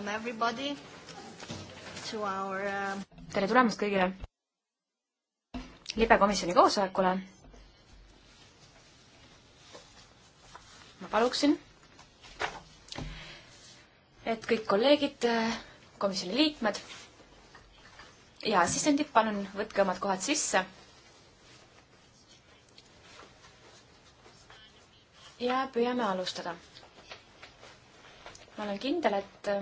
welcome everybody to our um... tere tulemast kõigile libekomisjoni koosolekule. ma paluksin, et kõik kolleegid, komisjoni liikmed ja assistendid, palun võtke omad kohad sisse ja püüame alustada. ma olen kindel, et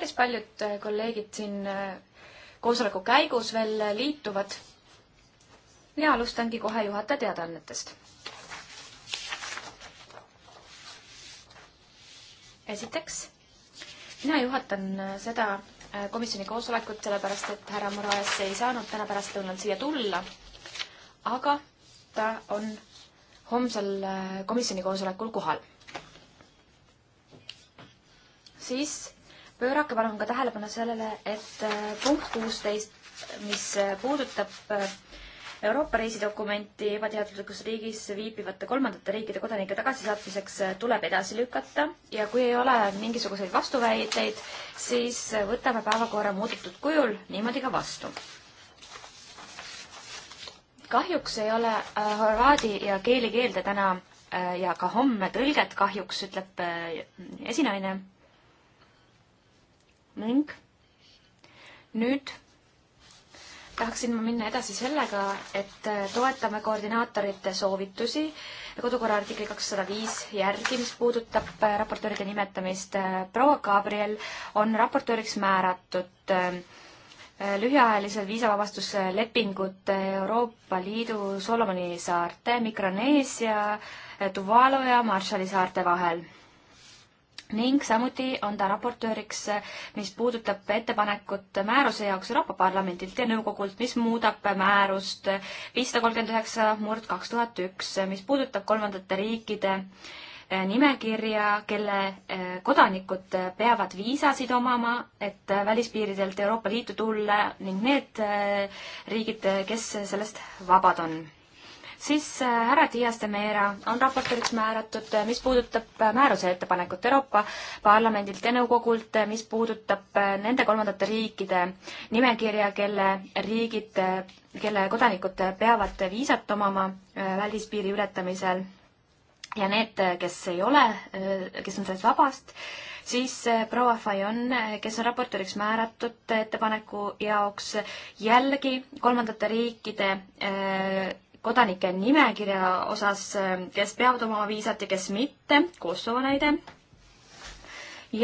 päris paljud äh, kolleegid siin äh, koosoleku käigus veel äh, liituvad. mina alustangi kohe juhataja teadaannetest. esiteks, mina juhatan seda komisjoni koosolekut, sellepärast et härra Moraes ei saanud täna pärastlõunal siia tulla. aga ta on homsel komisjoni koosolekul kohal. siis pöörake palun ka tähelepanu sellele, et äh, punkt kuusteist, mis äh, puudutab äh, Euroopa reisidokumenti ebateaduslikus riigis viibivate kolmandate riikide kodanike tagasisaatmiseks tuleb edasi lükata ja kui ei ole mingisuguseid vastuväiteid, siis võtame päevakorra muudetud kujul niimoodi ka vastu. kahjuks ei ole horvaadi ja keeli keelde täna ja ka homme tõlget kahjuks, ütleb esinaine ning nüüd tahaksin ma minna edasi sellega, et toetame koordinaatorite soovitusi kodukorra artikli kakssada viis järgi, mis puudutab äh, raportööride nimetamist. Äh, proua Gabriel on raportööriks määratud äh, lühiajalisel viisavabastuslepingud Euroopa Liidu Solomoni saarte, Mikroneesia, Tuvalu ja Marshalli saarte vahel ning samuti on ta raportööriks, mis puudutab ettepanekut määruse jaoks Euroopa Parlamendilt ja nõukogult, mis muudab määrust viissada kolmkümmend üheksa murd kaks tuhat üks, mis puudutab kolmandate riikide eh, nimekirja, kelle eh, kodanikud peavad viisasid omama, et välispiiridelt Euroopa Liitu tulla ning need eh, riigid, kes sellest vabad on siis äh, härra Dias de Meera on raportööriks määratud, äh, mis puudutab äh, määruse ettepanekut Euroopa Parlamendilt ja nõukogult, mis puudutab nende kolmandate riikide nimekirja, kelle riigid, kelle kodanikud peavad viisat omama välispiiri ületamisel ja need, kes ei ole, kes on sellest vabast, siis proua Fajon, kes on raportööriks määratud ettepaneku jaoks, jällegi kolmandate riikide kodanike nimekirja osas, kes peavad omama viisat ja kes mitte, Kosovo näide.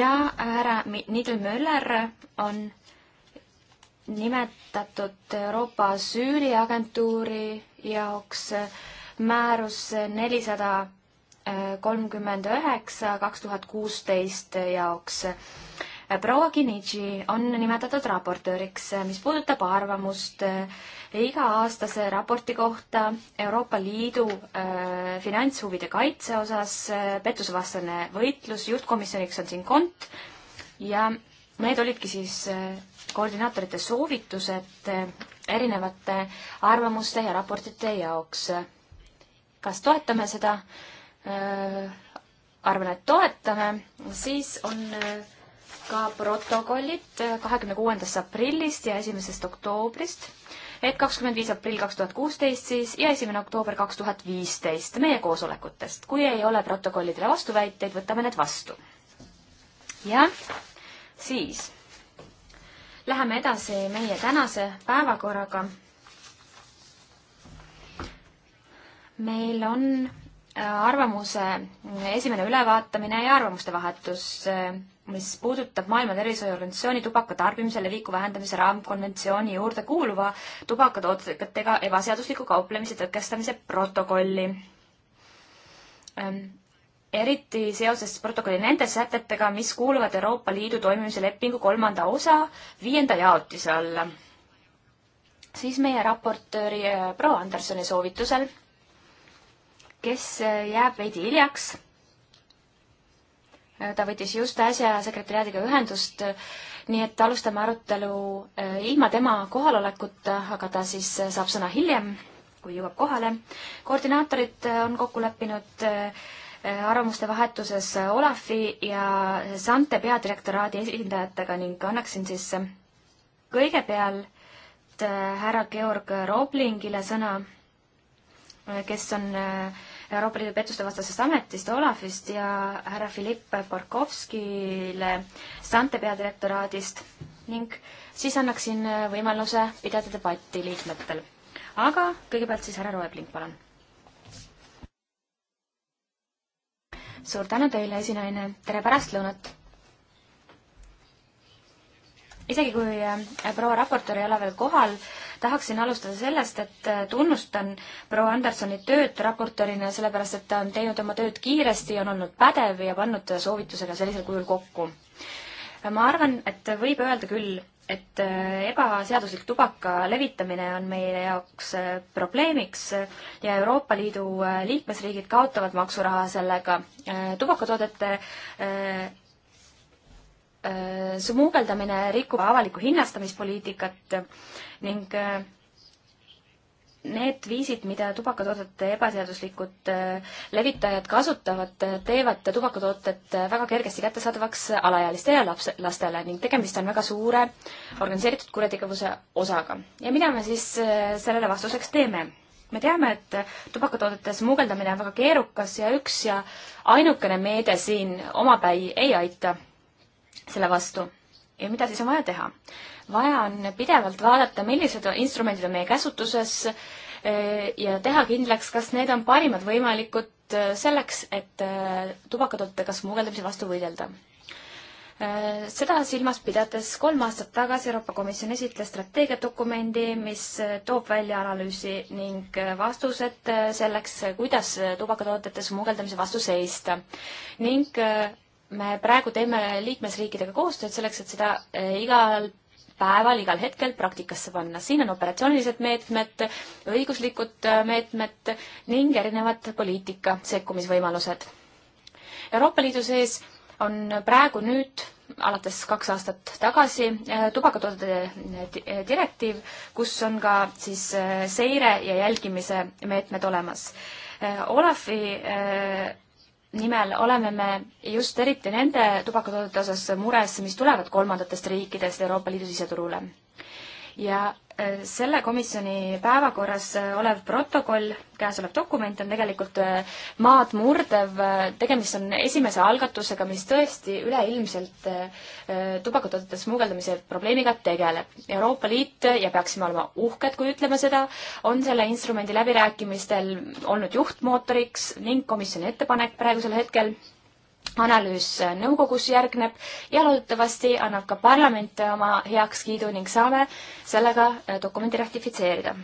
ja härra Nigel Möller on nimetatud Euroopa asüüliagentuuri jaoks määrus nelisada äh, kolmkümmend üheksa kaks tuhat kuusteist jaoks proua Kinnitši on nimetatud raportööriks, eh, mis puudutab arvamust eh, iga-aastase raporti kohta Euroopa Liidu äh, finantshuvide kaitse osas äh,, pettusevastane võitlus, juhtkomisjoniks on siin kont ja need olidki siis äh, koordinaatorite soovitused erinevate arvamuste ja raportite jaoks. kas toetame seda? arvan, et toetame, siis on äh, ka protokollid kahekümne kuuendast aprillist ja esimesest oktoobrist, et kakskümmend viis aprill kaks tuhat kuusteist siis ja esimene oktoober kaks tuhat viisteist meie koosolekutest. kui ei ole protokollidele vastuväiteid, võtame need vastu. jah, siis läheme edasi meie tänase päevakorraga. meil on äh, arvamuse äh, esimene ülevaatamine ja arvamuste vahetus äh, mis puudutab Maailma Terviseorganisatsiooni tubaka tarbimise leviku vähendamise raamkonventsiooni juurde kuuluva tubakatoodetega ebaseadusliku kauplemise tõkestamise protokolli. Ehm, eriti seoses protokolli nende sätetega, mis kuuluvad Euroopa Liidu toimimise lepingu kolmanda osa viienda jaotise alla. siis meie raportööri eh, proua Andersoni soovitusel, kes eh, jääb veidi hiljaks ta võttis just äsja sekretäriaadiga ühendust, nii et alustame arutelu eh, ilma tema kohalolekuta, aga ta siis eh, saab sõna hiljem, kui jõuab kohale. koordinaatorid eh, on kokku leppinud arvamuste vahetuses Olafi ja Sante peadirektoraadi esindajatega ning annaksin siis kõigepealt härra Georg Roblingile sõna, kes on äh, Euroopa Liidu pettuste vastasest ametist, Olafist ja härra Filipp Borkovskile Sante peadirektoraadist ning siis annaksin äh, võimaluse pidada debatti liikmetel. aga kõigepealt siis härra Roepling, palun. suur tänu teile, esinaine, tere pärastlõunat! isegi kui äh, proua raportöör ei ole veel kohal, tahaksin alustada sellest, et äh, tunnustan proua Andersoni tööd raportorina, sellepärast et ta on teinud oma tööd kiiresti, on olnud pädev ja pannud soovitusega sellisel kujul kokku. ma arvan, et võib öelda küll, et äh, ebaseaduslik tubaka levitamine on meie jaoks äh, probleemiks ja Euroopa Liidu liikmesriigid kaotavad maksuraha sellega. tubakatoodete Äh, smuugeldamine rikub avalikku hinnastamispoliitikat ning äh, need viisid, mida tubakatoodete ebaseaduslikud äh, levitajad kasutavad, teevad tubakatooted väga kergesti kättesaadavaks alaealistele ja laps-, lastele ning tegemist on väga suure organiseeritud kuritegevuse osaga. ja mida me siis sellele vastuseks teeme? me teame, et tubakatoodete smuugeldamine on väga keerukas ja üks ja ainukene meede siin omapäi ei aita selle vastu. ja mida siis on vaja teha? vaja on pidevalt vaadata, millised instrumendid on meie käsutuses e, ja teha kindlaks, kas need on parimad võimalikud e, selleks, et e, tubakatoodetega smugeldamise vastu võidelda. Seda silmas pidades kolm aastat tagasi Euroopa Komisjon esitles strateegiadokumendi, mis toob välja analüüsi ning vastused selleks, kuidas tubakatoodete smugeldamise vastu seista. ning me praegu teeme liikmesriikidega koostööd selleks, et seda eh, igal päeval, igal hetkel praktikasse panna. siin on operatsioonilised meetmed, õiguslikud eh, meetmed ning erinevad poliitika sekkumisvõimalused. Euroopa Liidu sees on praegu nüüd alates kaks aastat tagasi eh, tubakatoodete direktiiv, kus on ka siis seire ja jälgimise meetmed olemas. Olafi nimel oleme me just eriti nende tubakatoodete osas mures, mis tulevad kolmandatest riikidest Euroopa Liidu siseturule. ja selle komisjoni päevakorras olev protokoll, käesolev dokument on tegelikult äh, maad murdev, tegemist on esimese algatusega, mis tõesti üleilmselt äh, äh, tubakatoodete smugeldamise probleemiga tegeleb. Euroopa Liit, ja peaksime olema uhked, kui ütleme seda, on selle instrumendi läbirääkimistel olnud juhtmootoriks ning komisjoni ettepanek praegusel hetkel analüüs nõukogus järgneb ja loodetavasti annab ka parlament oma heakskiidu ning saame sellega äh, dokumendi ratifitseerida.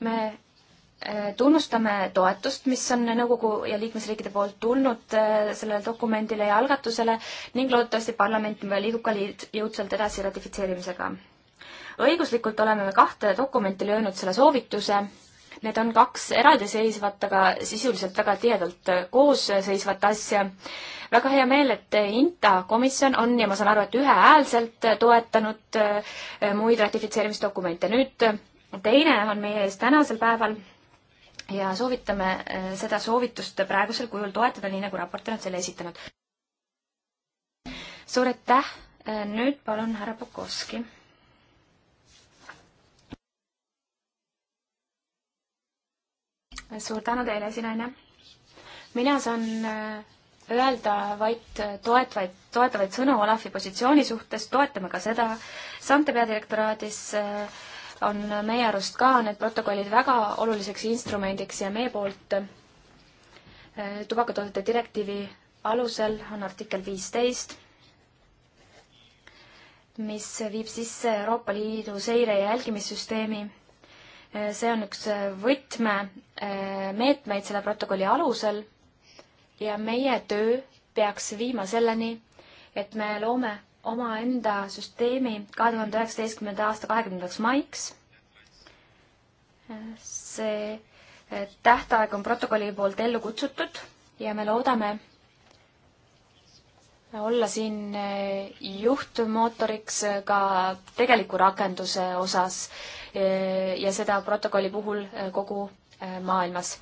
me äh, tunnustame toetust, mis on nõukogu ja liikmesriikide poolt tulnud äh, sellele dokumendile ja algatusele ning loodetavasti parlament liigub ka liid, jõudsalt edasi ratifitseerimisega. õiguslikult oleme me kahte dokumenti löönud selle soovituse Need on kaks eraldiseisvat, aga sisuliselt väga tihedalt koosseisvat asja. väga hea meel, et INTA komisjon on ja ma saan aru, et ühehäälselt toetanud äh, muid ratifitseerimisdokumente. nüüd teine on meie ees tänasel päeval ja soovitame äh, seda soovitust praegusel kujul toetada, nii nagu raportöör on selle esitanud. suur aitäh, äh, nüüd palun härra Pokovski suur tänu teile, esinaine. mina saan äh, öelda vaid äh, toetavaid, toetavaid sõnu Olafi positsiooni suhtes, toetame ka seda. Sante peadirektoraadis äh, on meie arust ka need protokollid väga oluliseks instrumendiks ja meie poolt tubakatoodete direktiivi alusel on artikkel viisteist, mis viib sisse Euroopa Liidu seire- ja jälgimissüsteemi see on üks võtmemeetmeid selle protokolli alusel ja meie töö peaks viima selleni, et me loome omaenda süsteemi kahe tuhande üheksateistkümnenda aasta kahekümnendaks maiks. see tähtaeg on protokolli poolt ellu kutsutud ja me loodame, olla siin eh, juhtmootoriks eh, ka tegeliku rakenduse osas eh, ja seda protokolli puhul kogu maailmas.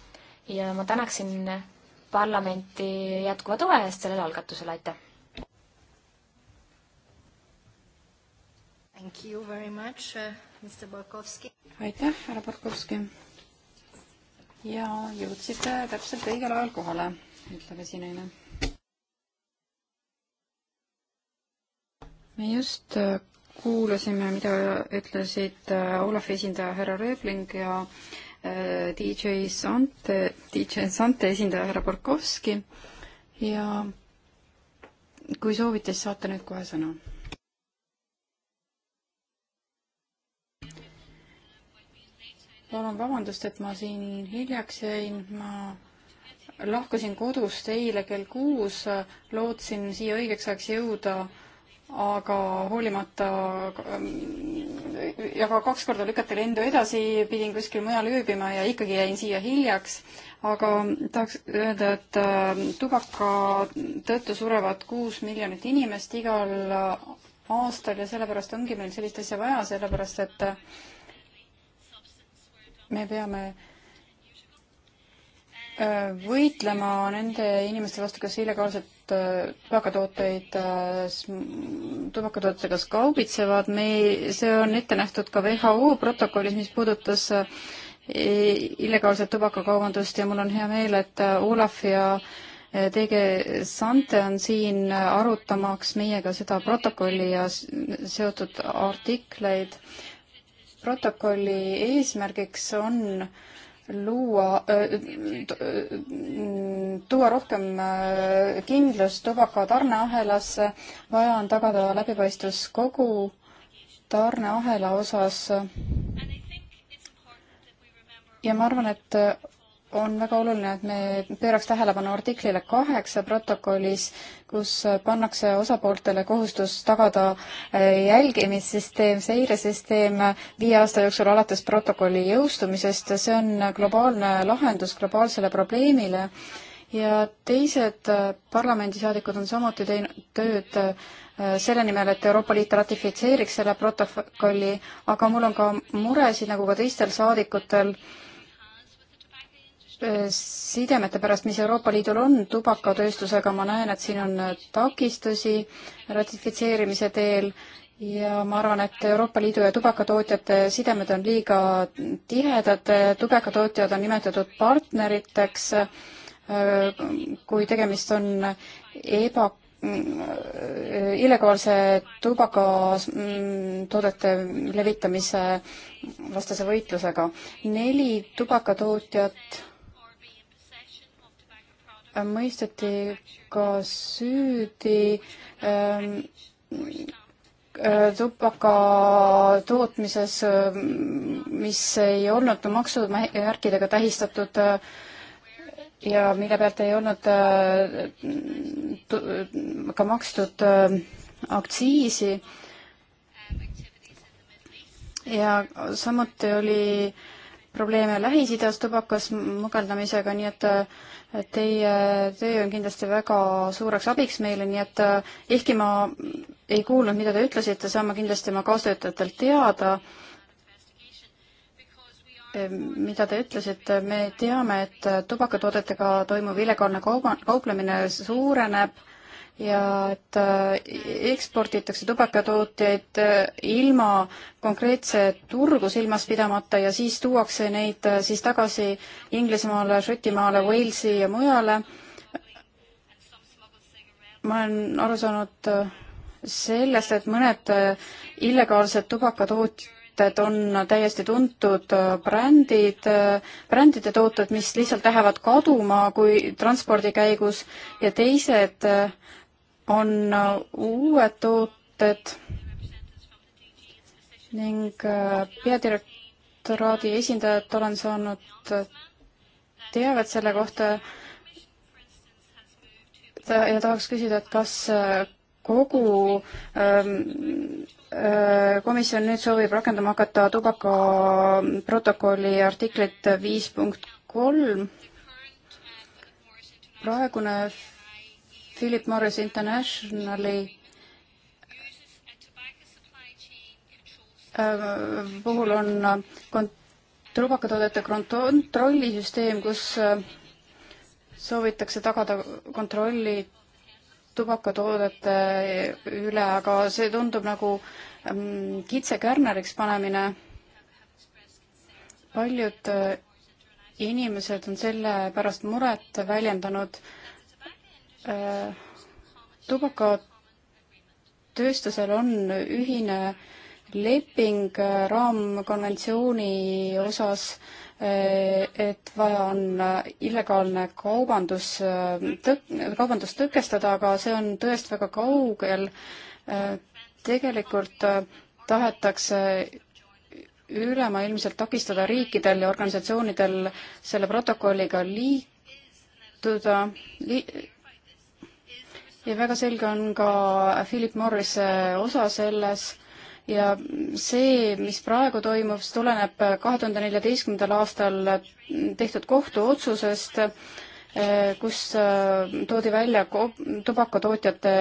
ja ma tänaksin parlamenti jätkuva toe eest sellele algatusele, aitäh! Thank you very much, Mr Borkovski. aitäh, härra Borkovski. ja jõudsite täpselt õigel ajal kohale, ütleb esinaine me just äh, kuulasime, mida ütlesid äh, Olafi esindaja härra Reebling ja äh, DJ Sante, DJ Sante esindaja härra Borkovski ja kui soovite, siis saate nüüd kohe sõna. palun vabandust, et ma siin hiljaks jäin, ma lahkusin kodust eile kell kuus, lootsin siia õigeks ajaks jõuda äh, aga hoolimata ähm, ja ka kaks korda lükati lendu edasi, pidin kuskil mujal ööbima ja ikkagi jäin siia hiljaks. aga tahaks öelda, et ähm, tubaka tõttu surevad kuus miljonit inimest igal aastal ja sellepärast ongi meil sellist asja vaja, sellepärast et me peame äh, Äh, võitlema nende inimeste vastu, kes illegaalselt äh, tubakatooteid, äh, tubakatootega kaubitsevad, me, see on ette nähtud ka WHO protokollis, mis puudutas illegaalset tubakakaubandust ja mul on hea meel, et Olav ja TG Sante on siin arutamaks meiega seda protokolli ja seotud artikleid. protokolli eesmärgiks on äh, luua, äh, äh, tuua rohkem äh, kindlust tubaka tarneahelasse, vaja on tagada läbipaistvus kogu tarneahela osas ja ma arvan, et on väga oluline, et me pööraks tähelepanu artiklile kaheksa protokollis, kus pannakse osapooltele kohustus tagada eh, jälgimissüsteem, seiresüsteem viie aasta jooksul alates protokolli jõustumisest. see on globaalne lahendus globaalsele probleemile ja teised eh, parlamendisaadikud on samuti teinud tööd eh, selle nimel, et Euroopa Liit ratifitseeriks selle protokolli, aga mul on ka muresid, nagu ka teistel saadikutel sidemete pärast, mis Euroopa Liidul on tubakatööstusega, ma näen, et siin on takistusi ratifitseerimise teel ja ma arvan, et Euroopa Liidu ja tubakatootjate sidemed on liiga tihedad, tubakatootjad on nimetatud partneriteks, kui tegemist on eba, illegaalse tubakatoodete levitamise vastase võitlusega. neli tubakatootjat mõisteti ka süüdi ähm, äh, tubaka tootmises, ähm, mis ei olnud maksumärkidega tähistatud äh, ja mille pealt ei olnud äh, ka makstud aktsiisi. ja samuti oli äh, probleeme Lähis-Idas tubakas mõgeldamisega, nii et teie töö on kindlasti väga suureks abiks meile, nii et ehkki ma ei kuulnud, mida te ütlesite, saan ma kindlasti oma kaastöötajatelt teada, mida te ütlesite, me teame, et tubakatoodetega toimuv illegaalne kauba, kauplemine suureneb ja et äh, eksporditakse tubakatooteid äh, ilma konkreetse turgu silmas pidamata ja siis tuuakse neid äh, siis tagasi Inglismaale, Šotimaale, Walesi ja mujale. ma olen aru saanud sellest, et mõned illegaalsed tubakatooted on täiesti tuntud brändid, brändide tooted, mis lihtsalt lähevad kaduma kui transpordi käigus ja teised äh, on uued tooted ning äh, peadirektoraadi esindajalt olen saanud teavet selle kohta ja tahaks küsida, et kas äh, kogu ähm, äh, komisjon nüüd soovib rakendama hakata tubakaprotokolli artiklit viis punkt kolm. praegune Philip Morris Internationali äh, puhul on tubakatoodete kontrollisüsteem, kus äh, soovitakse tagada kontrolli tubakatoodete üle, aga see tundub nagu mm, kitse kärneriks panemine. paljud äh, inimesed on selle pärast muret väljendanud Äh, tubakatööstusel on ühine leping äh, raamkonventsiooni osas, äh, et vaja on illegaalne kaubandus, kaubandust tõkestada, aga see on tõest väga kaugel. tegelikult tahetakse ülemaailmselt takistada riikidel ja organisatsioonidel selle protokolliga liituda li,, ja väga selge on ka Philip Morrise osa selles ja see, mis praegu toimub, see tuleneb kahe tuhande neljateistkümnendal aastal tehtud kohtuotsusest, kus äh, toodi välja tubakatootjate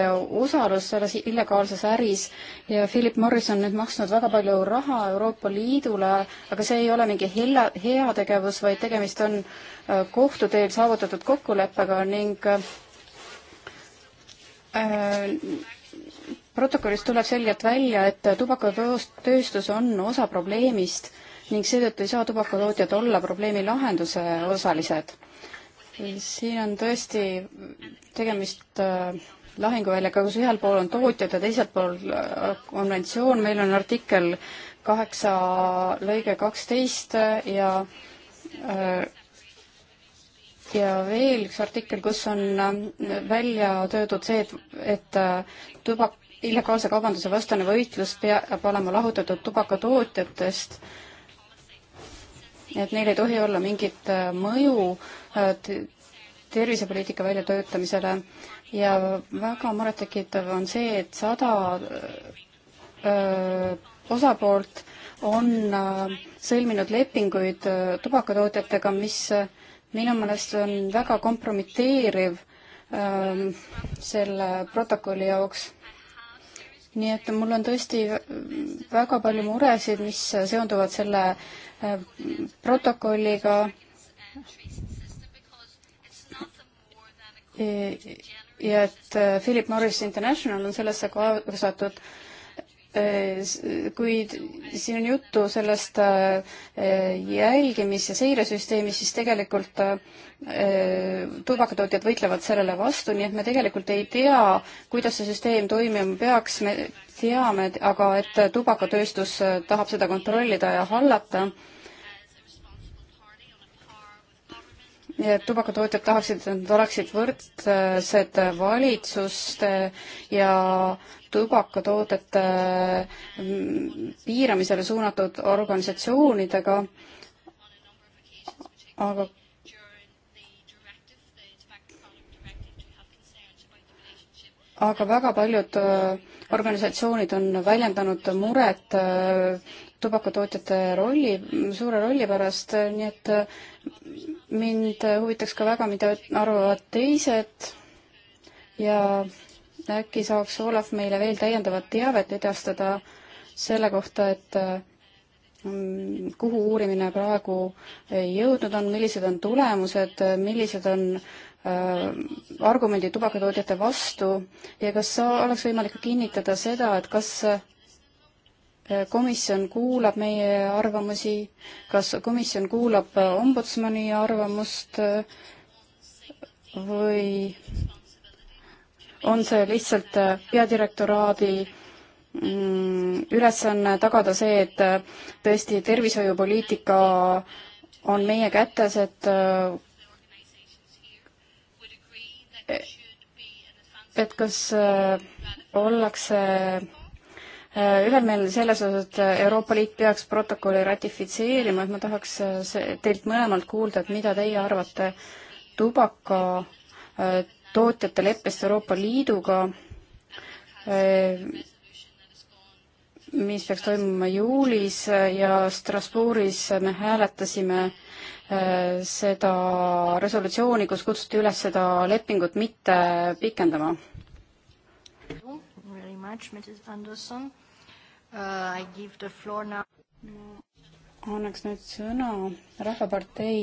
osalus selles illegaalses äris ja Philip Morris on nüüd maksnud väga palju raha Euroopa Liidule, aga see ei ole mingi hella, heategevus, vaid tegemist on äh, kohtu teel saavutatud kokkuleppega ning äh, Äh, protokollist tuleb selgelt välja, et tubakatööstus on osa probleemist ning seetõttu ei saa tubakatootjad olla probleemi lahenduse osalised. siin on tõesti tegemist äh, lahinguväljaga, kus ühel pool on tootjad ja teisel pool äh, konventsioon, meil on artikkel kaheksa lõige kaksteist ja äh, ja veel üks artikkel, kus on äh, välja töödud see, et, et äh, tubak, illegaalse kaubanduse vastane võitlus peab olema lahutatud tubakatootjatest, et neil ei tohi olla mingit äh, mõju tervisepoliitika väljatöötamisele ja väga murettekitav on see, et sada öö, osapoolt on sõlminud lepinguid tubakatootjatega, mis öö, minu meelest on väga kompromiteeriv ähm, selle protokolli jaoks. nii et mul on tõesti väga palju muresid, mis seonduvad selle äh, protokolliga ja et äh, Philip Morris International on sellesse kaasatud Äh, kuid siin on juttu sellest äh, jälgimis- ja seiresüsteemist, siis tegelikult äh, tubakatootjad võitlevad sellele vastu, nii et me tegelikult ei tea, kuidas see süsteem toimima peaks, me teame aga, et tubakatööstus tahab seda kontrollida ja hallata. ja tubakatootjad tahaksid, et nad oleksid võrdsed valitsuste ja tubakatoodete mm, piiramisele suunatud organisatsioonidega, aga aga väga paljud äh, organisatsioonid on väljendanud muret äh, tubakatootjate rolli, suure rolli pärast, äh, nii et mind huvitaks ka väga, mida arvavad teised ja äkki saaks Olav meile veel täiendavat teavet edastada selle kohta, et mm, kuhu uurimine praegu jõudnud on, millised on tulemused, millised on äh, argumendid tubakatootjate vastu ja kas oleks võimalik kinnitada seda, et kas äh, komisjon kuulab meie arvamusi, kas komisjon kuulab ombudsmani arvamust äh, või on see lihtsalt äh, peadirektoraadi mm, ülesanne tagada see, et äh, tõesti tervishoiupoliitika on meie kätes, et äh, et kas ollakse ühel meelel selles osas, et Euroopa Liit peaks protokolli ratifitseerima, et ma tahaks teilt mõlemalt kuulda, et mida teie arvate tubaka tootjate leppest Euroopa Liiduga, eh, mis peaks toimuma juulis eh, ja Strasbourgis me hääletasime eh, seda resolutsiooni, kus kutsuti üles seda lepingut mitte pikendama. Uh, annaks nüüd sõna Rahvapartei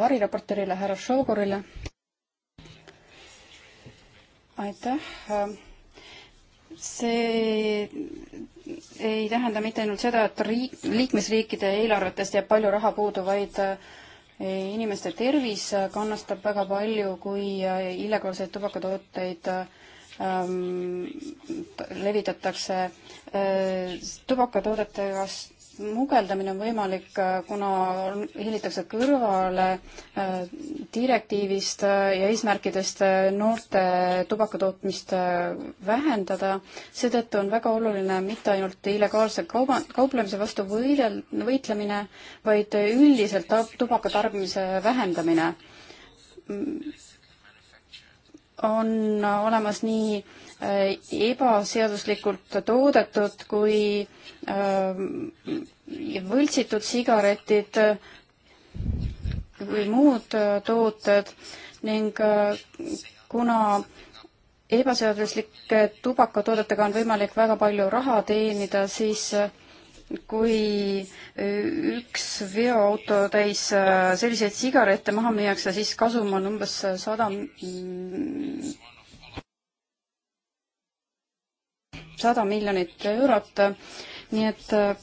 variraportöörile härra Šogorile aitäh ähm, see ei tähenda mitte ainult seda, et riik, liikmesriikide eelarvetest jääb palju raha puudu, vaid äh, inimeste tervis äh, kannastab väga palju, kui äh, illegaalseid tubakatooteid ähm, levitatakse äh,. tubakatoodete vast-, mugeldamine on võimalik, äh, kuna hiilitakse kõrvale äh, direktiivist äh, ja eesmärkidest noorte tubakatootmist vähendada. seetõttu on väga oluline mitte ainult illegaalse kauba, kauplemise vastu võidel, võitlemine, vaid üldiselt tubaka tarbimise vähendamine. Mm, on olemas nii Äh, ebaseaduslikult toodetud kui äh, võltsitud sigaretid äh, või muud tooted ning kuna ebaseaduslike tubakatoodetega on võimalik väga palju raha teenida, siis kui üks veoauto täis selliseid sigarette maha müüakse, siis kasum on umbes sada sada miljonit eurot, nii et äh,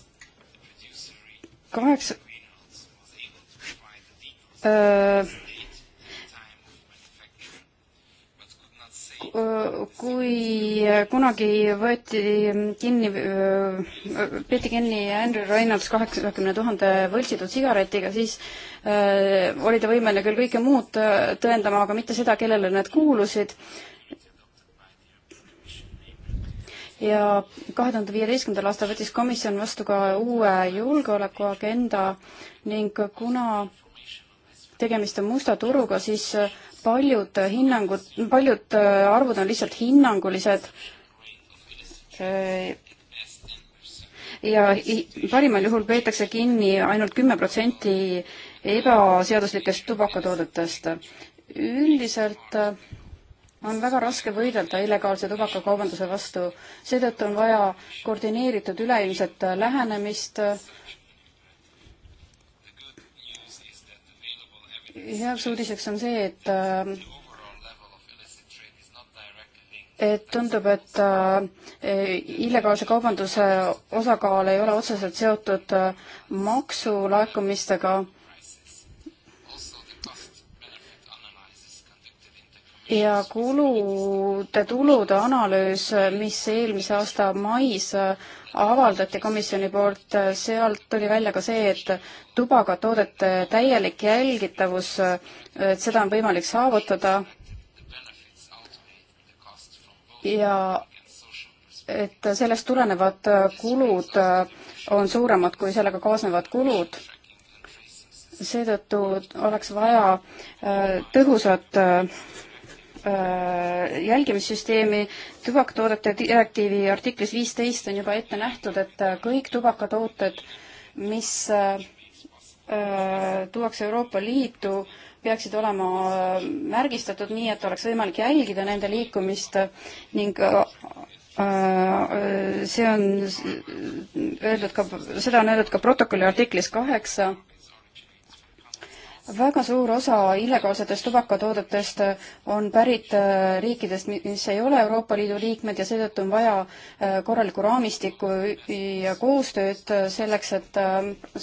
kaheksa äh, kui kunagi võeti kinni, äh, peeti kinni Andrew Reynolds kaheksakümne tuhande võltsitud sigaretiga, siis oli ta võimeline küll kõike muud tõendama, aga mitte seda, kellele need kuulusid ja kahe tuhande viieteistkümnendal aastal võttis komisjon vastu ka uue julgeolekuagenda ning kuna tegemist on musta turuga, siis paljud hinnangud, paljud äh, arvud on lihtsalt hinnangulised ja parimal juhul peetakse kinni ainult kümme protsenti ebaseaduslikest tubakatoodetest. üldiselt äh, on väga raske võidelda illegaalse tubakakaubanduse vastu, seetõttu on vaja koordineeritud üleilmset lähenemist. heaks uudiseks on see, et äh, et tundub, et äh, illegaalse kaubanduse osakaal ei ole otseselt seotud äh, maksulaekumistega ja kulude tulude analüüs, mis eelmise aasta mais avaldati komisjoni poolt, sealt tuli välja ka see, et tubakatoodete täielik jälgitavus, et seda on võimalik saavutada ja et sellest tulenevad kulud on suuremad kui sellega kaasnevad kulud. seetõttu oleks vaja äh, tõhusat äh, Äh, jälgimissüsteemi. tubakatoodete direktiivi artiklis viisteist on juba ette nähtud, et äh, kõik tubakatooted, mis äh, tuuakse Euroopa Liitu, peaksid olema märgistatud nii, et oleks võimalik jälgida nende liikumist ning see on öeldud ka, seda on öeldud ka protokolli artiklis kaheksa väga suur osa illegaalsetest tubakatoodetest on pärit äh, riikidest, mis ei ole Euroopa Liidu liikmed ja seetõttu on vaja äh, korralikku raamistikku ja koostööd äh, selleks, et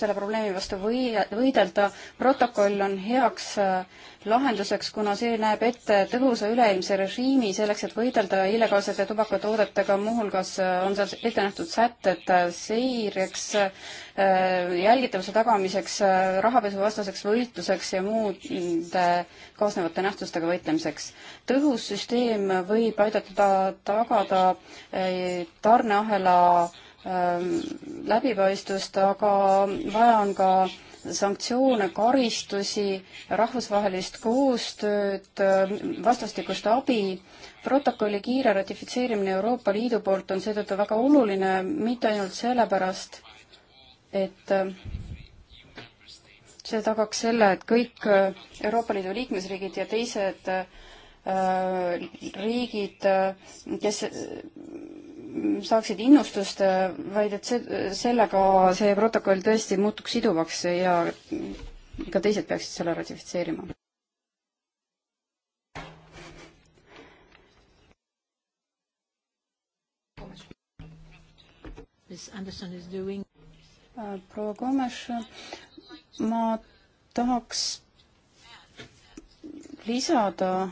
selle probleemi vastu või-, võidelda. protokoll on heaks lahenduseks, kuna see näeb ette tõhusa üleilmse režiimi selleks, et võidelda illegaalsete tubakatoodetega, muuhulgas on seal ette nähtud sätted seireks, äh, jälgitavuse tagamiseks, äh, rahapesuvastaseks võitluseks ja muude kaasnevate nähtustega võitlemiseks. tõhus süsteem võib aidata ta tagada äh, tarneahela ähm, läbipaistvust, aga vaja on ka äh, sanktsioone, karistusi, rahvusvahelist koostööd, vastastikust abi. protokolli kiire ratifitseerimine Euroopa Liidu poolt on seetõttu väga oluline, mitte ainult sellepärast, et see tagaks selle, et kõik Euroopa Liidu liikmesriigid ja teised äh, riigid, kes saaksid innustust, vaid et see, sellega see protokoll tõesti muutuks siduvaks ja ka teised peaksid selle ratifitseerima. Äh, proua Komes, ma tahaks lisada,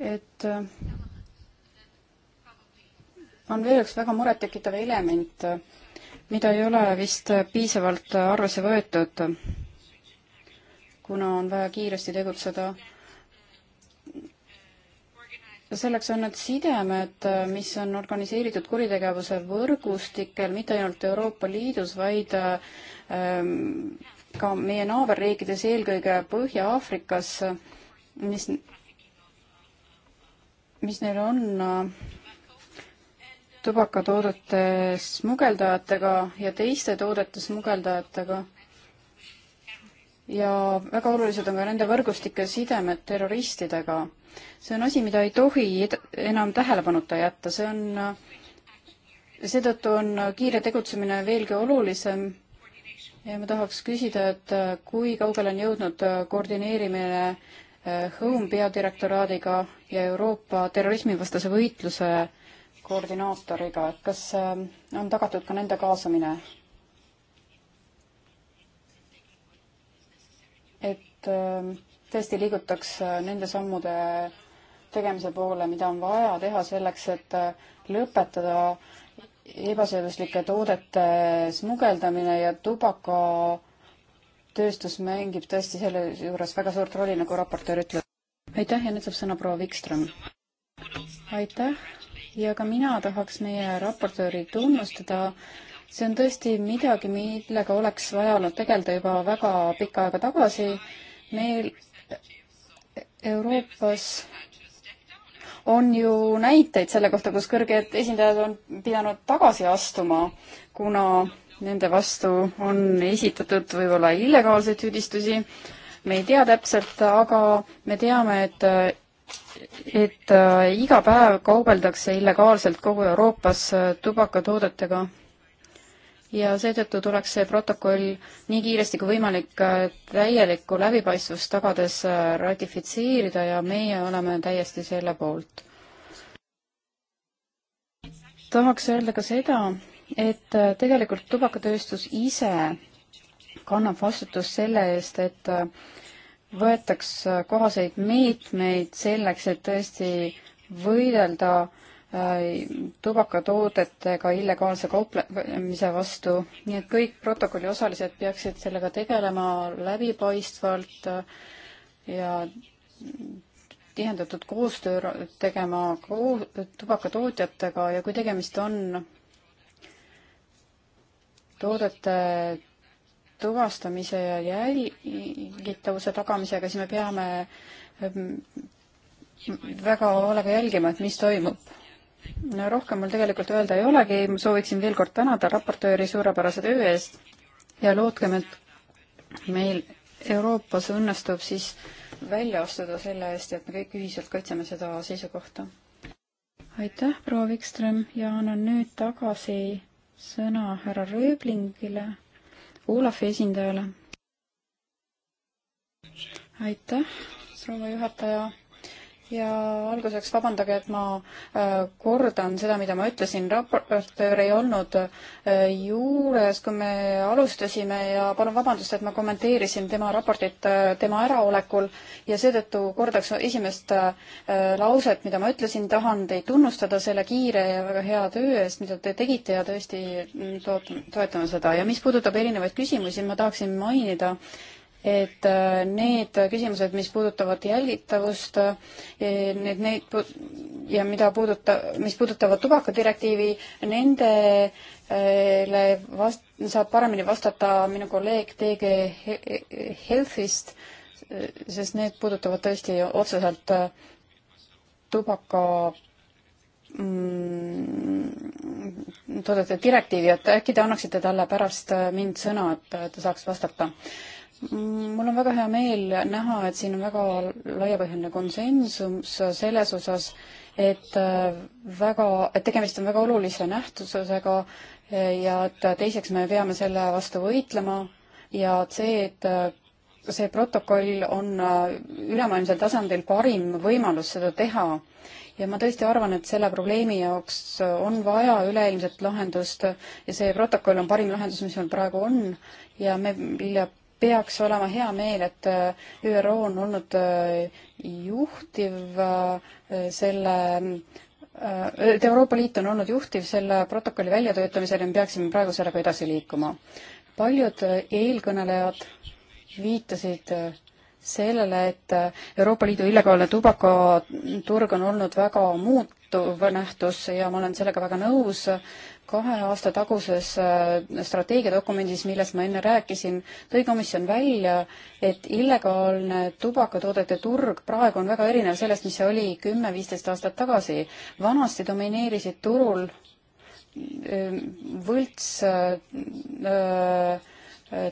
et äh, on veel üks väga murettekitav element, mida ei ole vist piisavalt arvesse võetud, kuna on vaja kiiresti tegutseda. selleks on need sidemed, mis on organiseeritud kuritegevuse võrgustikel, mitte ainult Euroopa Liidus, vaid ähm, ka meie naaberriikides, eelkõige Põhja-Aafrikas, mis, mis neil on äh, tubakatoodete smugeldajatega ja teiste toodete smugeldajatega. ja väga olulised on ka nende võrgustike sidemed terroristidega. see on asi, mida ei tohi enam tähelepanuta jätta, see on, seetõttu on kiire tegutsemine veelgi olulisem ja ma tahaks küsida, et kui kaugele on jõudnud koordineerimine eh, Home peadirektoraadiga ja Euroopa terrorismivastase võitluse koordinaatoriga, et kas äh, on tagatud ka nende kaasamine? et äh, tõesti liigutaks äh, nende sammude tegemise poole, mida on vaja teha selleks, et lõpetada ebaseaduslike toodete smugeldamine ja tubakatööstus mängib tõesti selle juures väga suurt rolli, nagu raportöör ütleb. aitäh ja nüüd saab sõna proua Vikström. aitäh, ja ka mina tahaks meie raportööri tunnustada. see on tõesti midagi, millega oleks vaja olnud tegeleda juba väga pikka aega tagasi. meil Euroopas on ju näiteid selle kohta, kus kõrged esindajad on pidanud tagasi astuma, kuna nende vastu on esitatud võib-olla illegaalseid süüdistusi. me ei tea täpselt, aga me teame, et et äh, iga päev kaubeldakse illegaalselt kogu Euroopas äh, tubakatoodetega ja seetõttu tuleks see protokoll nii kiiresti kui võimalik äh, täielikku läbipaistvust tagades ratifitseerida ja meie oleme täiesti selle poolt. tahaks öelda ka seda, et tegelikult tubakatööstus ise kannab vastutust selle eest, et võetaks äh, kohaseid meetmeid selleks, et tõesti võidelda äh, tubakatoodetega illegaalse kauplemise vastu, nii et kõik protokolli osalised peaksid sellega tegelema läbipaistvalt äh, ja tihendatud koostöö tegema koos, tubakatootjatega ja kui tegemist on toodete tuvastamise ja jälgitavuse tagamisega, siis me peame ähm, väga hoolega jälgima, et mis toimub. no rohkem mul tegelikult öelda ei olegi, ma sooviksin veel kord tänada raportööri suurepärase töö eest ja lootkem, et meil Euroopas õnnestub siis välja astuda selle eest, et me kõik ühiselt kaitseme seda seisukohta. aitäh, proua Vikström ja annan nüüd tagasi sõna härra Rööblingile Olafi esindajale. aitäh, proua juhataja ja alguseks vabandage, et ma äh, kordan seda, mida ma ütlesin, raportöör ei olnud äh, juures, kui me alustasime ja palun vabandust, et ma kommenteerisin tema raportit äh, tema äraolekul ja seetõttu kordaks esimest lauset, mida ma ütlesin, tahan teid tunnustada selle kiire ja väga hea töö eest, mida te tegite ja tõesti mm, toetame seda ja mis puudutab erinevaid küsimusi, ma tahaksin mainida, et äh, need küsimused, mis puudutavad jälgitavust, äh, need, neid ja mida puuduta, mis puudutavad tubakadirektiivi, nendele vast-, saab paremini vastata minu kolleeg TG Healthist, sest need puudutavad tõesti otseselt äh, tubaka mm, toodete direktiivi, et äkki te annaksite talle pärast mind sõna, et ta saaks vastata. Mm, mul on väga hea meel näha, et siin on väga laiapõhjaline konsensus selles osas, et äh, väga, et tegemist on väga olulise nähtusega äh, ja et teiseks me peame selle vastu võitlema ja et see, et äh, see protokoll on ülemaailmsel tasandil parim võimalus seda teha ja ma tõesti arvan, et selle probleemi jaoks on vaja üleilmset lahendust ja see protokoll on parim lahendus, mis meil praegu on ja meil peaks olema hea meel, et äh, ÜRO on olnud äh, juhtiv äh, selle et Euroopa Liit on olnud juhtiv selle protokolli väljatöötamisel ja me peaksime praegu sellega edasi liikuma. paljud eelkõnelejad viitasid sellele, et Euroopa Liidu illegaalne tubakaturg on olnud väga muutuv nähtus ja ma olen sellega väga nõus kahe aasta taguses äh, strateegiadokumendis, millest ma enne rääkisin, tõi komisjon välja, et illegaalne tubakatoodete turg praegu on väga erinev sellest, mis see oli kümme-viisteist aastat tagasi. vanasti domineerisid turul äh, võlts äh,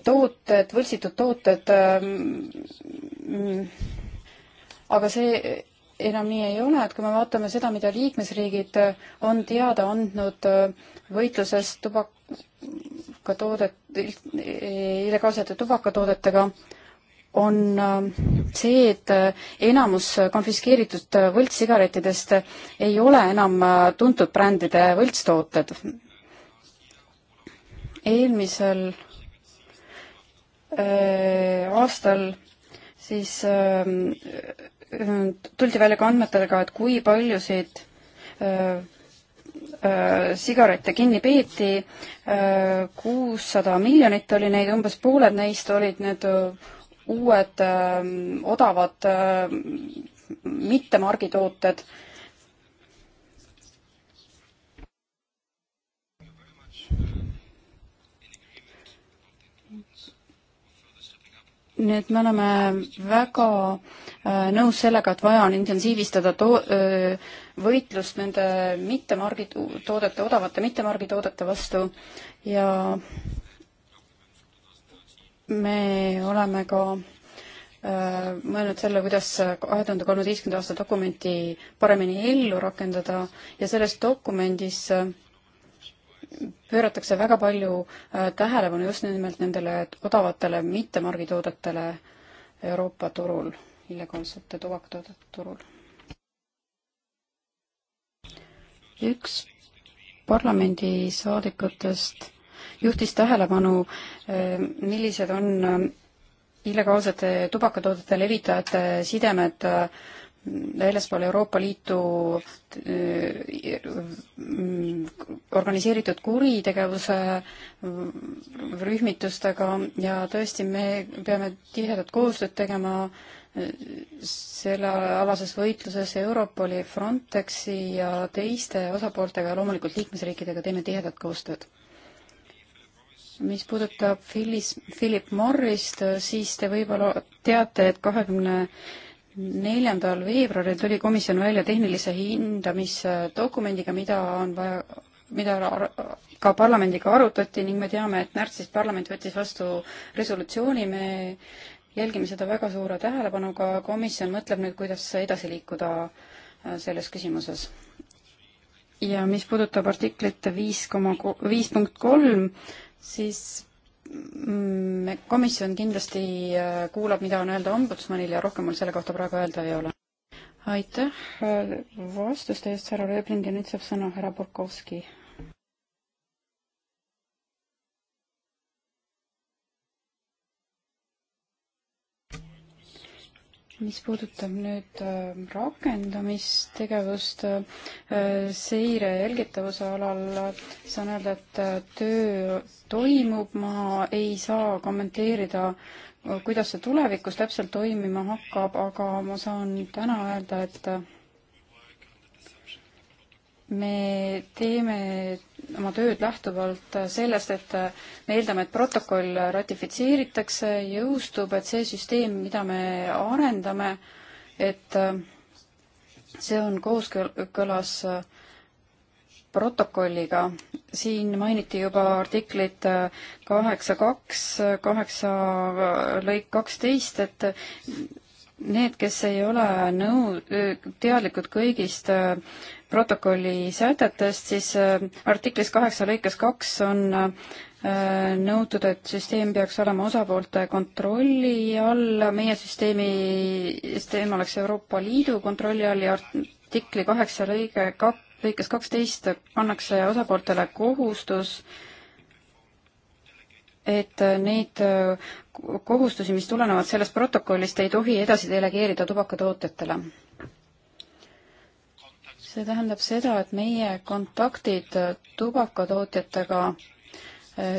tooted, võltsitud tooted, aga see enam nii ei ole, et kui me vaatame seda, mida liikmesriigid on teada andnud võitluses tubakatoodet, illegaalsete tubakatoodetega on äh, see, et äh, enamus konfiskeeritud võltssigarettidest ei ole enam äh, tuntud brändide võltstooted. eelmisel äh, aastal siis ähm, äh, tuldi välja ka andmetega, et kui paljusid äh, Äh, sigarette kinni peeti, äh, kuussada miljonit oli neid, umbes pooled neist olid need äh, uued ähm, odavad mittemargitooted nii et me oleme väga nõus sellega, et vaja on intensiivistada to-, võitlust nende mittemargitoodete, odavate mittemargitoodete vastu ja me oleme ka äh, mõelnud selle, kuidas kahe tuhande kolmeteistkümnenda aasta dokumenti paremini ellu rakendada ja selles dokumendis äh, pööratakse väga palju äh, tähelepanu just nimelt nendele odavatele mittemargitoodetele Euroopa turul, illegaalsete tubakatoodete turul üks parlamendisaadikutest juhtis tähelepanu, eh, millised on eh, illegaalsete tubakatoodete levitajate sidemed eh, väljaspool Euroopa Liitu organiseeritud kuritegevuse rühmitustega ja tõesti, me peame tihedat koostööd tegema äh, sellealases võitluses Europoli, Frontexi ja teiste osapooltega ja loomulikult liikmesriikidega teeme tihedat koostööd. mis puudutab Phyllis, Philip Morrist, siis te võib-olla teate, et kahekümne neljandal veebruaril tuli komisjon välja tehnilise hindamisdokumendiga, mida on vaja mida ka parlamendiga arutati ning me teame, et märtsis parlament võttis vastu resolutsiooni, me jälgime seda väga suure tähelepanuga, komisjon mõtleb nüüd, kuidas edasi liikuda äh, selles küsimuses. ja mis puudutab artiklit viis koma, viis punkt kolm, siis mm, me, komisjon kindlasti äh, kuulab, mida on öelda ombudsmanil ja rohkem mul selle kohta praegu öelda ei ole. aitäh äh, vastuste eest, härra Rööbling ja nüüd saab sõna härra Burkovski mis puudutab nüüd äh, rakendamistegevust äh, seire jälgitavuse alal, saan öelda, et äh, töö toimub, ma ei saa kommenteerida, kuidas see tulevikus täpselt toimima hakkab, aga ma saan täna öelda, et me teeme oma tööd lähtuvalt sellest, et me eeldame, et protokoll ratifitseeritakse, jõustub, et see süsteem, mida me arendame, et see on kooskõlas protokolliga. siin mainiti juba artiklit kaheksa kaks, kaheksa lõik kaksteist, et need, kes ei ole nõu-, teadlikud kõigist äh, protokolli sätetest, siis äh, artiklis kaheksa lõikes kaks on äh, nõutud, et süsteem peaks olema osapoolte kontrolli all, meie süsteemi, süsteem oleks Euroopa Liidu kontrolli all ja artikli kaheksa lõige kak-, lõikes kaksteist pannakse osapooltele kohustus äh, et äh, neid äh, kohustusi, mis tulenevad sellest protokollist, ei tohi edasi delegeerida tubakatootjatele. see tähendab seda, et meie kontaktid äh, tubakatootjatega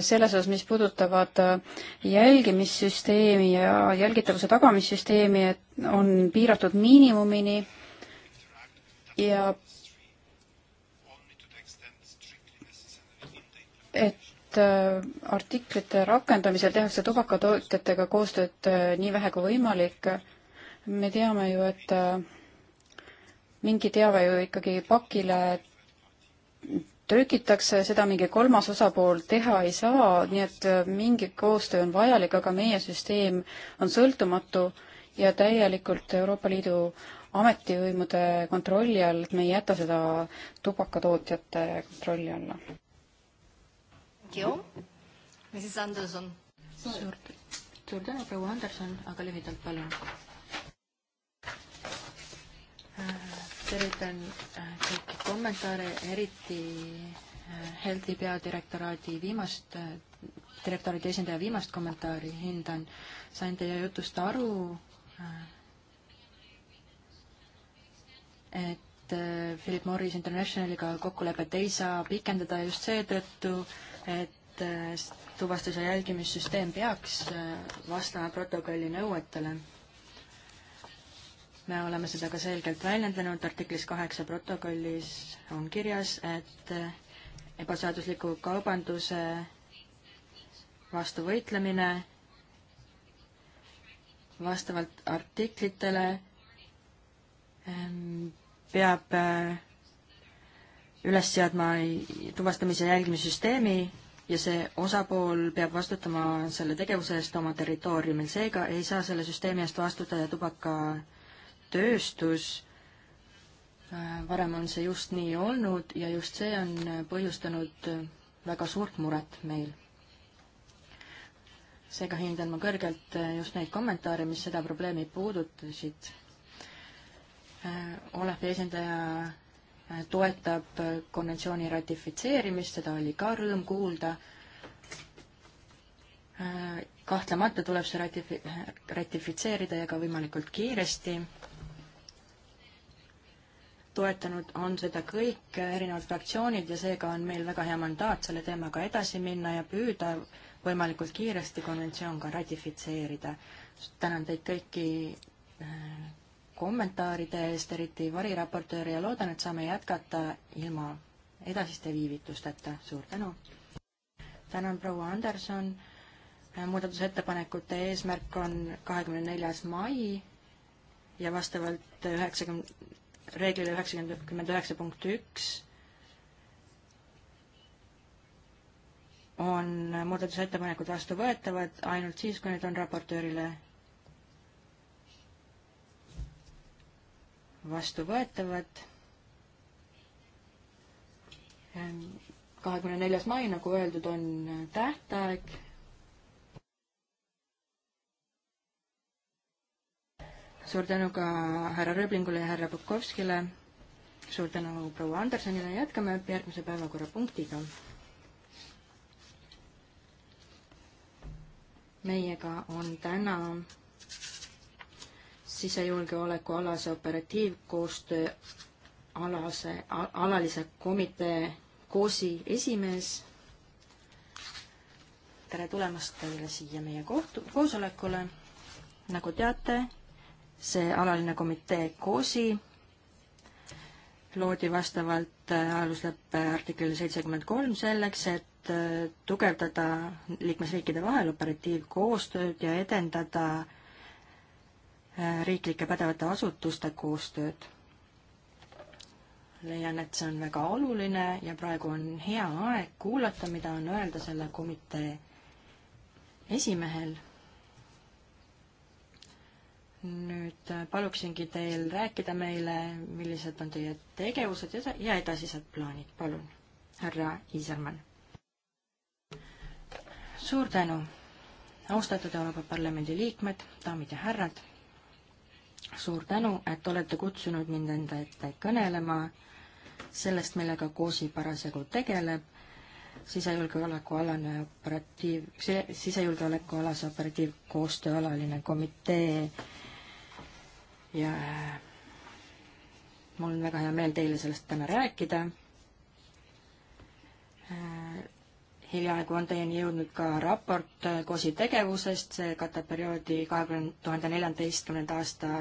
selles osas, mis puudutavad jälgimissüsteemi ja jälgitavuse tagamissüsteemi, et on piiratud miinimumini ja et et äh, artiklite rakendamisel tehakse tubakatootjatega koostööd äh, nii vähe kui võimalik. me teame ju, et äh, mingi teave ju ikkagi pakile trükitakse, seda mingi kolmas osapool teha ei saa, nii et mingi koostöö on vajalik, aga meie süsteem on sõltumatu ja täielikult Euroopa Liidu ametivõimude kontrolli all, et me ei jäta seda tubakatootjate kontrolli alla you. Mrs Anderson. suur, suur tänu, proua Anderson, aga lühidalt palun. Äh, tervitan äh, kõiki kommentaare, eriti äh, Heldi peadirektoraadi viimast, direktorite esindaja viimast kommentaari hindan. sain teie jutust aru, et Philip Morris Internationaliga kokkulepet ei saa pikendada just seetõttu, et äh, tuvastuse jälgimissüsteem peaks äh, vastama protokolli nõuetele. me oleme seda ka selgelt väljendanud, artiklis kaheksa protokollis on kirjas, et äh, ebaseadusliku kaubanduse vastu võitlemine vastavalt artiklitele ähm, peab üles seadma tuvastamise jälgimissüsteemi ja see osapool peab vastutama selle tegevuse eest oma territooriumil, seega ei saa selle süsteemi eest vastutada tubakatööstus. varem on see just nii olnud ja just see on põhjustanud väga suurt muret meil. seega hindan ma kõrgelt just neid kommentaare, mis seda probleemi puudutasid. Olevi esindaja toetab konventsiooni ratifitseerimist, seda oli ka rõõm kuulda. kahtlemata tuleb see ratifi-, ratifitseerida ja ka võimalikult kiiresti. toetanud on seda kõik erinevad fraktsioonid ja seega on meil väga hea mandaat selle teemaga edasi minna ja püüda võimalikult kiiresti konventsioon ka ratifitseerida. tänan teid kõiki äh, kommentaaride eest, eriti variraportööri ja loodan, et saame jätkata ilma edasiste viivitusteta, suur tänu! tänan, proua Anderson, muudatusettepanekute eesmärk on kahekümne neljas mai ja vastavalt üheksakümne, reeglile üheksakümmend üheksa punkt üks on muudatusettepanekud vastuvõetavad ainult siis, kui need on raportöörile vastuvõetavad. Ähm, kahekümne neljas mai, nagu öeldud, on äh, tähtaeg. suur tänu ka härra Röblingule ja härra Bukovskile. suur tänu proua Andersonile, jätkame järgmise päevakorrapunktiga. meiega on täna sisejulgeoleku alase operatiivkoostöö alase, alalise komitee COSI esimees. tere tulemast teile siia meie kohtu, koosolekule. nagu teate, see alaline komitee COSI loodi vastavalt äh, alusleppe artiklile seitsekümmend kolm selleks, et äh, tugevdada liikmesriikide vahel operatiivkoostööd ja edendada Äh, riiklike pädevate asutuste koostööd. leian, et see on väga oluline ja praegu on hea aeg kuulata, mida on öelda selle komitee esimehel. nüüd äh, paluksingi teil rääkida meile, millised on teie tegevused ja edasised plaanid, palun, härra Iisermann. suur tänu, austatud Euroopa Parlamendi liikmed, daamid ja härrad suur tänu, et olete kutsunud mind enda ette kõnelema sellest, millega COSI parasjagu tegeleb, sisejulgeoleku alane operatiiv, sisejulgeoleku alase operatiivkoostöö alaline komitee ja äh, mul on väga hea meel teile sellest täna rääkida äh, hiljaaegu on teieni jõudnud ka raport äh, KOS-i tegevusest, see katab perioodi kahekümne tuhande neljateistkümnenda aasta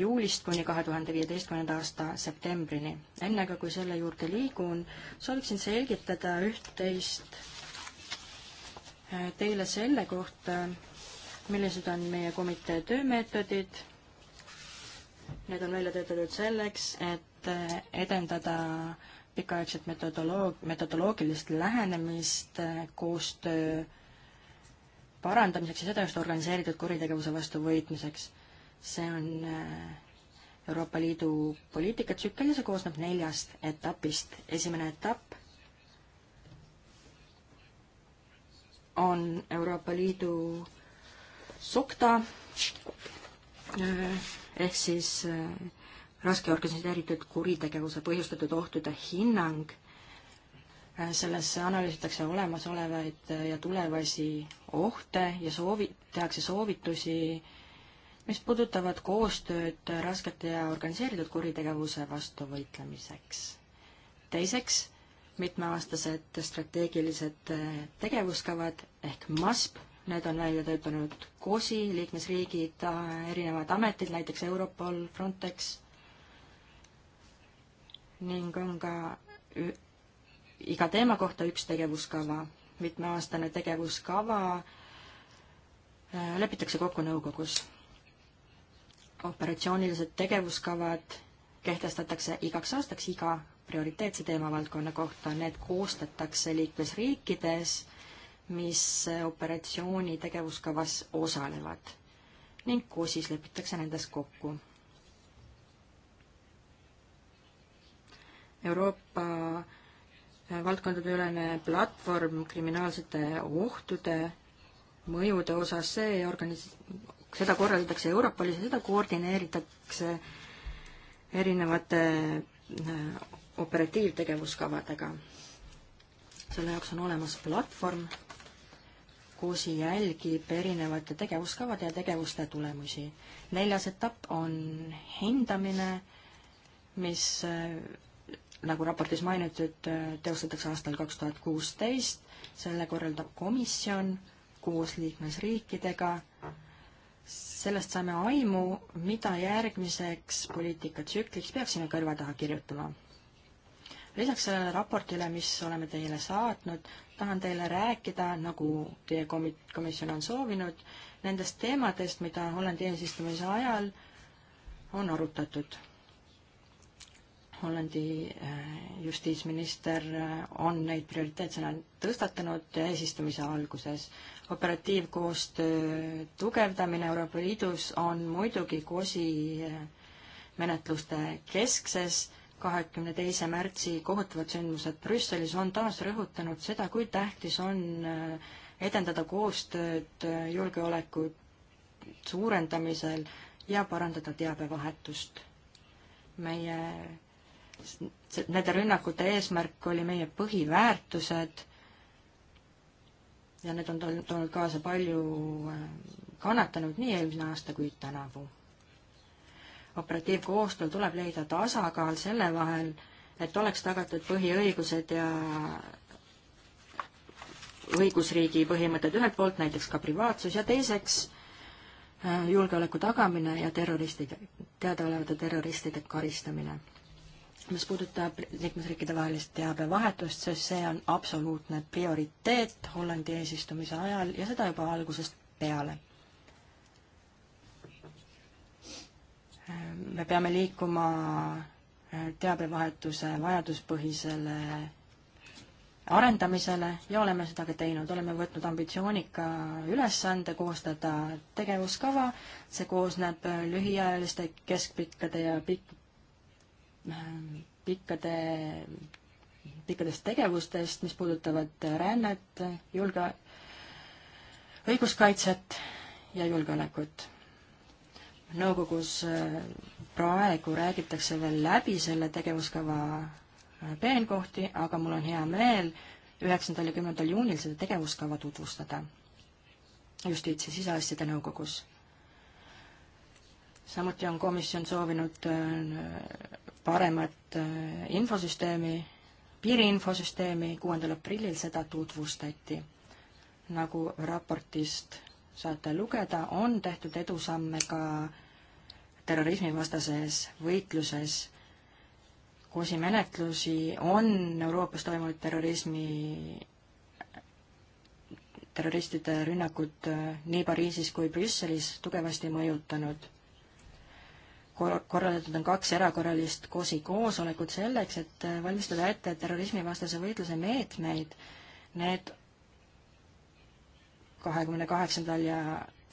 juulist kuni kahe tuhande viieteistkümnenda aasta septembrini. enne aga, kui selle juurde liigun, sooviksin selgitada üht-teist äh, teile selle kohta, millised on meie komitee töömeetodid. Need on välja töötatud selleks, et äh, edendada pikaaegset metodoloog-, metodoloogilist lähenemist äh, koostöö parandamiseks ja seda just organiseeritud kuritegevuse vastu võitmiseks. see on äh, Euroopa Liidu poliitikatsükkel ja see koosneb neljast etapist. esimene etapp on Euroopa Liidu SOCTA äh, ehk siis raske organiseeritud kuritegevuse põhjustatud ohtude hinnang. Äh, selles analüüsitakse olemasolevaid äh, ja tulevasi ohte ja soovi, tehakse soovitusi, mis puudutavad koostööd äh, raskete ja organiseeritud kuritegevuse vastu võitlemiseks. teiseks, mitmeaastased strateegilised tegevuskavad ehk MASP, need on välja töötanud COSI, liikmesriigid, erinevad ametid, näiteks Europol, Frontex ning on ka iga teema kohta üks tegevuskava. mitmeaastane tegevuskava äh, lepitakse kokku nõukogus. operatsioonilised tegevuskavad kehtestatakse igaks aastaks iga prioriteetse teemavaldkonna kohta, need koostatakse liikmesriikides, mis operatsiooni tegevuskavas osalevad ning kus siis lepitakse nendes kokku Euroopa äh, valdkondadeülene platvorm kriminaalsete ohtude mõjude osas, see organis-, seda korraldatakse Europolis ja seda koordineeritakse erinevate äh, operatiivtegevuskavadega. selle jaoks on olemas platvorm, kus jälgib erinevate tegevuskavade ja tegevuste tulemusi. neljas etapp on hindamine, mis äh, nagu raportis mainitud, teostatakse aastal kaks tuhat kuusteist, selle korraldab komisjon koos liikmesriikidega. sellest saame aimu, mida järgmiseks poliitikatsükliks peaksime kõrva taha kirjutama. lisaks sellele raportile, mis oleme teile saatnud, tahan teile rääkida, nagu teie komi-, komisjon on soovinud, nendest teemadest, mida Hollandi eesistumise ajal on arutatud Hollandi äh, justiitsminister äh, on neid prioriteetsena tõstatanud eesistumise alguses. operatiivkoostöö tugevdamine Euroopa Liidus on muidugi COSI äh, menetluste keskses, kahekümne teise märtsi kohutavad sündmused Brüsselis on taas rõhutanud seda, kui tähtis on edendada koostööd julgeoleku suurendamisel ja parandada teabevahetust. meie nende rünnakute eesmärk oli meie põhiväärtused ja need on toonud kaasa palju äh, kannatanuid nii eelmine aasta kui tänavu. operatiivkoostööl tuleb leida tasakaal selle vahel, et oleks tagatud põhiõigused ja õigusriigi põhimõtted ühelt poolt, näiteks ka privaatsus, ja teiseks äh, julgeoleku tagamine ja terroristide, teadaolevate terroristide karistamine mis puudutab liikmesriikide vahelist teabevahetust, siis see on absoluutne prioriteet Hollandi eesistumise ajal ja seda juba algusest peale. me peame liikuma teabevahetuse vajaduspõhisele arendamisele ja oleme seda ka teinud, oleme võtnud ambitsioonika ülesande koostada tegevuskava, see koosneb lühiajaliste, keskpikkade ja pikk, pikkade, pikkadest tegevustest, mis puudutavad rännet, julge-, õiguskaitset ja julgeolekut. nõukogus äh, praegu räägitakse veel läbi selle tegevuskava äh, peenkohti, aga mul on hea meel üheksandal ja kümnendal juunil seda tegevuskava tutvustada justiits- ja siseasjade nõukogus. samuti on komisjon soovinud äh, paremat äh, infosüsteemi, piiriinfosüsteemi kuuendal aprillil seda tutvustati. nagu raportist saate lugeda, on tehtud edusamme ka terrorismivastases võitluses. kosi menetlusi on Euroopas toimunud terrorismi, terroristide rünnakud äh, nii Pariisis kui Brüsselis tugevasti mõjutanud kor-, korraldatud on kaks erakorralist COSI koosolekut selleks, et äh, valmistada ette terrorismivastase võitluse meetmeid. Need kahekümne kaheksandal ja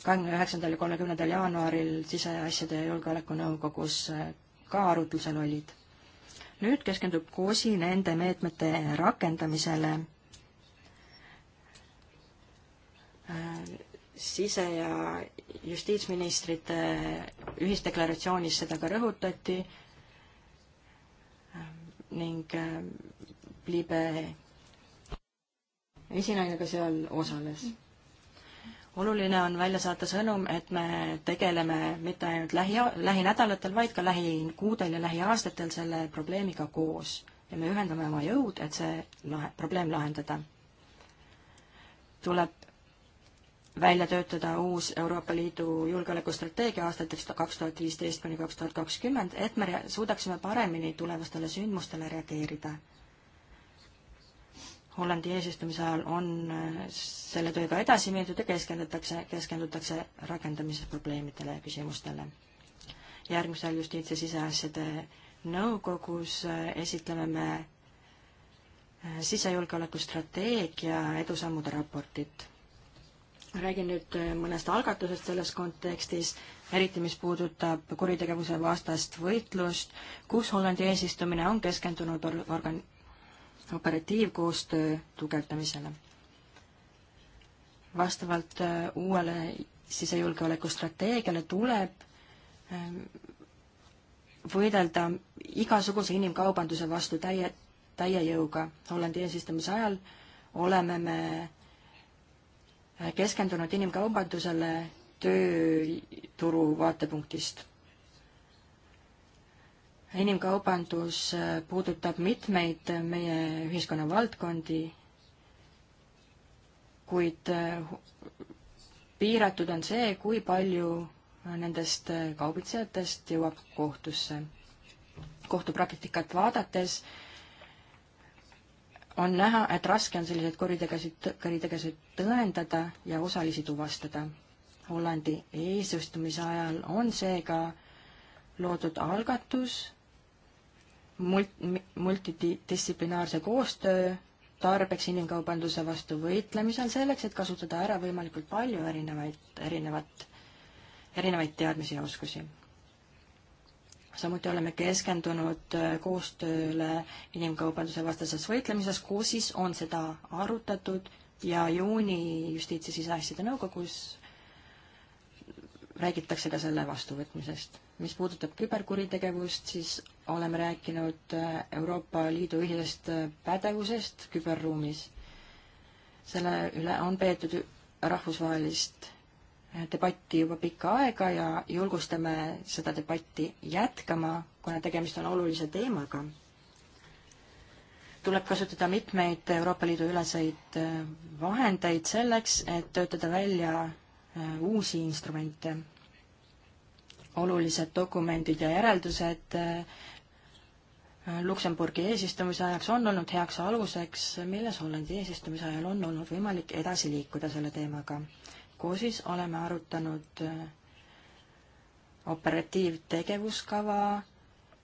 kahekümne üheksandal ja kolmekümnendal jaanuaril Siseasjade ja Julgeolekunõukogus äh, ka arutlusel olid. nüüd keskendub COSI nende meetmete rakendamisele äh, sise- ja justiitsministrite ühisdeklaratsioonis seda ka rõhutati ning äh, Libe esinaine ka seal osales. oluline on välja saata sõnum, et me tegeleme mitte ainult lähi, lähinädalatel, vaid ka lähikuudel ja lähiaastatel selle probleemiga koos ja me ühendame oma jõud, et see lahe, probleem lahendada tuleb välja töötada uus Euroopa Liidu julgeolekustrateegia aastateks kaks tuhat viisteist kuni kaks tuhat kakskümmend, et me suudaksime paremini tulevastele sündmustele reageerida. Hollandi eesistumise ajal on äh, selle tööga edasi mindud ja keskendutakse, keskendutakse rakendamise probleemidele ja küsimustele. järgmisel justiits- ja siseasjade nõukogus äh, esitleme me äh, sisejulgeolekustrateegia edusammude raportit räägin nüüd äh, mõnest algatusest selles kontekstis, eriti mis puudutab kuritegevuse vastast võitlust, kus Hollandi eesistumine on keskendunud organ-, operatiivkoostöö tugevdamisele. vastavalt äh, uuele sisejulgeoleku strateegiale tuleb ähm, võidelda igasuguse inimkaubanduse vastu täie, täie jõuga. Hollandi eesistumise ajal oleme me keskendunud inimkaubandusele tööturu vaatepunktist. inimkaubandus puudutab mitmeid meie ühiskonna valdkondi, kuid piiratud on see, kui palju nendest kaubitsejatest jõuab kohtusse. kohtupraktikat vaadates äh, on näha, et raske on selliseid kuritegesid, kuritegesid tõendada ja osalisi tuvastada. Hollandi eesistumise ajal on seega loodud algatus mult-, multidistsiplinaarse koostöö tarbeks inimkaubanduse vastu võitlemisel, selleks et kasutada ära võimalikult palju erinevaid, erinevat, erinevaid teadmisi ja oskusi samuti oleme keskendunud äh, koostööle inimkaubanduse vastases võitlemises, kus siis on seda arutatud ja juuni justiits- ja siseasjade nõukogus räägitakse ka selle vastuvõtmisest. mis puudutab küberkuritegevust, siis oleme rääkinud äh, Euroopa Liidu ühisest äh, pädevusest küberruumis. selle üle on peetud rahvusvahelist debatti juba pikka aega ja julgustame seda debatti jätkama, kuna tegemist on olulise teemaga. tuleb kasutada mitmeid Euroopa Liidu üleseid äh, vahendeid selleks, et töötada välja äh, uusi instrumente. olulised dokumendid ja järeldused äh, Luksemburgi eesistumise ajaks on olnud heaks aluseks, milles Hollandi eesistumise ajal on olnud võimalik edasi liikuda selle teemaga narkoosis oleme arutanud äh, operatiivtegevuskava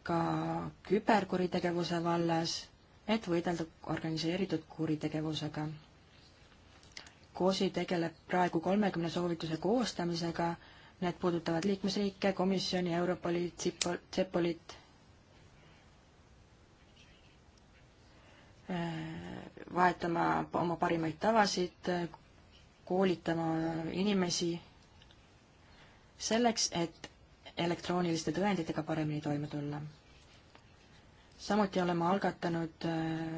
ka küberkuritegevuse vallas, et võidelda organiseeritud kuritegevusega. COSI tegeleb praegu kolmekümne soovituse koostamisega, need puudutavad liikmesriike, komisjoni, Europoli, Cepolit, äh, vahetama oma parimaid tavasid, koolitama inimesi selleks, et elektrooniliste tõenditega paremini toime tulla. samuti oleme algatanud äh,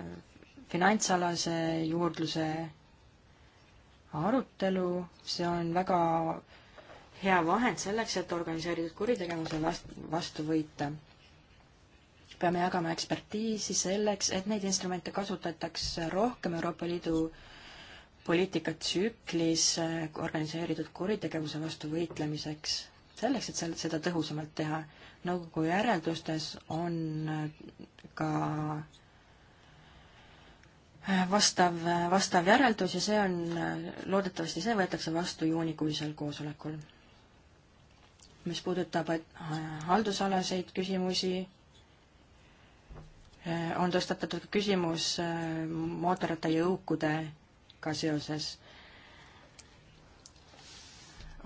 finantsalase juurdluse arutelu, see on väga hea vahend selleks, et organiseeritud kuritegevuse vast-, vastu võita. peame jagama ekspertiisi selleks, et neid instrumente kasutataks rohkem Euroopa Liidu äh, poliitikatsüklis äh, organiseeritud kuritegevuse vastu võitlemiseks, selleks, et seal seda tõhusamalt teha. nõukogu järeldustes on äh, ka äh, vastav, vastav järeldus ja see on, loodetavasti see võetakse vastu juunikuisel koosolekul. mis puudutab haldusalaseid küsimusi, on tõstatatud ka küsimus mootorrattajõukude ka seoses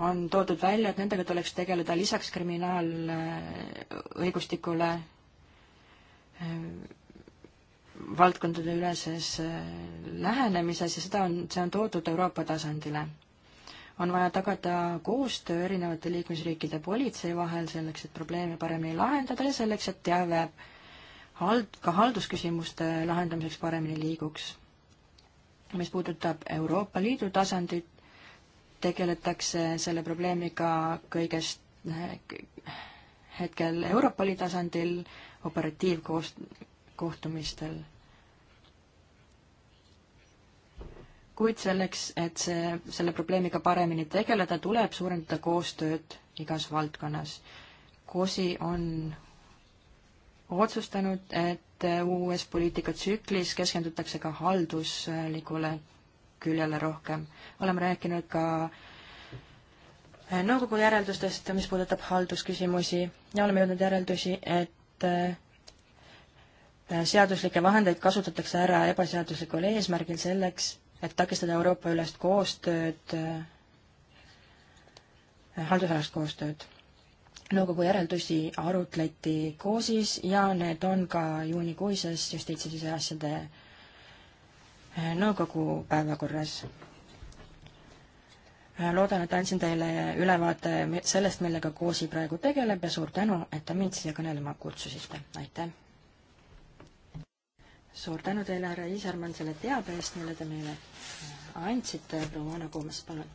on toodud välja, et nendega tuleks tegeleda lisaks kriminaalõigustikule äh, valdkondade üleses äh, lähenemises ja seda on, see on toodud Euroopa tasandile. on vaja tagada koostöö erinevate liikmesriikide politsei vahel selleks, et probleeme paremini lahendada ja selleks, et teave hald-, ka haldusküsimuste lahendamiseks paremini liiguks mis puudutab Euroopa Liidu tasandit, tegeletakse selle probleemiga kõigest eh, hetkel Euroopa Liidu tasandil operatiivkoost-, kohtumistel. kuid selleks, et see, selle probleemiga paremini tegeleda, tuleb suurendada koostööd igas valdkonnas. COSI on otsustanud, et uues poliitikatsüklis keskendutakse ka halduslikule küljele rohkem. oleme rääkinud ka nõukogu järeldustest, mis puudutab haldusküsimusi ja oleme jõudnud järeldusi, et äh, seaduslikke vahendeid kasutatakse ära ebaseaduslikul eesmärgil selleks, et takistada Euroopa-ülest koostööd, äh, haldusalast koostööd nõukogu järeldusi arutleti koosis ja need on ka juunikuises justiits- ja siseasjade eh, nõukogu päevakorras. Eh, loodan, et andsin teile ülevaate sellest, millega koosi praegu tegeleb ja suur tänu, et te mind siia kõnelema kutsusite, aitäh! suur tänu teile, härra Iisarman, selle teabe eest, mille te meile eh, andsite, proua Anna Koomas, palun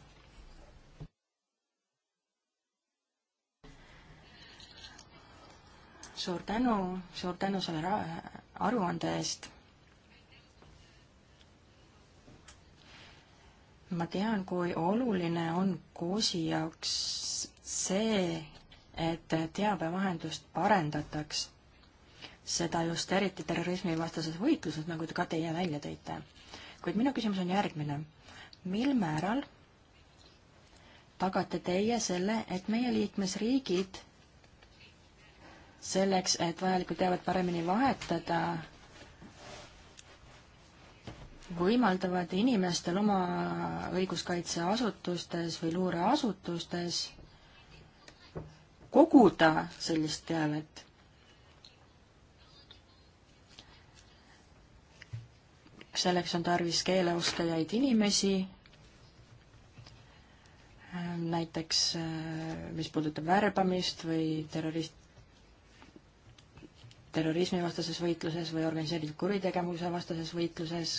suur tänu, suur tänu selle aruande eest. ma tean, kui oluline on KOS-i jaoks see, et teabevahendust parendataks. seda just eriti terrorismivastases võitluses, nagu te ka teie välja tõite. kuid minu küsimus on järgmine. mil määral tagate teie selle, et meie liikmesriigid selleks, et vajalikku teavet paremini vahetada, võimaldavad inimestel oma õiguskaitseasutustes või luureasutustes koguda sellist teavet. selleks on tarvis keeleoskajaid inimesi, näiteks mis puudutab värbamist või terrorist, terrorismivastases võitluses või organiseeritud kuritegevuse vastases võitluses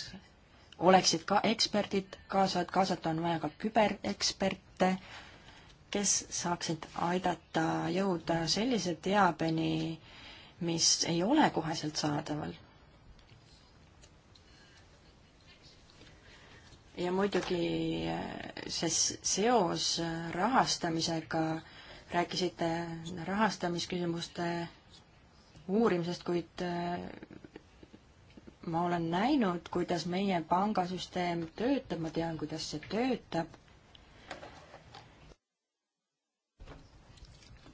oleksid ka eksperdid kaasad, kaasata on vaja ka kübereksperte, kes saaksid aidata jõuda sellise teabeni, mis ei ole koheselt saadaval. ja muidugi eh, see seos rahastamisega, rääkisite rahastamisküsimuste uurimisest, kuid äh, ma olen näinud, kuidas meie pangasüsteem töötab, ma tean, kuidas see töötab.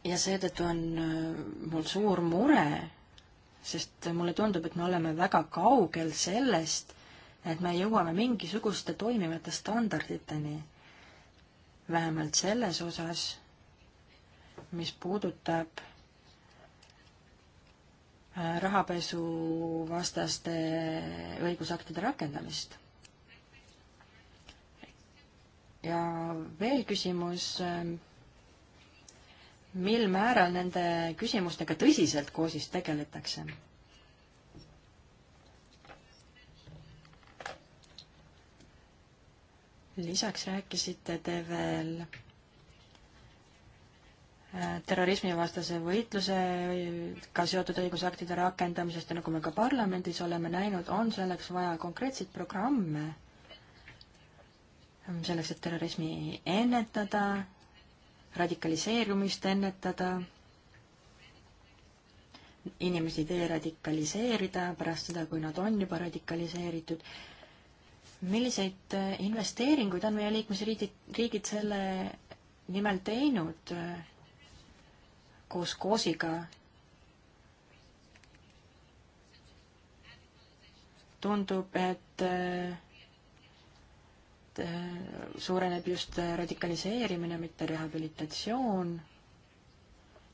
ja seetõttu on äh, mul suur mure, sest mulle tundub, et me oleme väga kaugel sellest, et me jõuame mingisuguste toimivate standarditeni. vähemalt selles osas, mis puudutab rahapesuvastaste õigusaktide rakendamist. ja veel küsimus, mil määral nende küsimustega tõsiselt koosis tegeletakse? lisaks rääkisite te veel terrorismivastase võitlusega seotud õigusaktide rakendamisest ja nagu me ka parlamendis oleme näinud, on selleks vaja konkreetseid programme, selleks, et terrorismi ennetada, radikaliseerumist ennetada, inimesi deradikaliseerida pärast seda, kui nad on juba radikaliseeritud. milliseid äh, investeeringuid on meie liikmesriigid, riigid selle nimel teinud, koos koosiga tundub, et suureneb just radikaliseerimine, mitte rehabilitatsioon.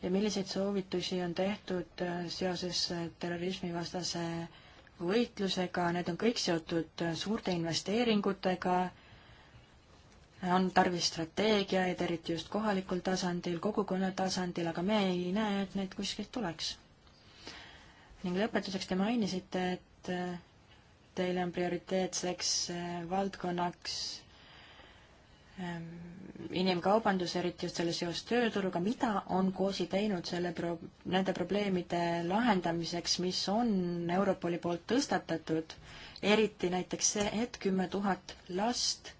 ja milliseid soovitusi on tehtud seoses terrorismivastase võitlusega, need on kõik seotud suurte investeeringutega on tarvis strateegiaid, eriti just kohalikul tasandil, kogukonna tasandil, aga me ei näe, et neid kuskilt tuleks. ning lõpetuseks te mainisite, et äh, teile on prioriteetseks äh, valdkonnaks ähm, inimkaubandus, eriti just selle seos tööturuga, mida on KOS-i teinud selle pro-, nende probleemide lahendamiseks, mis on Europoli poolt tõstatatud, eriti näiteks see, et kümme tuhat last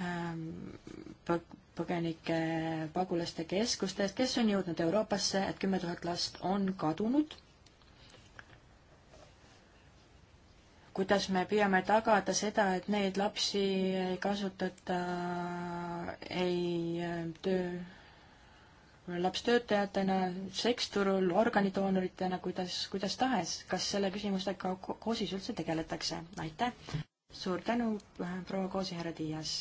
Ähm, põgenike pagulaste keskustest, kes on jõudnud Euroopasse, et kümme tuhat last on kadunud. kuidas me püüame tagada seda, et neid lapsi ei kasutata ei äh, töö, lapstöötajatena, seksturul, organidoonoritena, kuidas, kuidas tahes, kas selle küsimustega koosis üldse tegeletakse? aitäh! suur tänu, proua Koosihärra Tiias!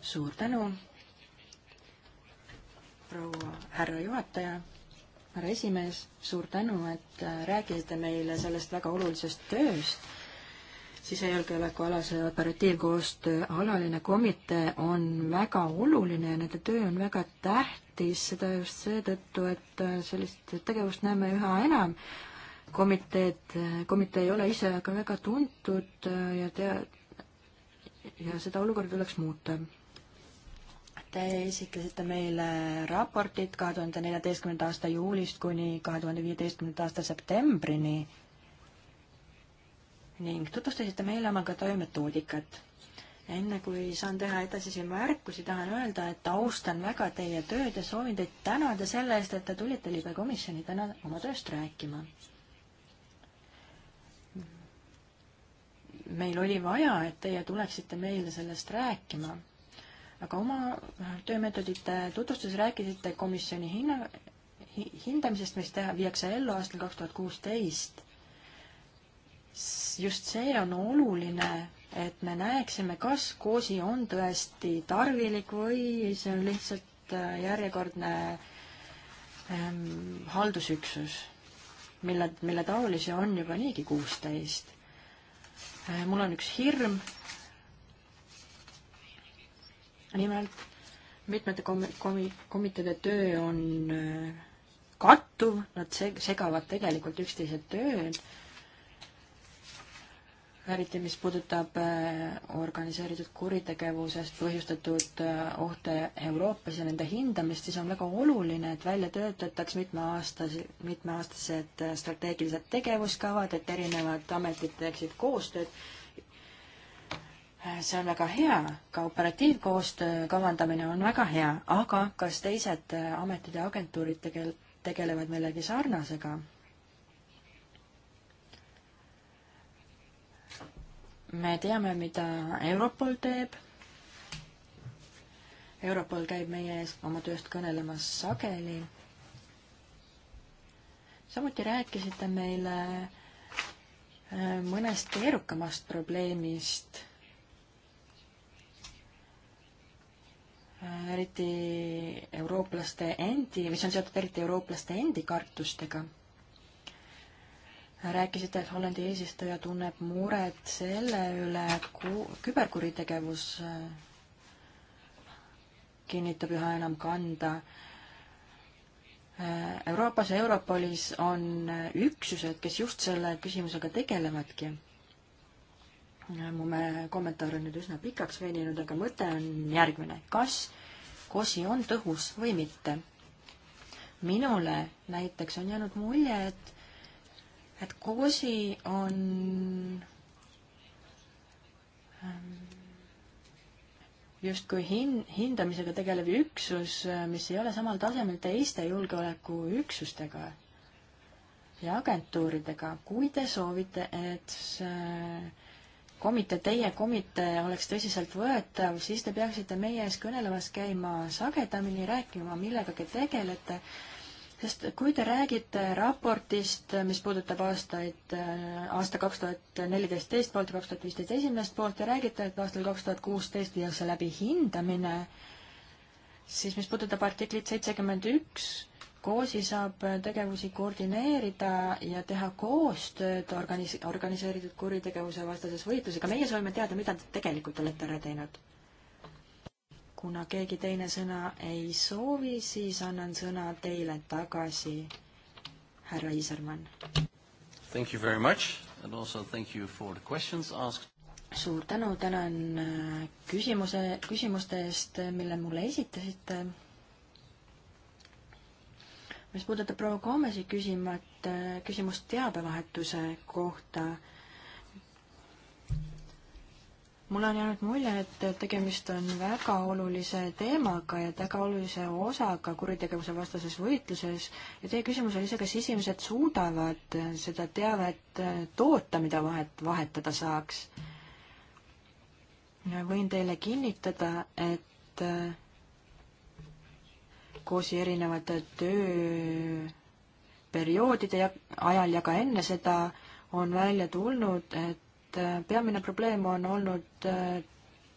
suur tänu, proua, härra juhataja, härra esimees, suur tänu, et äh, rääkisite meile sellest väga olulisest tööst. sisejulgeolekualase operatiivkoostöö alaline komitee on väga oluline ja nende töö on väga tähtis, seda just seetõttu, et äh, sellist tegevust näeme üha enam komiteed, äh, komitee ei ole ise aga väga tuntud ja tea-, ja seda olukorda tuleks muuta. Te esitlesite meile raportit kahe tuhande neljateistkümnenda aasta juulist kuni kahe tuhande viieteistkümnenda aasta septembrini ning tutvustasite meile oma ka töömetoodikat. enne kui saan teha edasisi märkusi, tahan öelda, et austan väga teie tööd ja soovin teid tänada selle eest, et te tulite libekomisjoni täna oma tööst rääkima. meil oli vaja, et teie tuleksite meile sellest rääkima aga oma äh, töömeetodite tutvustuses rääkisite komisjoni hinna, hindamisest, mis teha, viiakse ellu aastal kaks tuhat kuusteist. just see on oluline, et me näeksime, kas koosi on tõesti tarvilik või see on lihtsalt äh, järjekordne ähm, haldusüksus, mille, mille taolisi on juba niigi kuusteist. Äh, mul on üks hirm nimelt mitmete komi-, komi-, komiteede töö on äh, kattuv, nad seg-, segavad tegelikult üksteise tööd, eriti mis puudutab äh, organiseeritud kuritegevusest põhjustatud äh, ohte Euroopas ja nende hindamist, siis on väga oluline, et välja töötataks mitmeaastase, mitmeaastased strateegilised tegevuskavad, et erinevad ametid teeksid koostööd see on väga hea, ka operatiivkoostöö kavandamine on väga hea, aga kas teised äh, ametid ja agentuurid tegel-, tegelevad millegi sarnasega? me teame, mida Europol teeb. Europol käib meie ees oma tööst kõnelemas sageli. samuti rääkisite meile äh, mõnest keerukamast probleemist Äh, eriti eurooplaste endi, mis on seotud eriti eurooplaste endi kartustega. rääkisite, et Hollandi eesistuja tunneb muret selle üle, et ku-, küberkuritegevus äh, kinnitab üha enam kanda. Äh, Euroopas ja Europolis on üksused, kes just selle küsimusega tegelevadki mu kommentaar on nüüd üsna pikaks veninud, aga mõte on järgmine. kas kosi on tõhus või mitte? minule näiteks on jäänud mulje, et, et kosi on ähm, justkui hin-, hindamisega tegelev üksus, mis ei ole samal tasemel teiste julgeolekuüksustega ja agentuuridega. kui te soovite, et see komitee, teie komitee oleks tõsiseltvõetav, siis te peaksite meie ees kõnelemas käima sagedamini, rääkima, millegagi tegelete, sest kui te räägite raportist, mis puudutab aastaid, äh, aasta kaks tuhat neliteist teist poolt ja kaks tuhat viisteist esimest poolt ja räägite, et aastal kaks tuhat kuusteist viiakse läbi hindamine, siis mis puudutab artiklit seitsekümmend üks, narkoosi saab tegevusi koordineerida ja teha koostööd organis-, organiseeritud kuritegevuse vastases võitlusega. meie soovime teada, mida te tegelikult olete ära teinud. kuna keegi teine sõna ei soovi, siis annan sõna teile tagasi, härra Isermann. Thank you very much and also thank you for the questions asked suur tänu, tänan küsimuse, küsimuste eest, mille mulle esitasite mis puudutab proua Koomesi küsimat, äh, küsimust teabevahetuse kohta, mulle on jäänud mulje, et tegemist on väga olulise teemaga ja väga olulise osaga kuritegevuse vastases võitluses ja teie küsimus oli see, kas inimesed suudavad seda teavet äh, toota, mida vahet, vahetada saaks. võin teile kinnitada, et äh, koostöökogusi erinevate tööperioodide ajal ja ka enne seda on välja tulnud, et äh, peamine probleem on olnud, äh,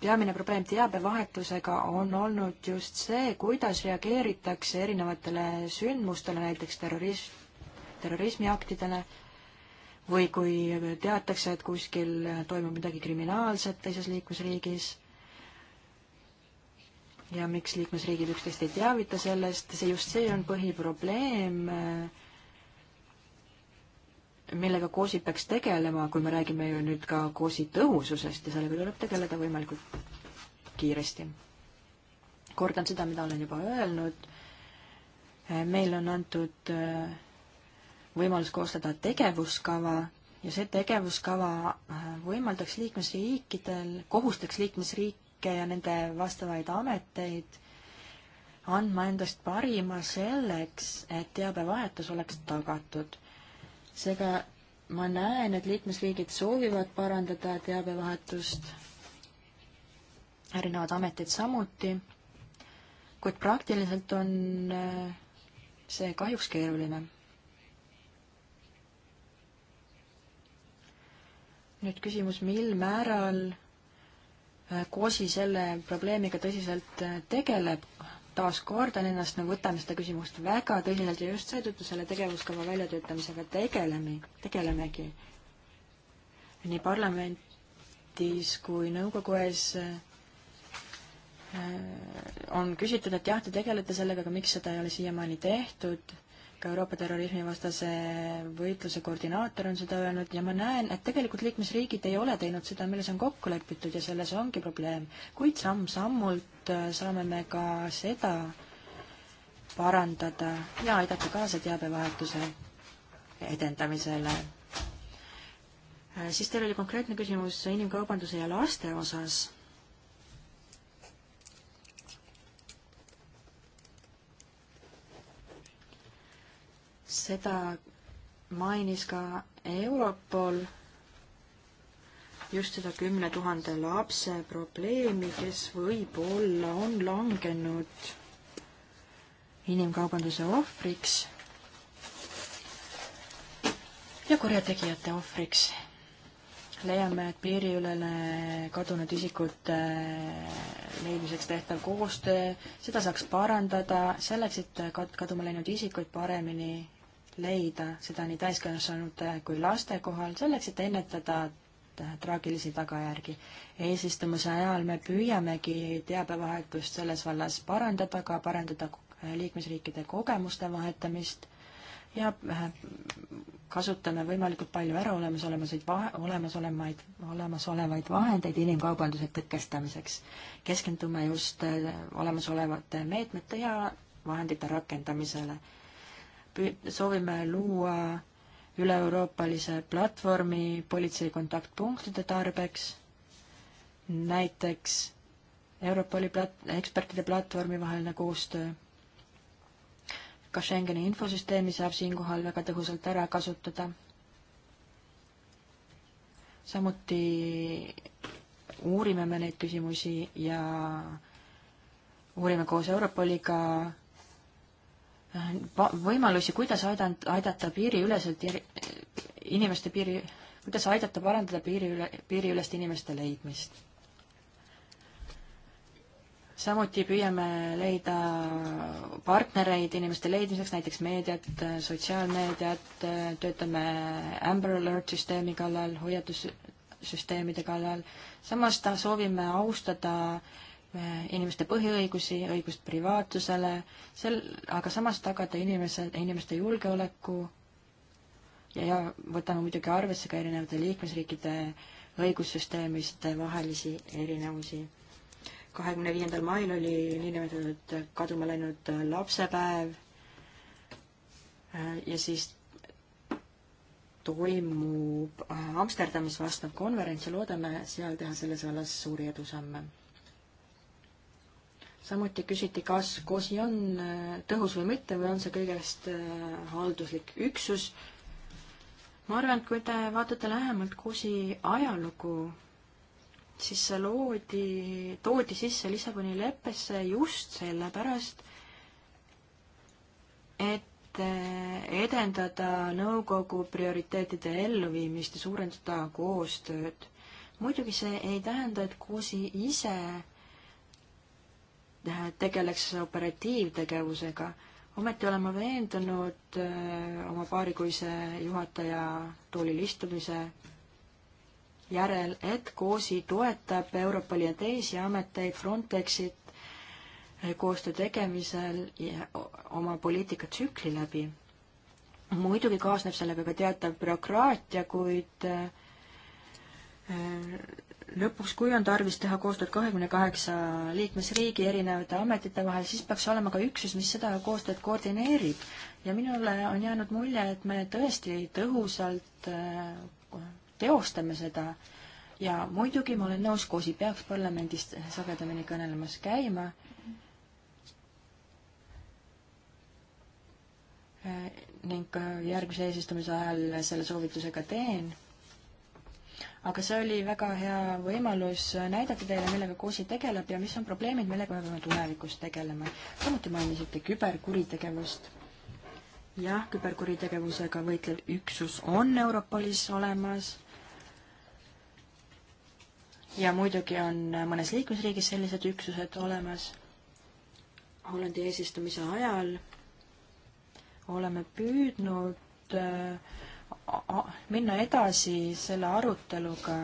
peamine probleem teabevahetusega on olnud just see, kuidas reageeritakse erinevatele sündmustele, näiteks terrorism, terrorismiaktidele või kui teatakse, et kuskil toimub midagi kriminaalset teises liikmesriigis ja miks liikmesriigid üksteist ei teavita sellest, see just see on põhiprobleem, millega COSIP peaks tegelema, kui me räägime ju nüüd ka COSI tõhususest ja sellega tuleb tegeleda võimalikult kiiresti. kordan seda, mida olen juba öelnud, meil on antud äh, võimalus koostada tegevuskava ja see tegevuskava äh, võimaldaks liikmesriikidel, kohustaks liikmesriik, riike ja nende vastavaid ameteid andma endast parima selleks, et teabevahetus oleks tagatud. seega ma näen, et liikmesriigid soovivad parandada teabevahetust, erinevad ametid samuti, kuid praktiliselt on äh, see kahjuks keeruline. nüüd küsimus, mil määral COSI äh, selle probleemiga tõsiselt äh, tegeleb, taaskordan ennast, me võtame seda küsimust väga tõsiselt ja just seetõttu selle tegevuskava väljatöötamisega tegeleme, tegelemegi. nii parlamendis kui nõukogu ees äh, on küsitud, et jah, te tegelete sellega, aga miks seda ei ole siiamaani tehtud ka Euroopa terrorismivastase võitluse koordinaator on seda öelnud ja ma näen, et tegelikult liikmesriigid ei ole teinud seda, milles on kokku lepitud ja selles ongi probleem. kuid samm-sammult äh, saame me ka seda parandada ja aidata kaasa teabevahetuse edendamisele. Äh, siis teil oli konkreetne küsimus inimkaubanduse ja laste osas seda mainis ka Europol, just seda kümne tuhande lapse probleemi, kes võib-olla on langenud inimkaubanduse ohvriks ja kurjategijate ohvriks leiame, et piiriülene kadunud isikute leidmiseks tehtav koostöö, seda saaks parandada selleks, et kad-, kaduma läinud isikuid paremini leida seda nii täiskasvanute kui laste kohal, selleks et ennetada traagilisi tagajärgi. eesistumise ajal me püüamegi teabevahetust selles vallas parandada, ka parandada liikmesriikide kogemuste vahetamist ja äh, kasutame võimalikult palju ära olemasolevaid vahe, olemasolemaid, olemasolevaid vahendeid inimkaubanduse tõkestamiseks. keskendume just äh, olemasolevate meetmete ja vahendite rakendamisele soovime luua üle-euroopalise platvormi politsei kontaktpunktide tarbeks, näiteks Europoli plat-, ekspertide platvormi vaheline koostöö. ka Schengeni infosüsteemi saab siinkohal väga tõhusalt ära kasutada. samuti uurime me neid küsimusi ja uurime koos Europoliga võimalusi, kuidas aidanud, aidata piiriüleselt inimeste piiri, kuidas aidata parandada piiriüle, piiriüleste inimeste leidmist. samuti püüame leida partnereid inimeste leidmiseks, näiteks meediat, sotsiaalmeediat, töötame Amber Alert süsteemi kallal, hoiatussüsteemide kallal, samas ta soovime austada äh, Äh, inimeste põhiõigusi, õigust privaatsusele, sel, aga samas tagada inimese, inimeste julgeoleku ja, ja võtame muidugi arvesse ka erinevate liikmesriikide õigussüsteemiste äh, vahelisi erinevusi. kahekümne viiendal mail oli niinimetatud kaduma läinud äh, lapsepäev ja siis toimub Amsterdamis vastav konverents ja loodame seal teha selles vallas suuri edusamme samuti küsiti, kas COSI on äh, tõhus või mitte või on see kõigest äh, halduslik üksus. ma arvan, et kui te vaatate lähemalt COSI ajalugu, siis see loodi, toodi sisse Lissaboni leppesse just sellepärast, et äh, edendada nõukogu prioriteetide elluviimist ja suurendada koostööd. muidugi see ei tähenda, et COSI ise tegeleks operatiivtegevusega. ometi olen ma veendunud äh, oma paarikuise juhataja toolil istumise järel, et COSI toetab Europoli ja teisi ameteid, Frontexit äh, koostöö tegemisel ja oma poliitikatsükli läbi. muidugi kaasneb sellega ka teatav bürokraatia, kuid äh, lõpuks, kui on tarvis teha koostööd kahekümne kaheksa liikmesriigi erinevate ametite vahel, siis peaks olema ka üksus, mis seda koostööd koordineerib. ja minule on jäänud mulje, et me tõesti tõhusalt äh, teostame seda ja muidugi ma olen nõus, Kosi peaks parlamendis sagedamini kõnelemas käima. Äh, ning järgmise eesistumise ajal selle soovitusega teen aga see oli väga hea võimalus näidata teile, millega KOS-i tegeleb ja mis on probleemid, millega me peame tulevikus tegelema. samuti mainisite küberkuritegevust. jah, küberkuritegevusega võitlev üksus on Europolis olemas ja muidugi on mõnes liikmesriigis sellised üksused olemas. Hollandi eesistumise ajal oleme püüdnud äh, minna edasi selle aruteluga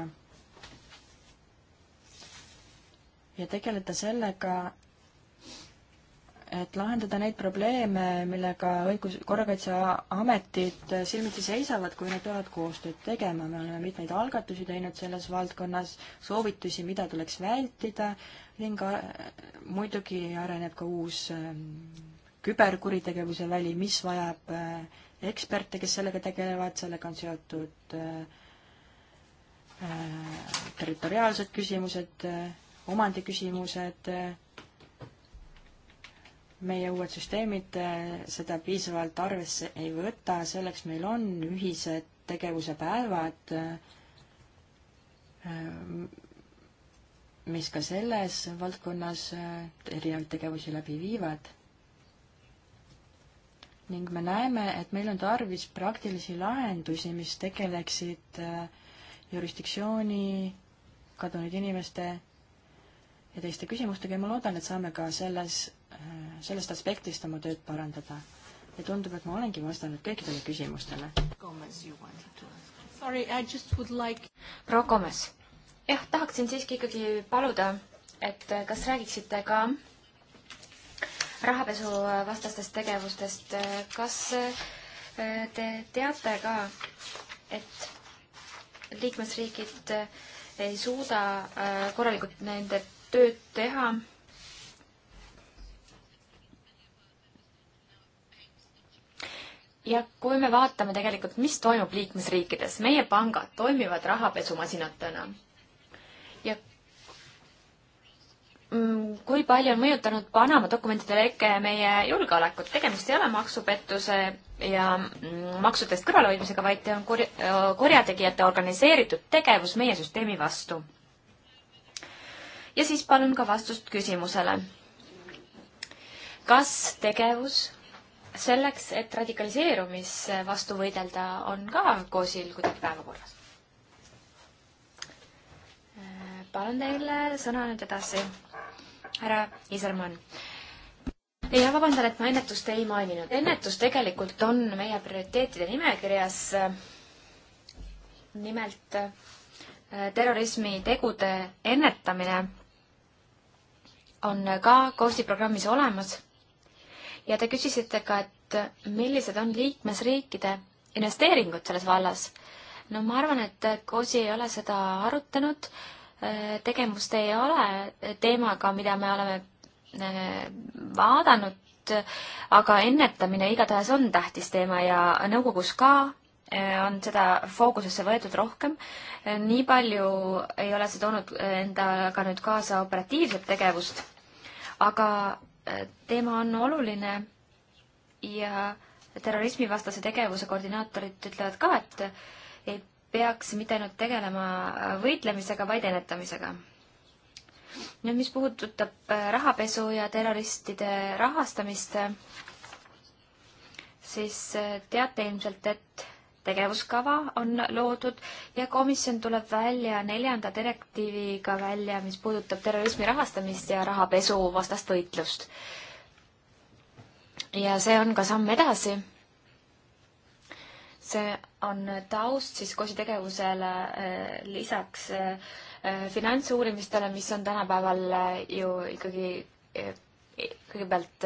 ja tegeleda sellega, et lahendada neid probleeme, millega õigus, korrakaitseametid silmitsi seisavad, kui nad peavad koostööd tegema. me oleme mitmeid algatusi teinud selles valdkonnas, soovitusi, mida tuleks vältida ning äh, muidugi areneb ka uus ähm, küberkuritegevuse väli, mis vajab äh, eksperte, kes sellega tegelevad, sellega on seotud äh, territoriaalsed küsimused, äh, omandiküsimused, äh, meie uued süsteemid seda piisavalt arvesse ei võta, selleks meil on ühised tegevuse päevad, mis ka selles valdkonnas erinevaid tegevusi läbi viivad ning me näeme, et meil on tarvis praktilisi lahendusi, mis tegeleksid äh, jurisdiktsiooni, kadunud inimeste ja teiste küsimustega ja ma loodan, et saame ka selles, äh, sellest aspektist oma tööd parandada. ja tundub, et ma olengi vastanud kõikidele küsimustele. Like... proua Gomes, jah, tahaksin siiski ikkagi paluda, et äh, kas räägiksite ka rahapesuvastastest tegevustest. kas eh, te teate ka, et liikmesriigid eh, ei suuda eh, korralikult nende tööd teha? ja kui me vaatame tegelikult, mis toimub liikmesriikides, meie pangad toimivad rahapesumasinatena Mm, kui palju on mõjutanud Panama dokumentide leke meie julgeolekut? tegemist ei ole maksupettuse ja mm, maksudest kõrvalehoidmisega, vaid on kurj-, kurjategijate organiseeritud tegevus meie süsteemi vastu. ja siis palun ka vastust küsimusele. kas tegevus selleks, et radikaliseerumis vastu võidelda, on ka COSIL kuidagi päevakorras? palun teile sõna nüüd edasi, härra Isermann ja vabandan, et ma ennetust ei maininud. ennetus tegelikult on meie prioriteetide nimekirjas. nimelt äh, terrorismitegude ennetamine on ka KOV-i programmis olemas. ja te küsisite ka, et millised on liikmesriikide investeeringud selles vallas. no ma arvan, et KOV-i ei ole seda arutanud Äh, tegemist ei ole teemaga, mida me oleme äh, vaadanud, aga ennetamine igatahes on tähtis teema ja nõukogus ka äh, on seda fookusesse võetud rohkem. nii palju ei ole see toonud endaga nüüd kaasa operatiivset tegevust, aga teema on oluline ja terrorismivastase tegevuse koordinaatorid ütlevad ka, et, et peaks mitte ainult tegelema äh, võitlemisega, vaid ennetamisega. nüüd, mis puudutab äh, rahapesu ja terroristide rahastamist, siis äh, teate ilmselt, et tegevuskava on loodud ja komisjon tuleb välja neljanda direktiiviga välja, mis puudutab terrorismi rahastamist ja rahapesu vastast võitlust. ja see on ka samm edasi see on taust siis KOS-i tegevusele eh, lisaks eh, eh, finantsuurimistele, mis on tänapäeval ju ikkagi e-, kõigepealt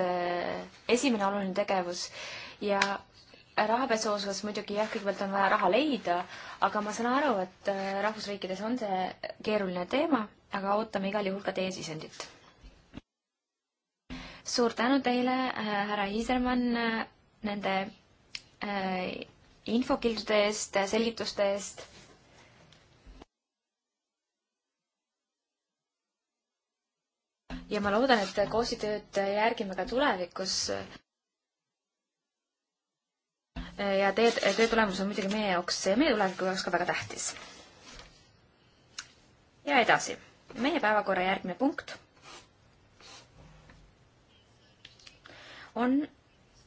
esimene oluline tegevus ja rahapesu osas muidugi jah, kõigepealt on vaja raha leida, aga ma saan aru, et rahvusriikides on see keeruline teema, aga ootame igal juhul ka teie sisendit. suur tänu teile, härra Iisermann, nende infokildude eest, selgituste eest. ja ma loodan, et koostööd järgime ka tulevikus. ja teie töö tulemus on muidugi meie jaoks ja meie tuleviku jaoks ka väga tähtis. ja edasi, meie päevakorra järgmine punkt on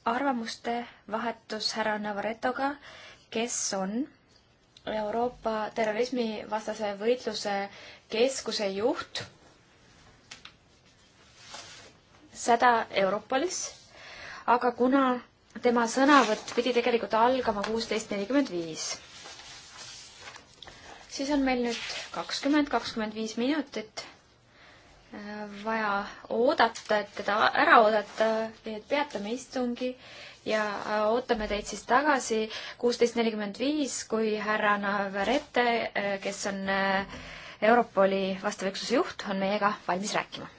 arvamuste vahetus härra Navarretoga, kes on Euroopa terrorismivastase võitluse keskuse juht, seda Europolis, aga kuna tema sõnavõtt pidi tegelikult algama kuusteist nelikümmend viis, siis on meil nüüd kakskümmend, kakskümmend viis minutit vaja oodata, et teda ära oodata, nii et peatame istungi ja ootame teid siis tagasi kuusteist nelikümmend viis, kui härra Navarrete, kes on äh, Europoli vastava üksuse juht, on meiega valmis rääkima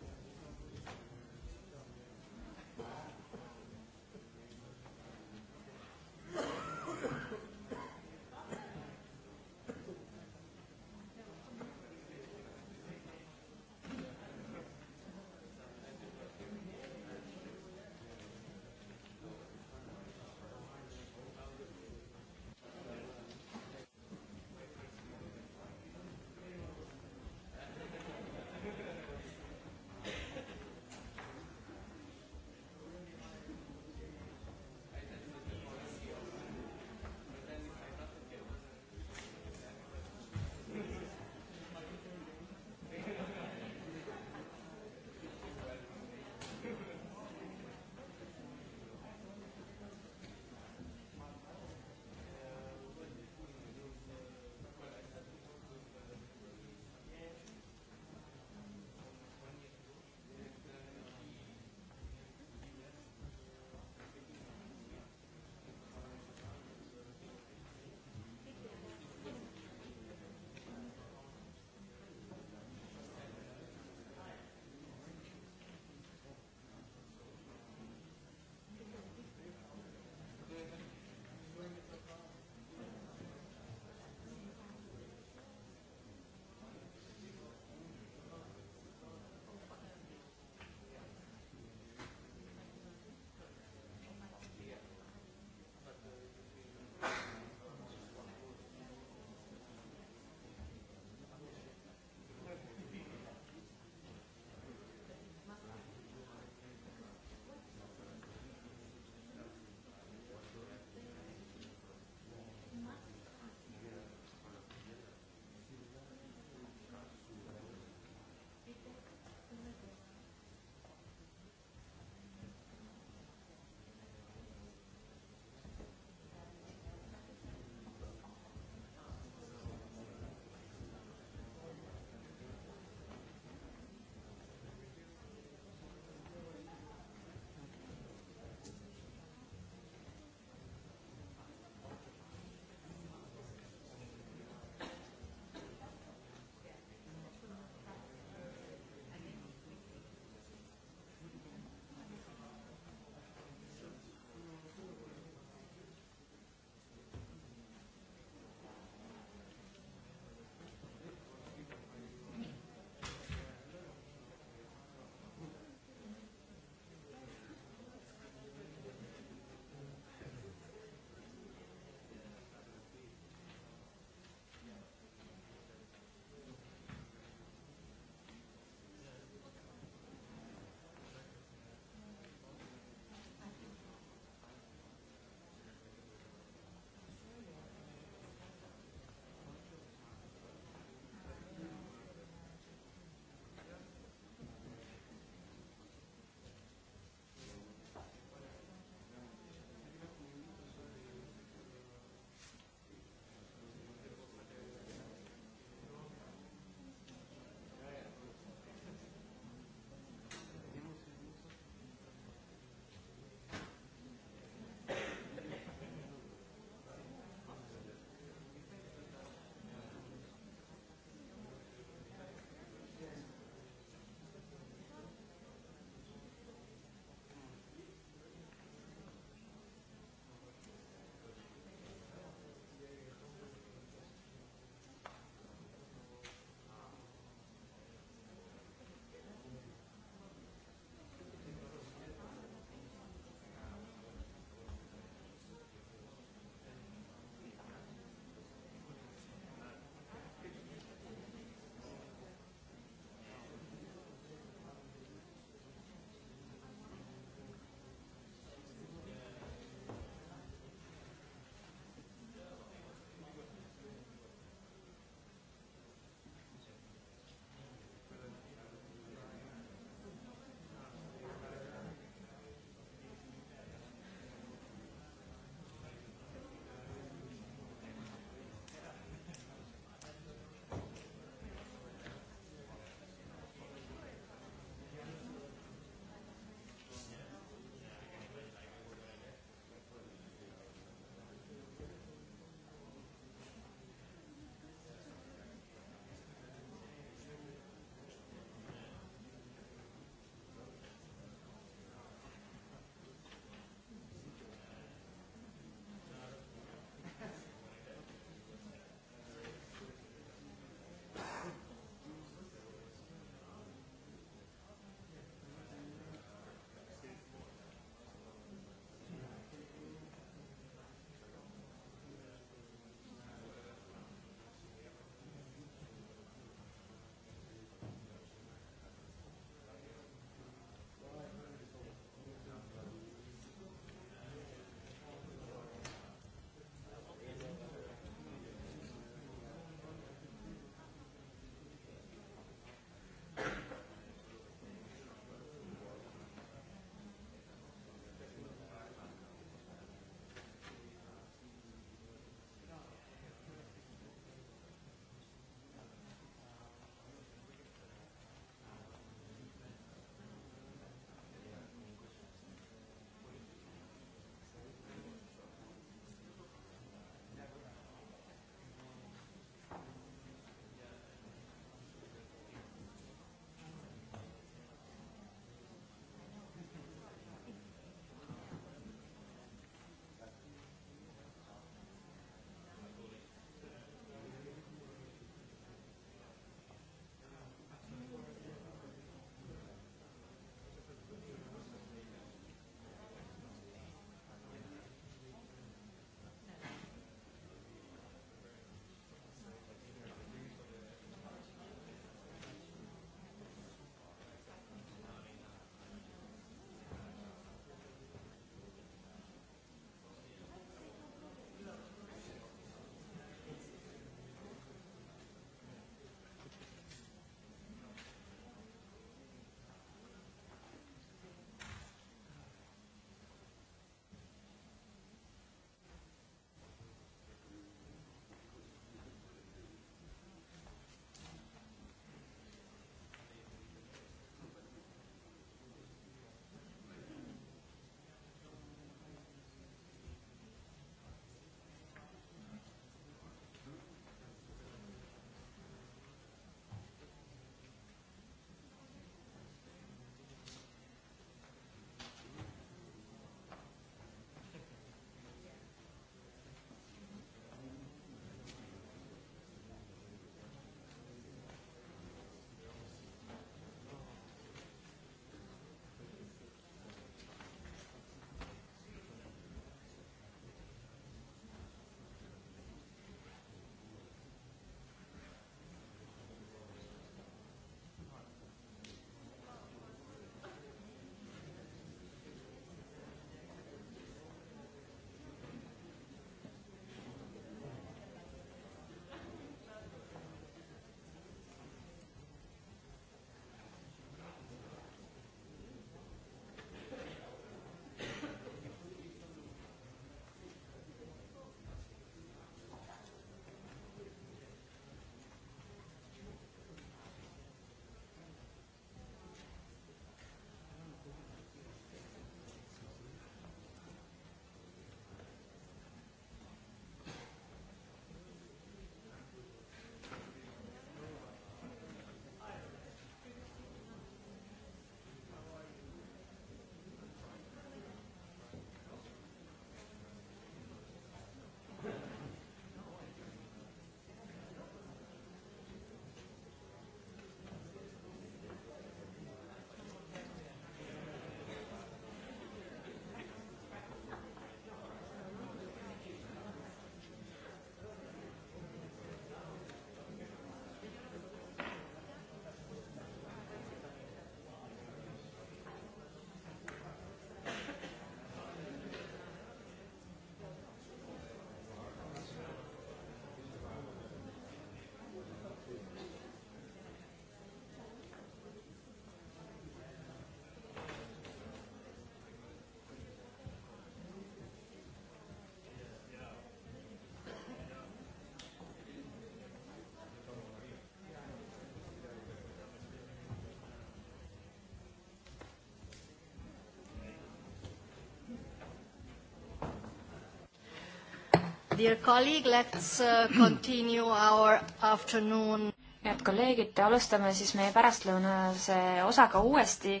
Dear colleague, let's uh, continue our afternoon. head kolleegid, alustame siis meie pärastlõunase osaga uuesti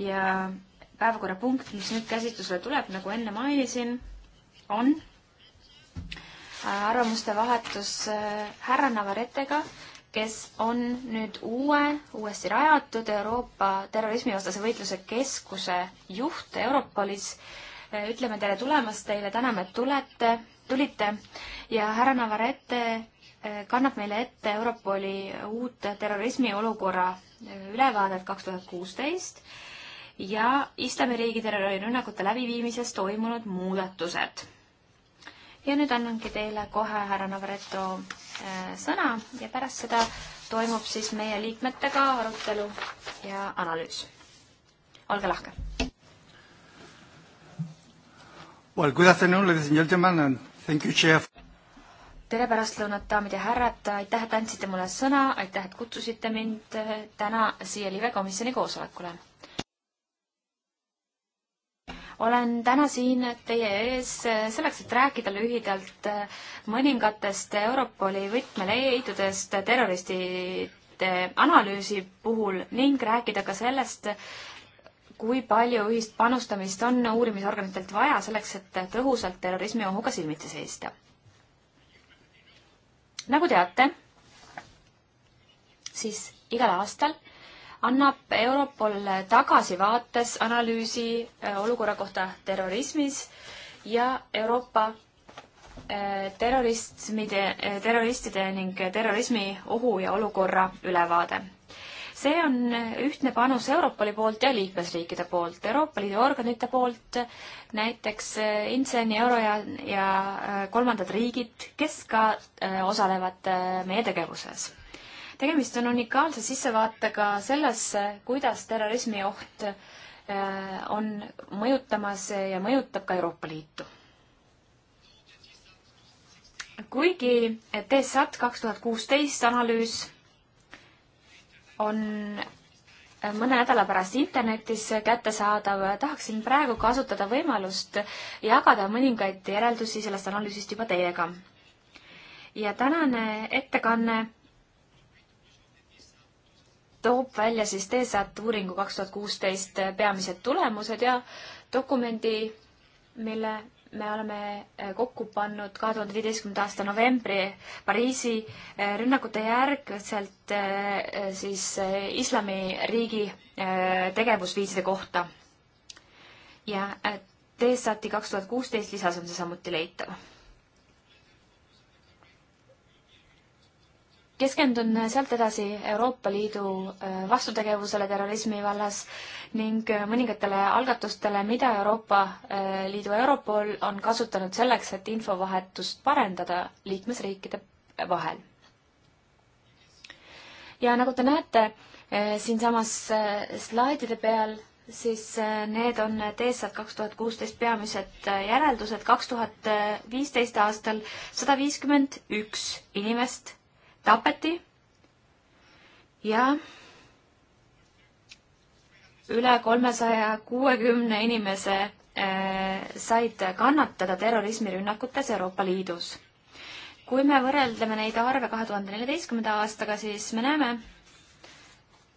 ja päevakorrapunkt, mis nüüd käsitlusele tuleb, nagu enne mainisin, on arvamuste vahetus äh, härra Navaretega, kes on nüüd uue, uuesti rajatud Euroopa terrorismivastase võitluse keskuse juht Europolis. Äh, ütleme tere tulemast teile, täname, et tulete tulite ja härra Navarrete eh, kannab meile ette Europoli uut terrorismiolukorra eh, ülevaadet kaks tuhat kuusteist ja Islamiriigi terrorirünnakute läbiviimises toimunud muudatused. ja nüüd annangi teile kohe härra Navreto eh, sõna ja pärast seda toimub siis meie liikmetega arutelu ja analüüs. olge lahke. Well, good afternoon, ladies and gentlemen and tere pärastlõunat, daamid ja härrad, aitäh, et andsite mulle sõna, aitäh, et kutsusite mind eh, täna siia libekomisjoni koosolekule. olen täna siin teie ees eh, selleks, et rääkida lühidalt eh, mõningatest Europoli võtmeleidudest terroristide analüüsi puhul ning rääkida ka sellest, kui palju ühist panustamist on uurimisorganitelt vaja selleks, et tõhusalt terrorismiohuga silmitsi seista. nagu teate, siis igal aastal annab Europol tagasivaates analüüsi äh, olukorra kohta terrorismis ja Euroopa äh, terrorismide, äh, terroristide ning terrorismi ohu ja olukorra ülevaade see on ühtne panus Europoli poolt ja liikmesriikide poolt, Euroopa Liidu organite poolt, näiteks eh, Inseni, Euro ja, ja eh, kolmandad riigid, kes ka eh, osalevad meie tegevuses. tegemist on unikaalse sissevaatega sellesse, kuidas terrorismioht on mõjutamas ja mõjutab ka Euroopa Liitu kuigi TSAT kaks tuhat kuusteist analüüs on mõne nädala pärast internetis kättesaadav. tahaksin praegu kasutada võimalust jagada mõningaid järeldusi sellest analüüsist juba teiega. ja tänane ettekanne toob välja siis TESAT uuringu kaks tuhat kuusteist peamised tulemused ja dokumendi, mille me oleme äh, kokku pannud kahe tuhande viieteistkümnenda aasta novembri Pariisi äh, rünnakute järgselt äh, siis islamiriigi tegevusviiside kohta. ja TSAT-i kaks tuhat kuusteist lisas on see samuti leitav keskendun sealt edasi Euroopa Liidu äh, vastutegevusele terrorismi vallas ning äh, mõningatele algatustele, mida Euroopa äh, Liidu Europol on kasutanud selleks, et infovahetust parendada liikmesriikide vahel. ja nagu te näete siinsamas slaidide peal, siis need on TSA kaks tuhat kuusteist peamised järeldused. kaks tuhat viisteist aastal sada viiskümmend üks inimest tapeti ja üle kolmesaja kuuekümne inimese eh, said kannatada terrorismirünnakutes Euroopa Liidus. kui me võrdleme neid arve kahe tuhande neljateistkümnenda aastaga, siis me näeme,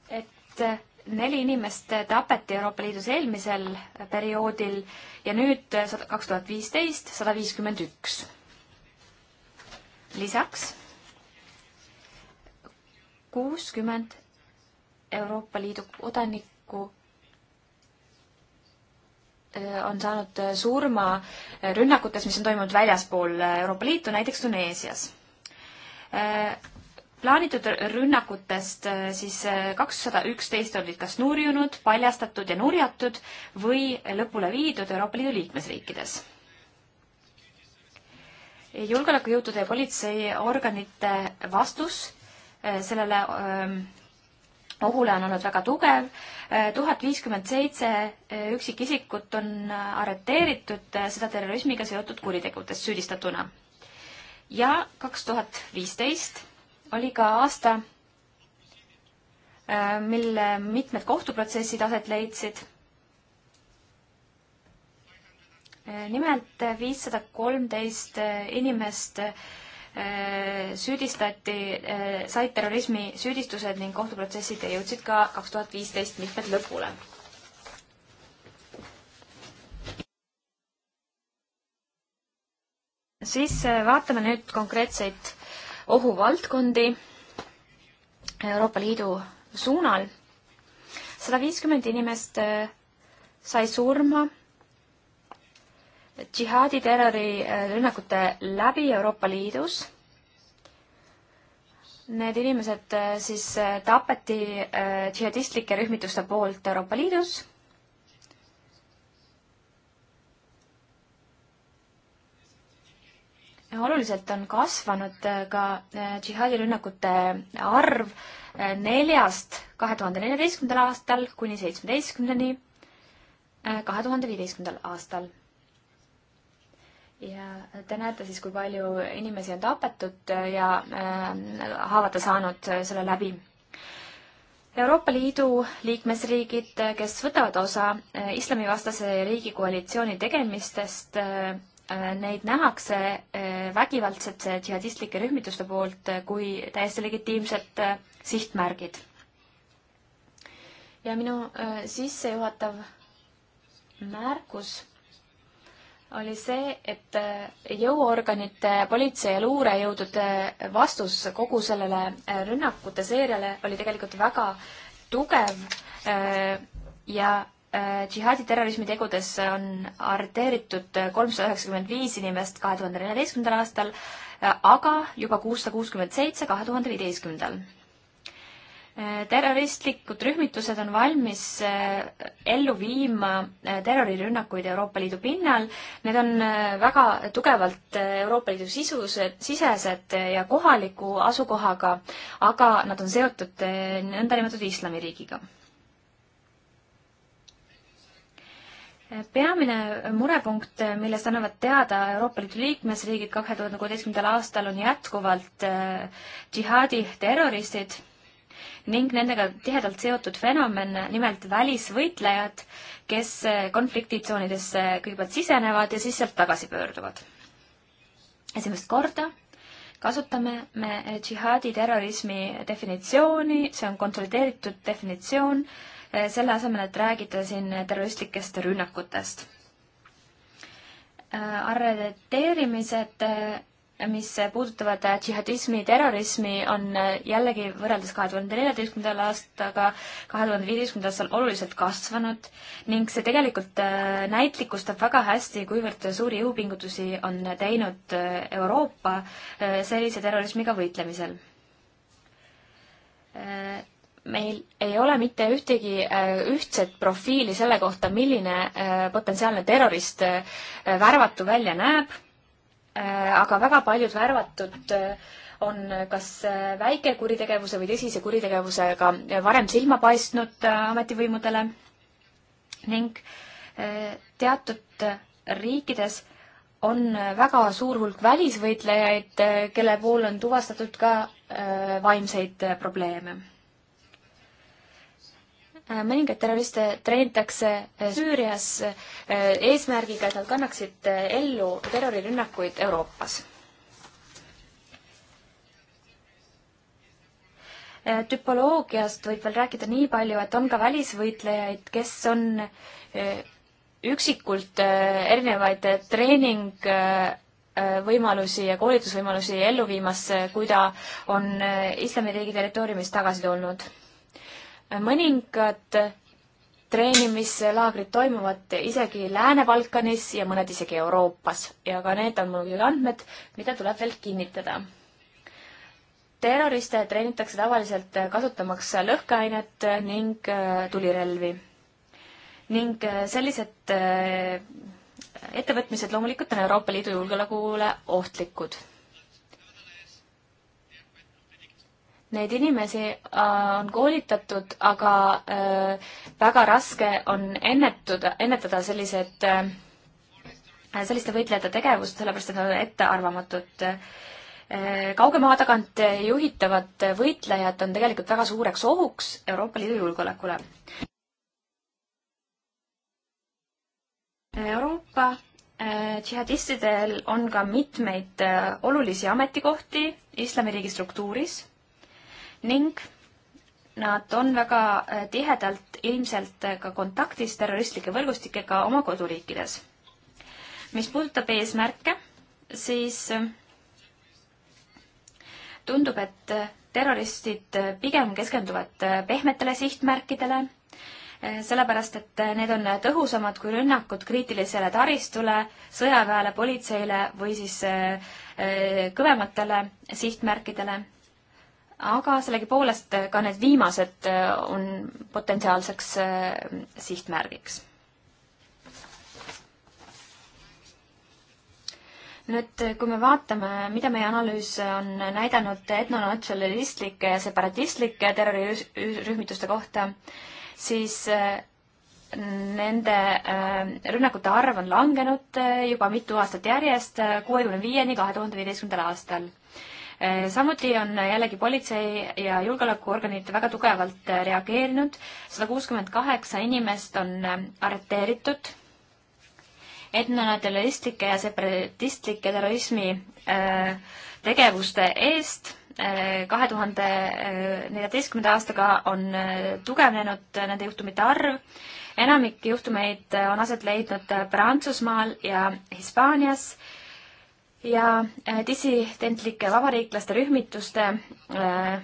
et neli inimest tapeti Euroopa Liidus eelmisel perioodil ja nüüd kaks tuhat viisteist sada viiskümmend üks. lisaks kuuskümmend Euroopa Liidu kodanikku äh, on saanud äh, surma äh, rünnakutes, mis on toimunud väljaspool Euroopa Liitu, näiteks Tuneesias. plaanitud rünnakutest siis kakssada üksteist olid kas nurjunud, paljastatud ja nurjatud või lõpule viidud Euroopa Liidu liikmesriikides. julgeolekujõudude ja politseiorganite vastus Äh, sellele ähm, ohule on olnud väga tugev. Äh, tuhat viiskümmend seitse äh, üksikisikut on arreteeritud seda terrorismiga seotud kuritegudest süüdistatuna. ja kaks tuhat viisteist oli ka aasta, mil mitmed kohtuprotsessid aset leidsid. nimelt viissada kolmteist inimest Äh, süüdistati, äh, said terrorismi süüdistused ning kohtuprotsessid jõudsid ka kaks tuhat viisteist mitmed lõpule. siis äh, vaatame nüüd konkreetseid ohuvaldkondi Euroopa Liidu suunal. sada viiskümmend inimest sai surma džihaadi terrorirünnakute äh, läbi Euroopa Liidus. Need inimesed äh, siis äh, tapeti džihadistlike rühmituste poolt Euroopa Liidus oluliselt on kasvanud ka džihaadirünnakute arv neljast kahe tuhande neljateistkümnendal aastal kuni seitsmeteistkümneni kahe tuhande viieteistkümnendal aastal ja te näete siis, kui palju inimesi on tapetud ja äh, haavata saanud selle läbi Euroopa Liidu liikmesriigid, kes võtavad osa äh, islamivastase riigikoalitsiooni tegemistest, äh, neid nähakse vägivaldsete džihadistlike rühmituste poolt kui täiesti legitiimsed sihtmärgid. ja minu sissejuhatav märkus oli see, et äh, jõuorganite, politsei ja luurejõudude äh, vastus kogu sellele äh, rünnakute seeriale oli tegelikult väga tugev ja džihaadi terrorismitegudes on arreteeritud kolmsada üheksakümmend viis inimest kahe tuhande neljateistkümnendal aastal, aga juba kuussada kuuskümmend seitse kahe tuhande viieteistkümnendal Eh, terroristlikud rühmitused on valmis eh, ellu viima eh, terrorirünnakuid Euroopa Liidu pinnal. Need on väga tugevalt Euroopa Liidu sisused, sisesed ja kohaliku asukohaga, aga nad on seotud nõndanimetatud islamiriigiga. peamine murepunkt, millest annavad teada Euroopa Liidu liikmesriigid kahe tuhande kuueteistkümnendal aastal, on jätkuvalt džihaadi terroristid ning nendega tihedalt seotud fenomen, nimelt välisvõitlejad, kes eh, konfliktitsoonidesse kõigepealt sisenevad ja siis sealt tagasi pöörduvad. esimest korda kasutame me džihaadi terrorismi definitsiooni, see on konsolideeritud definitsioon, eh, selle asemel, et räägida siin terroristlikest rünnakutest äh, arreteerimised äh, mis puudutavad džihadismi, terrorismi, on jällegi võrreldes kahe tuhande neljateistkümnendal aastaga, kahe tuhande viieteistkümnendal aastal oluliselt kasvanud ning see tegelikult äh, näitlikustab väga hästi, kuivõrd suuri jõupingutusi on teinud äh, Euroopa äh, sellise terrorismiga võitlemisel meil ei ole mitte ühtegi ühtset profiili selle kohta, milline potentsiaalne terrorist värvatu välja näeb Äh, aga väga paljud värvatud äh, on kas äh, väike kuritegevuse või tõsise kuritegevusega varem silma paistnud ametivõimudele ning teatud riikides on väga suur hulk välisvõitlejaid, kelle puhul on tuvastatud ka vaimseid probleeme. Äh, mõningaid terroriste treenitakse äh, Süürias äh, eesmärgiga, et nad kannaksid ellu terrorirünnakuid Euroopas. tüpoloogiast võib veel rääkida nii palju, et on ka välisvõitlejaid, kes on üksikult erinevaid treening võimalusi ja koolitusvõimalusi ellu viimas, kui ta on Islamiriigi territooriumist tagasi tulnud mõningad treenimislaagrid toimuvad isegi Lääne-Balkanis ja mõned isegi Euroopas ja ka need on muidugi andmed, mida tuleb veel kinnitada. terroriste treenitakse tavaliselt kasutamaks lõhkeainet ning äh, tulirelvi. ning äh, sellised äh, ettevõtmised loomulikult on Euroopa Liidu julgeolekule ohtlikud Neid inimesi äh, on koolitatud, aga äh, väga raske on ennetuda, ennetada sellised, äh, selliste võitlejate tegevust, sellepärast et nad on ettearvamatud. kauge maa tagant juhitavad võitlejad on tegelikult väga suureks ohuks Euroopa Liidu julgeolekule. Euroopa džihadistidel on ka mitmeid olulisi ametikohti islamiriigi struktuuris ning nad on väga äh, tihedalt ilmselt äh, ka kontaktis terroristlike võrgustikega oma koduriikides. mis puudutab eesmärke, siis äh, tundub, et terroristid pigem keskenduvad pehmetele sihtmärkidele, sellepärast et need on tõhusamad kui rünnakud kriitilisele taristule, sõjaväele, politseile või siis kõvematele sihtmärkidele aga sellegipoolest ka need viimased äh, on potentsiaalseks äh, sihtmärgiks. nüüd, äh, kui me vaatame, mida meie analüüs on näidanud etnonatsionalistlike ja separatistlike terrorirühmituste kohta, siis nende rünnakute arv on langenud juba mitu aastat järjest, kuuekümne viieni kahe tuhande viieteistkümnendal aastal Eh, samuti on jällegi politsei ja julgeolekuorganid väga tugevalt eh, reageerinud, sada kuuskümmend kaheksa inimest on eh, arreteeritud etnonatalistike ja separatistlike terrorismi tegevuste eest kahe tuhande neljateistkümnenda aastaga on tugevnenud nende juhtumite arv. enamik juhtumeid on aset leidnud Prantsusmaal ja Hispaanias ja äh, dissidentlike vabariiklaste rühmituste äh,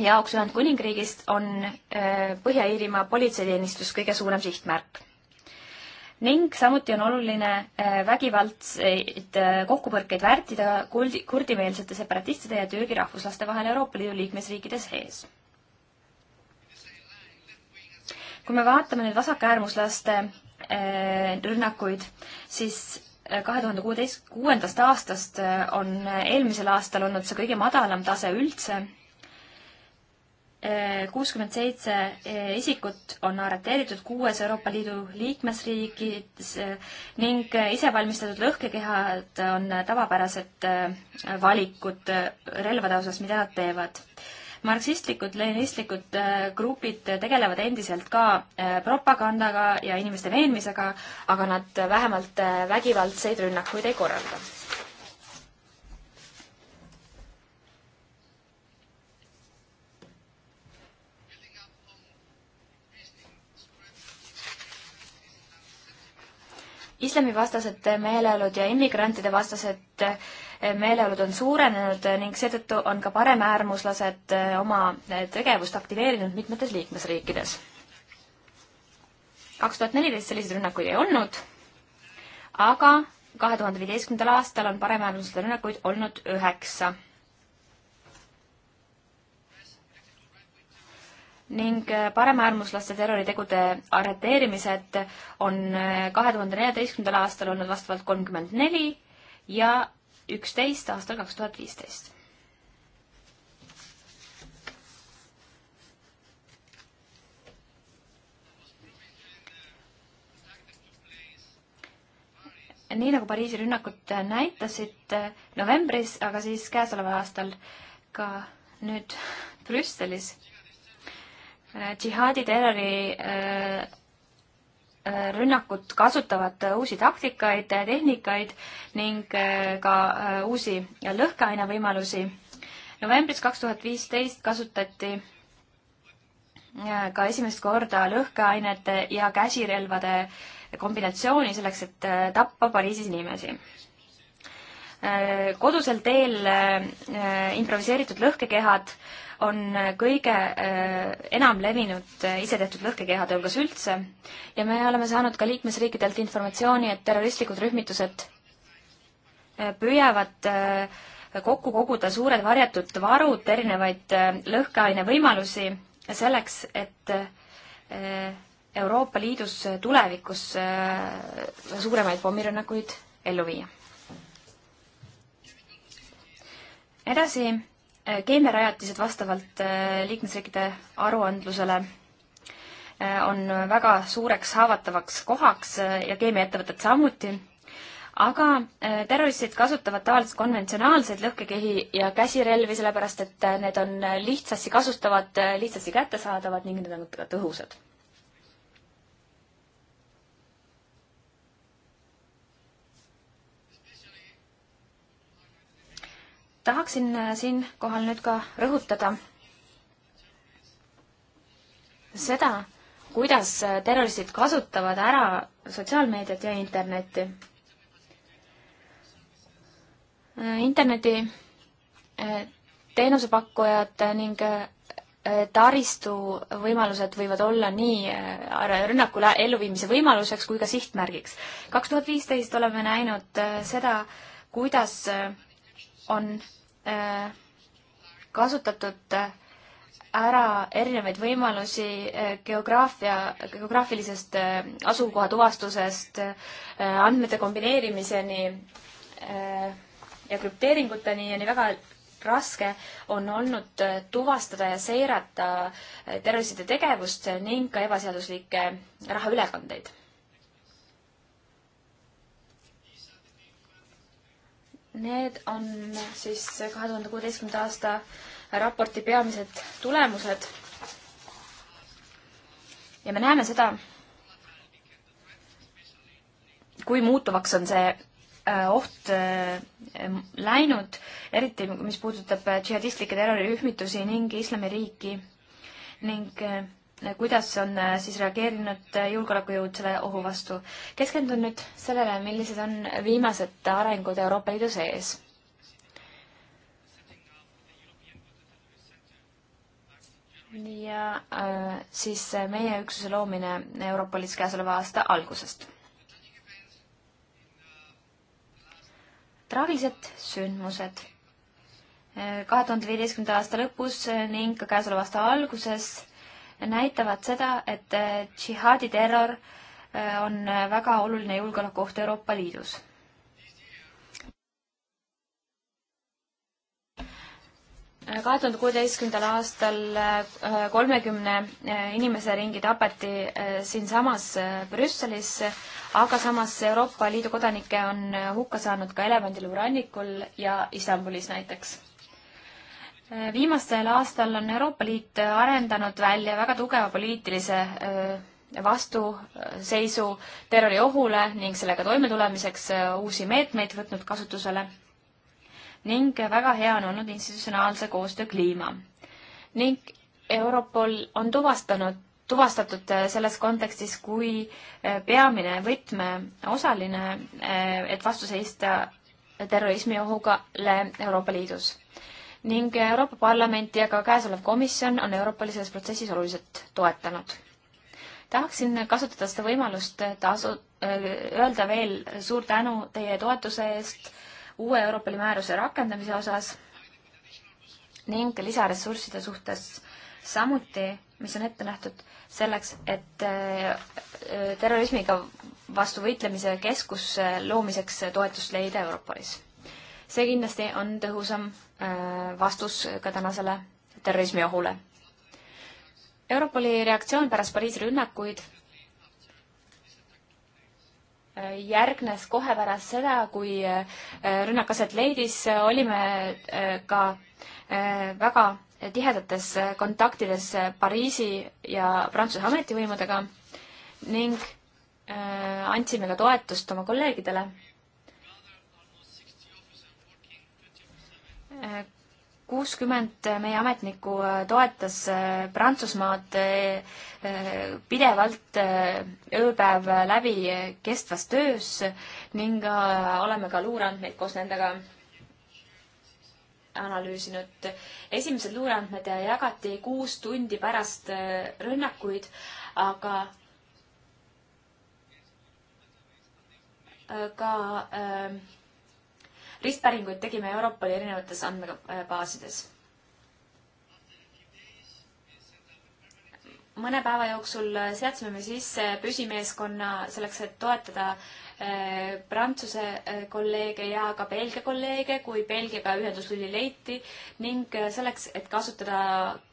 jaoks Ühendkuningriigist on äh, Põhja-Iirimaa politseiteenistus kõige suurem sihtmärk. ning samuti on oluline vägivaldseid kokkupõrkeid vältida kurdi, kurdimeelsete separatistide ja Türgi rahvuslaste vahel Euroopa Liidu liikmesriikide sees. kui me vaatame nüüd vasakäärmuslaste rünnakuid, siis kahe tuhande kuueteist, kuuendast aastast äh, on äh, eelmisel aastal olnud see kõige madalam tase üldse. Äh, kuuskümmend seitse isikut on arreteeritud kuues Euroopa Liidu liikmesriigis ning isevalmistatud lõhkekehad on tavapärased valikud relvade osas, mida nad teevad marksistlikud, leninistlikud äh, grupid tegelevad endiselt ka äh, propagandaga ja inimeste veenmisega, aga nad vähemalt äh, vägivaldseid rünnakuid ei korralda. islamivastased meeleolud ja immigrantide vastased äh, meeleolud on suurenenud ning seetõttu on ka paremäärmuslased eh, oma eh, tegevust aktiveerinud mitmetes liikmesriikides. kaks tuhat neliteist selliseid rünnakuid ei olnud, aga kahe tuhande viieteistkümnendal aastal on paremäärmuslaste rünnakuid olnud üheksa. ning eh, paremäärmuslaste terroritegude arreteerimised on kahe tuhande neljateistkümnendal aastal olnud vastavalt kolmkümmend neli ja üksteist aastal kaks tuhat viisteist. nii nagu Pariisi rünnakud näitasid eh, novembris, aga siis käesoleval aastal ka nüüd Brüsselis eh, džihaadi terrori äh, rünnakut kasutavad uusi taktikaid, tehnikaid ning äh, ka äh, uusi lõhkeainevõimalusi. novembris kaks tuhat viisteist kasutati äh, ka esimest korda lõhkeainete ja käsirelvade kombinatsiooni selleks, et tappa Pariisis inimesi kodusel teel improviseeritud lõhkekehad on kõige äh, enam levinud äh, isetehtud lõhkekehade hulgas üldse ja me oleme saanud ka liikmesriikidelt informatsiooni, et terroristlikud rühmitused äh, püüavad kokku koguda suured varjatud varud, erinevaid lõhkeaine võimalusi selleks, et Euroopa Liidus tulevikus suuremaid pommirünnakuid ellu viia. edasi Äh, keemiarajatised vastavalt äh, liikmesriikide aruandlusele äh, on väga suureks haavatavaks kohaks ja keemiaettevõtted samuti, aga terroristid kasutavad tavaliselt konventsionaalseid lõhkekehi ja käsirelvi, sellepärast et need on lihtsasti kasutavad, lihtsasti kättesaadavad ning need on ka tõhusad tahaksin äh, siinkohal nüüd ka rõhutada seda, kuidas äh, terroristid kasutavad ära sotsiaalmeediat ja internetti. Äh, interneti teenusepakkujad ning taristu võimalused võivad olla nii rünnaku elluviimise võimaluseks kui ka sihtmärgiks. kaks tuhat viisteist oleme näinud seda, kuidas on äh, kasutatud äh, ära erinevaid võimalusi äh, geograafia, geograafilisest asukoha tuvastusest andmete kombineerimiseni ja krüpteeringuteni ja nii väga raske on olnud tuvastada ja seirata terroristide tegevust ning ka ebaseaduslikke rahaülekandeid Need on siis kahe tuhande kuueteistkümnenda aasta raporti peamised tulemused. ja me näeme seda, kui muutuvaks on see äh, oht äh, läinud, eriti mis puudutab äh, džihadistlikke terrorirühmitusi ning islamiriiki ning kuidas on äh, siis reageerinud äh, julgeolekujõud selle ohu vastu. keskendun nüüd sellele, millised on viimased arengud Euroopa Liidu sees. ja äh, siis meie üksuse loomine Europolis käesoleva aasta algusest. traagilised sündmused kahe tuhande viieteistkümnenda aasta lõpus ning ka käesoleva aasta alguses näitavad seda, et äh, džihaadi terror äh, on äh, väga oluline julgeolekuoht Euroopa Liidus. kahe tuhande kuueteistkümnendal aastal kolmekümne inimese ringi tapeti siinsamas Brüsselis, aga samas Euroopa Liidu kodanikke on hukka saanud ka Elevandiluurannikul ja Istanbulis näiteks viimastel aastal on Euroopa Liit arendanud välja väga tugeva poliitilise äh, vastuseisu terroriohule ning sellega toimetulemiseks äh, uusi meetmeid võtnud kasutusele. ning väga hea on olnud institutsionaalse koostöö kliima. ning Europol on tuvastanud, tuvastatud äh, selles kontekstis kui peamine võtmeosaline, et vastu seista terrorismiohugale Euroopa Liidus ning Euroopa Parlament ja ka käesolev komisjon on Euroopale selles protsessis oluliselt toetanud tahaksin kasutada seda võimalust tasu, öelda veel suur tänu teie toetuse eest uue Euroopa Liidu määruse rakendamise osas ning lisaressursside suhtes samuti, mis on ette nähtud selleks, et äh, terrorismiga vastu võitlemise keskus äh, loomiseks toetust leida Euroopas see kindlasti on tõhusam äh, vastus ka tänasele terrorismiohule. Europoli reaktsioon pärast Pariisi rünnakuid äh, järgnes kohe pärast seda, kui äh, rünnak aset leidis, olime ka väga tihedates kontaktides Pariisi ja Prantsuse ametivõimudega ning andsime ka toetust oma kolleegidele kuuskümmend meie ametnikku äh, toetas äh, Prantsusmaad äh, pidevalt ööpäev läbi kestvas töös ning oleme ka luureandmeid koos nendega analüüsinud. esimesed luureandmed jagati kuus tundi pärast rünnakuid, aga ka äh, ristpäringuid tegime Europoli erinevates andmebaasides. mõne päeva jooksul seadsime me sisse püsimeeskonna selleks, et toetada eh, Prantsuse eh, kolleege ja ka Belgia kolleege, kui Belgiaga ühenduslüli leiti ning selleks, et kasutada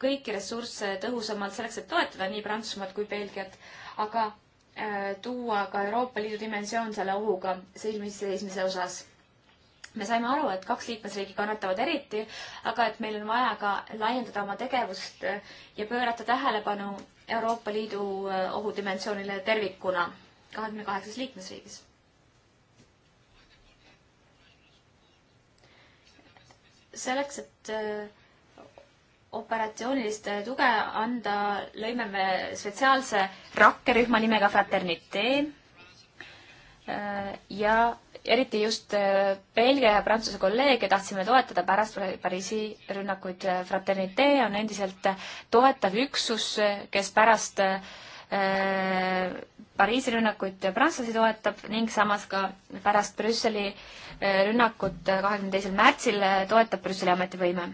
kõiki ressursse tõhusamalt, selleks, et toetada nii Prantsusmaad kui Belgiat, aga äh, tuua ka Euroopa Liidu dimensioon selle ohuga silmis seismise osas me saime aru, et kaks liikmesriigi kannatavad eriti, aga et meil on vaja ka laiendada oma tegevust ja pöörata tähelepanu Euroopa Liidu äh, ohudimensioonile tervikuna kahekümne kaheksas liikmesriigis. selleks, et äh, operatsioonilist tuge anda, lõime me spetsiaalse rakkerühma nimega Fraternitee äh, ja eriti just äh, Belgia ja Prantsuse kolleege tahtsime toetada pärast Pariisi rünnakuid. Äh, Fraternité on endiselt toetav üksus, kes pärast äh, Pariisi rünnakuid prantslasi toetab ning samas ka pärast Brüsseli rünnakut kahekümne teisel märtsil toetab Brüsseli ametivõime.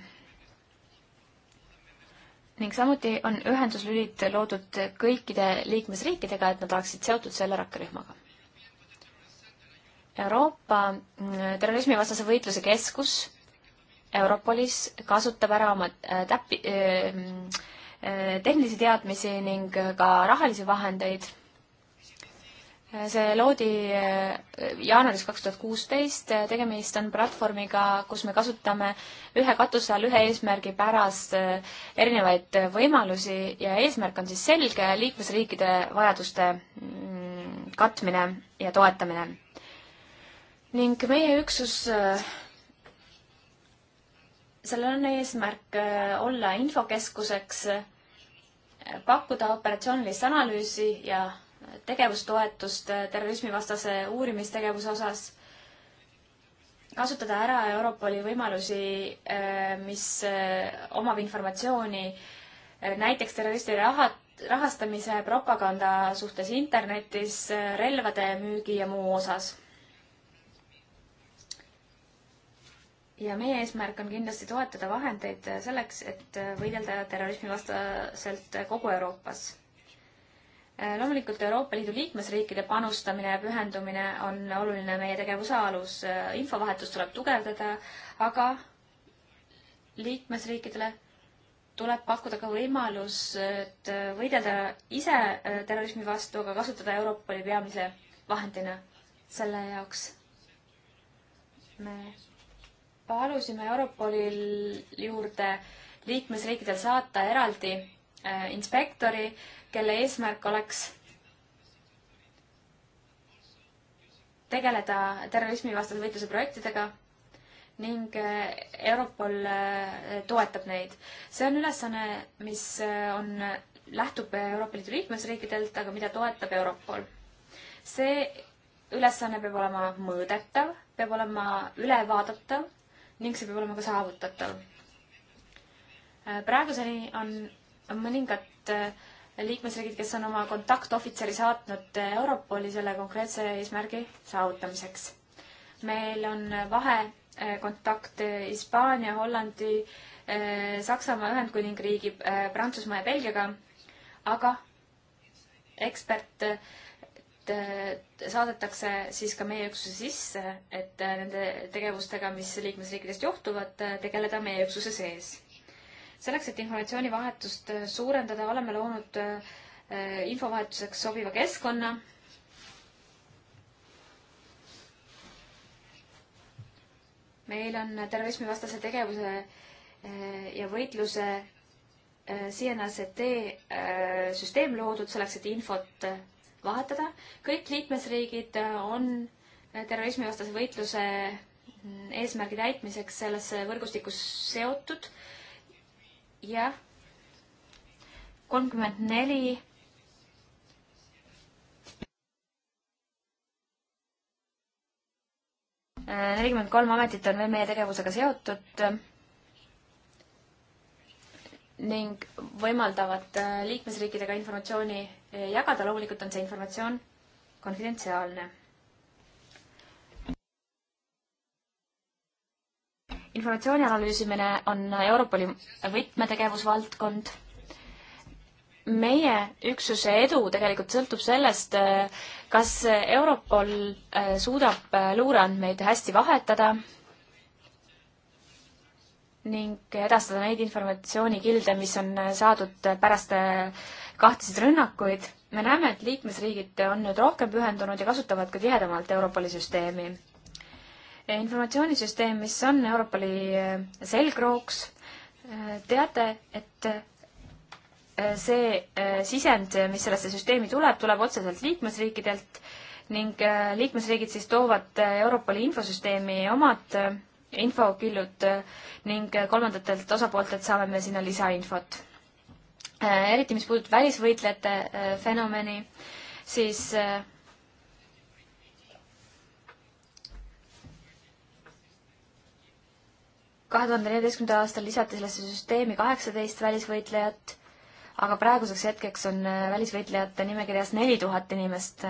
ning samuti on ühenduslülid loodud kõikide liikmesriikidega, et nad oleksid seotud selle rakkerühmaga Euroopa mm, terrorismivastase võitluse keskus Europolis kasutab ära oma äh, täpi-, äh, äh, tehnilisi teadmisi ning ka rahalisi vahendeid. see loodi jaanuaris kaks tuhat kuusteist, tegemist on platvormiga, kus me kasutame ühe katuse all ühe eesmärgi pärast erinevaid võimalusi ja eesmärk on siis selge, liikmesriikide vajaduste mm, katmine ja toetamine ning meie üksus äh, sellel on eesmärk äh, olla infokeskuseks, äh, pakkuda operatsioonilist analüüsi ja tegevustoetust terrorismivastase uurimistegevuse osas, kasutada ära Europoli võimalusi, mis omab informatsiooni näiteks terroristi rahat, rahastamise propaganda suhtes internetis, relvade müügi ja muu osas ja meie eesmärk on kindlasti toetada vahendeid selleks, et võidelda terrorismi vastaselt kogu Euroopas. loomulikult Euroopa Liidu liikmesriikide panustamine ja pühendumine on oluline meie tegevuse alus, infovahetust tuleb tugevdada, aga liikmesriikidele tuleb pakkuda ka võimalus, et võidelda ise terrorismi vastu, aga kasutada Europoli peamise vahendina selle jaoks. me palusime Europoli juurde liikmesriikidel saata eraldi äh, inspektori, kelle eesmärk oleks tegeleda terrorismivastase võitluse projektidega ning äh, Europol äh, toetab neid. see on ülesanne, mis on, lähtub Euroopa Liidu liikmesriikidelt, aga mida toetab Europol. see ülesanne peab olema mõõdetav, peab olema ülevaadatav ning see peab olema ka saavutatav. Äh, praeguseni on mõningad äh, liikmesriigid, kes on oma kontaktohvitseri saatnud äh, Europoli selle konkreetse eesmärgi saavutamiseks. meil on vahekontakte Hispaania, Hollandi, Saksamaa, Ühendkuningriigi, Prantsusmaa ja Belgiaga, aga ekspert äh, saadetakse siis ka meie üksuse sisse, et äh, nende tegevustega, mis liikmesriikidest johtuvad, äh, tegeleda meie üksuse sees. selleks, et informatsioonivahetust äh, suurendada, oleme loonud infovahetuseks sobiva keskkonna. meil on terrorismivastase tegevuse ja võitluse CNACT süsteem loodud selleks, et infot vahetada. kõik liikmesriigid äh, on terrorismivastase võitluse mm, eesmärgi täitmiseks sellesse võrgustikku seotud. jah, kolmkümmend neli äh, nelikümmend kolm ametit on veel meie tegevusega seotud äh, ning võimaldavad liikmesriikidega informatsiooni Eh, jagada, loomulikult on see informatsioon konfidentsiaalne. informatsiooni analüüsimine on Europoli võtmetegevusvaldkond. meie üksuse edu tegelikult sõltub sellest, eh, kas Europol eh, suudab luureandmeid hästi vahetada ning edastada neid informatsioonikilde, mis on saadud pärast kahtlaseid rünnakuid. me näeme, et liikmesriigid on nüüd rohkem pühendunud ja kasutavad ka tihedamalt Europoli süsteemi. informatsioonisüsteem, mis on Europoli eh, selgrooks, eh, teate, et eh, see sisend, mis sellesse süsteemi tuleb, tuleb otseselt liikmesriikidelt ning liikmesriigid siis toovad Europoli infosüsteemi omad infokillud ning kolmandatelt osapooltelt saame me sinna lisainfot. Äh, eriti mis puudutab välisvõitlejate äh, fenomeni, siis äh, kahe tuhande neljateistkümnendal aastal lisati sellesse süsteemi kaheksateist välisvõitlejat, aga praeguseks hetkeks on välisvõitlejate nimekirjas neli tuhat inimest.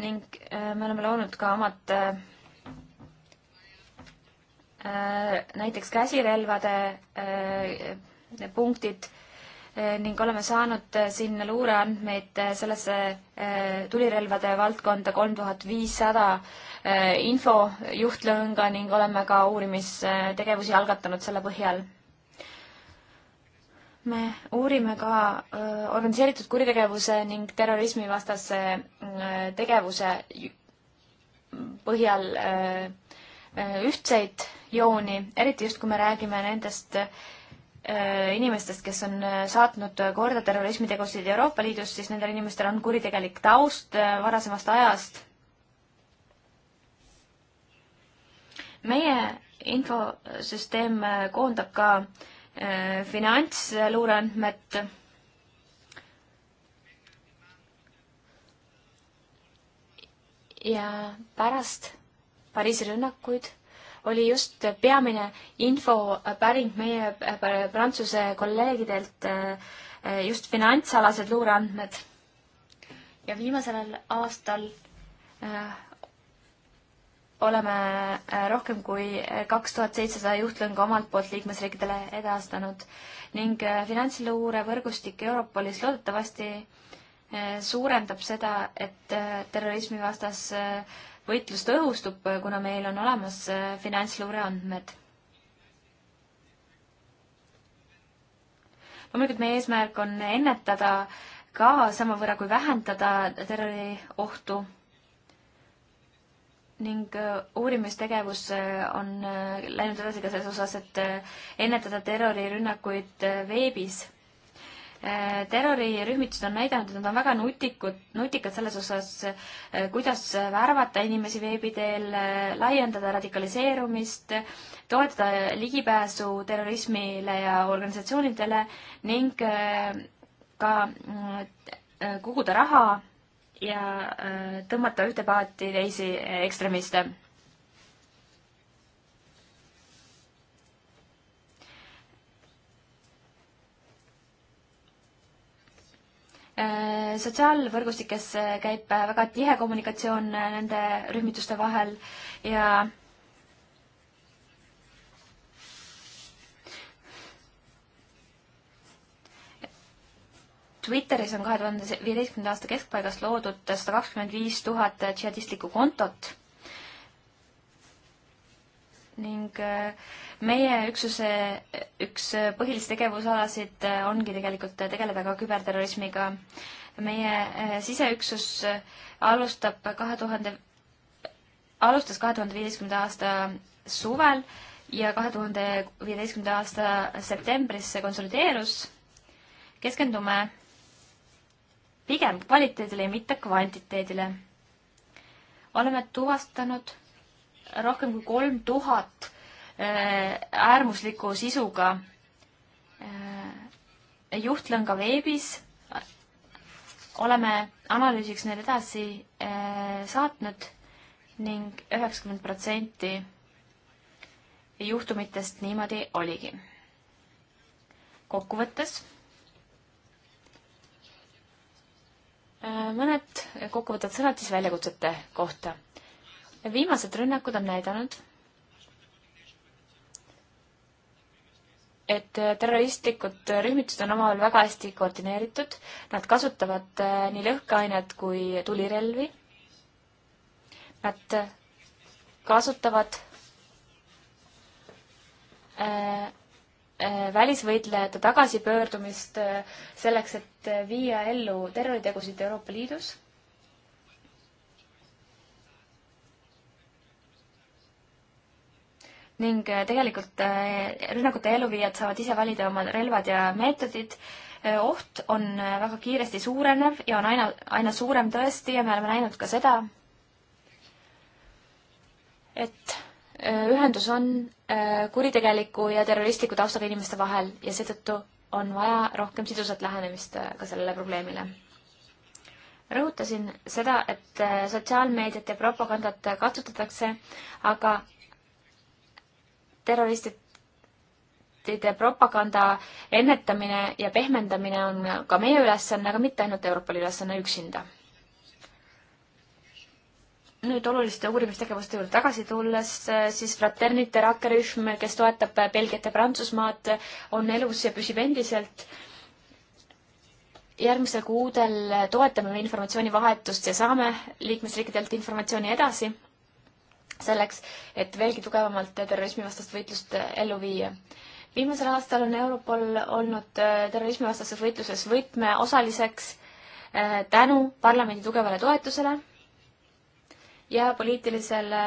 ning me oleme loonud ka omad näiteks käsirelvade punktid eh, ning oleme saanud eh, siin luureandmeid eh, sellesse tulirelvade valdkonda kolm tuhat viissada infojuhtlõnga ning oleme ka uurimistegevusi algatanud selle põhjal. me uurime ka organiseeritud kuritegevuse ning terrorismivastase tegevuse põhjal ühtseid jooni, eriti just, kui me räägime nendest äh, Äh, inimestest, kes on äh, saatnud korda terrorismitegusid Euroopa Liidus, siis nendel inimestel on kuritegelik taust äh, varasemast ajast. meie infosüsteem koondab ka finantsluureandmed. ja pärast Pariisi rünnakuid oli just peamine infopäring meie äh, Prantsuse kolleegidelt äh, just finantsalased luureandmed. ja viimasel aastal äh, oleme rohkem kui kaks tuhat seitsesada juhtlõnga omalt poolt liikmesriikidele edastanud ning finantsluure võrgustik Europolis loodetavasti suurendab seda, et terrorismivastas võitlus tõhustub, kuna meil on olemas äh, finantsluure andmed. loomulikult meie eesmärk on ennetada ka samavõrra kui vähendada terroriohtu ning äh, uurimistegevus äh, on läinud edasi ka selles osas, et ennetada terrorirünnakuid veebis Äh, terrorirühmitused on näidanud, et nad on väga nutikud, nutikad selles osas, äh, kuidas värvata inimesi veebi teel, äh, laiendada radikaliseerumist, toetada ligipääsu terrorismile ja organisatsioonidele ning ka koguda raha ja tõmmata ühte paati teisi ekstremiste Äh, sotsiaalvõrgustikes äh, käib äh, väga tihe kommunikatsioon nende rühmituste vahel ja Twitteris on kahe tuhande viieteistkümnenda aasta keskpaigas loodud sada kakskümmend viis tuhat džihadistlikku kontot ning äh, meie üksuse üks äh, põhilisi tegevusalasid äh, ongi tegelikult tegeleda ka küberterrorismiga. meie siseüksus alustab kahe tuhande, alustas kahe tuhande viieteistkümnenda aasta suvel ja kahe tuhande viieteistkümnenda aasta septembris see konsolideerus. keskendume pigem kvaliteedile ja mitte kvantiteedile. oleme tuvastanud rohkem kui kolm tuhat äh, äärmusliku sisuga äh, juhtlõnga veebis. oleme analüüsiks need edasi äh, saatnud ning üheksakümmend protsenti juhtumitest niimoodi oligi. kokkuvõttes mõned kokkuvõtted sõnad siis väljakutsete kohta viimased rünnakud on näidanud, et terroristlikud rühmitused on omavahel väga hästi koordineeritud, nad kasutavad eh, nii lõhkeainet kui tulirelvi. Nad kasutavad eh, eh, välisvõitlejate tagasipöördumist selleks, et viia ellu terroritegusid Euroopa Liidus ning äh, tegelikult äh, rünnakute elluviijad saavad ise valida oma relvad ja meetodid. Äh, oht on väga kiiresti suurenev ja on aina, aina suurem tõesti ja me oleme näinud ka seda, et ühendus on kuritegeliku ja terroristliku taustaga inimeste vahel ja seetõttu on vaja rohkem sidusat lähenemist ka sellele probleemile rõhutasin seda, et sotsiaalmeediat ja propagandat kasutatakse, aga terroristide propaganda ennetamine ja pehmendamine on ka meie ülesanne, aga mitte ainult Euroopa Liidu ülesanne üksinda. nüüd oluliste uurimistegevuste juurde tagasi tulles, eh, siis Fraternite rakkerühm, kes toetab Belgiat ja Prantsusmaad, on elus ja püsib endiselt järgmistel kuudel toetame informatsioonivahetust ja saame liikmesriikidelt informatsiooni edasi selleks, et veelgi tugevamalt terrorismivastast võitlust äh, ellu viia. viimasel aastal on Europol olnud äh, terrorismivastases võitluses võtmeosaliseks äh, tänu parlamendi tugevale toetusele ja poliitilisele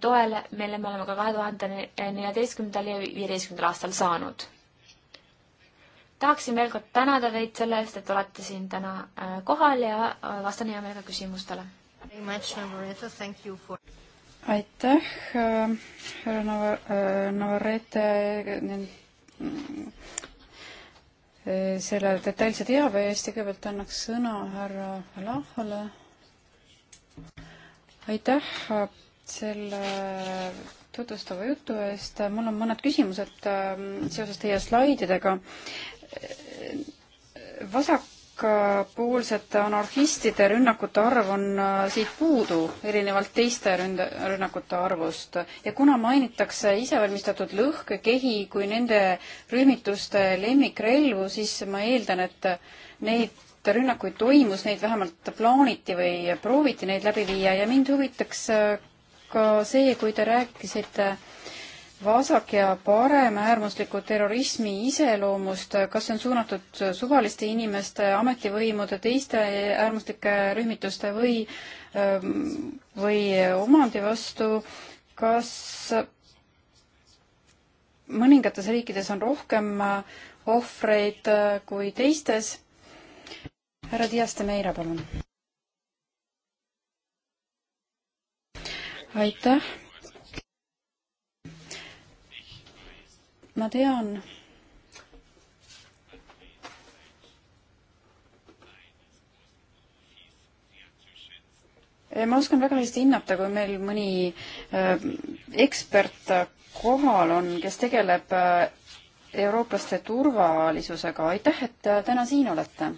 toele, mille me oleme ka kahe tuhande neljateistkümnendal ja viieteistkümnendal aastal saanud. tahaksin veel kord tänada teid selle eest, et olete siin täna kohal ja vastan hea meelega küsimustele aitäh, äh, härra Navar-, äh, Navarrete äh, selle detailse teabe eest, kõigepealt annaks sõna härra Valahole. aitäh selle tutvustava jutu eest, mul on mõned küsimused seoses teie slaididega. vasak vasakpoolsete anarhistide rünnakute arv on äh, siit puudu, erinevalt teiste ründ-, rünnakute arvust. ja kuna mainitakse isevalmistatud lõhkekehi kui nende rühmituste lemmikrelvu, siis ma eeldan, et neid rünnakuid toimus, neid vähemalt plaaniti või prooviti neid läbi viia ja mind huvitaks äh, ka see, kui te rääkisite äh, vasak- ja paremäärmusliku terrorismi iseloomust, kas see on suunatud suvaliste inimeste, ametivõimude, teiste äärmuslike rühmituste või, ähm, või omandi vastu, kas mõningates riikides on rohkem ohvreid äh, kui teistes? härra Diaste Meira, palun. aitäh ma tean, eh, ma oskan väga hästi hinnata, kui meil mõni eh, ekspert kohal on, kes tegeleb eh, eurooplaste turvalisusega. aitäh, et täna siin olete,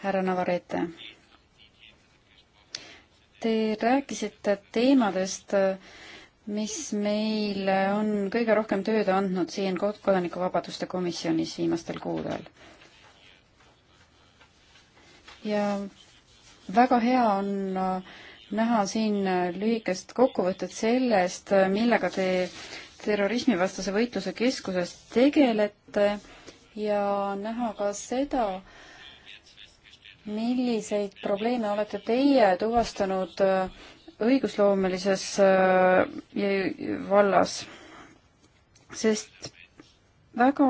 härra Navarete. Te rääkisite teemadest äh, mis meile on kõige rohkem tööd andnud siin kodanikuvabaduste komisjonis viimastel kuudel. ja väga hea on äh, näha siin äh, lühikest kokkuvõtet sellest, äh, millega te terrorismivastase võitluse keskuses tegelete ja näha ka seda, milliseid probleeme olete teie tuvastanud õigusloomelises äh, vallas, sest väga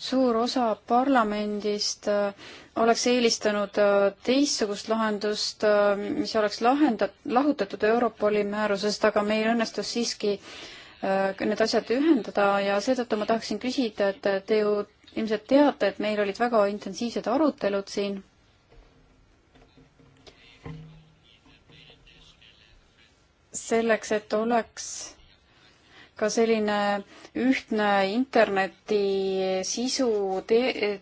suur osa parlamendist äh, oleks eelistanud äh, teistsugust lahendust, mis oleks lahendat-, lahutatud Europoli määrusest, aga meil õnnestus siiski need asjad ühendada ja seetõttu ma tahaksin küsida, et te ju ilmselt teate, et meil olid väga intensiivsed arutelud siin selleks, et oleks ka selline ühtne interneti sisu te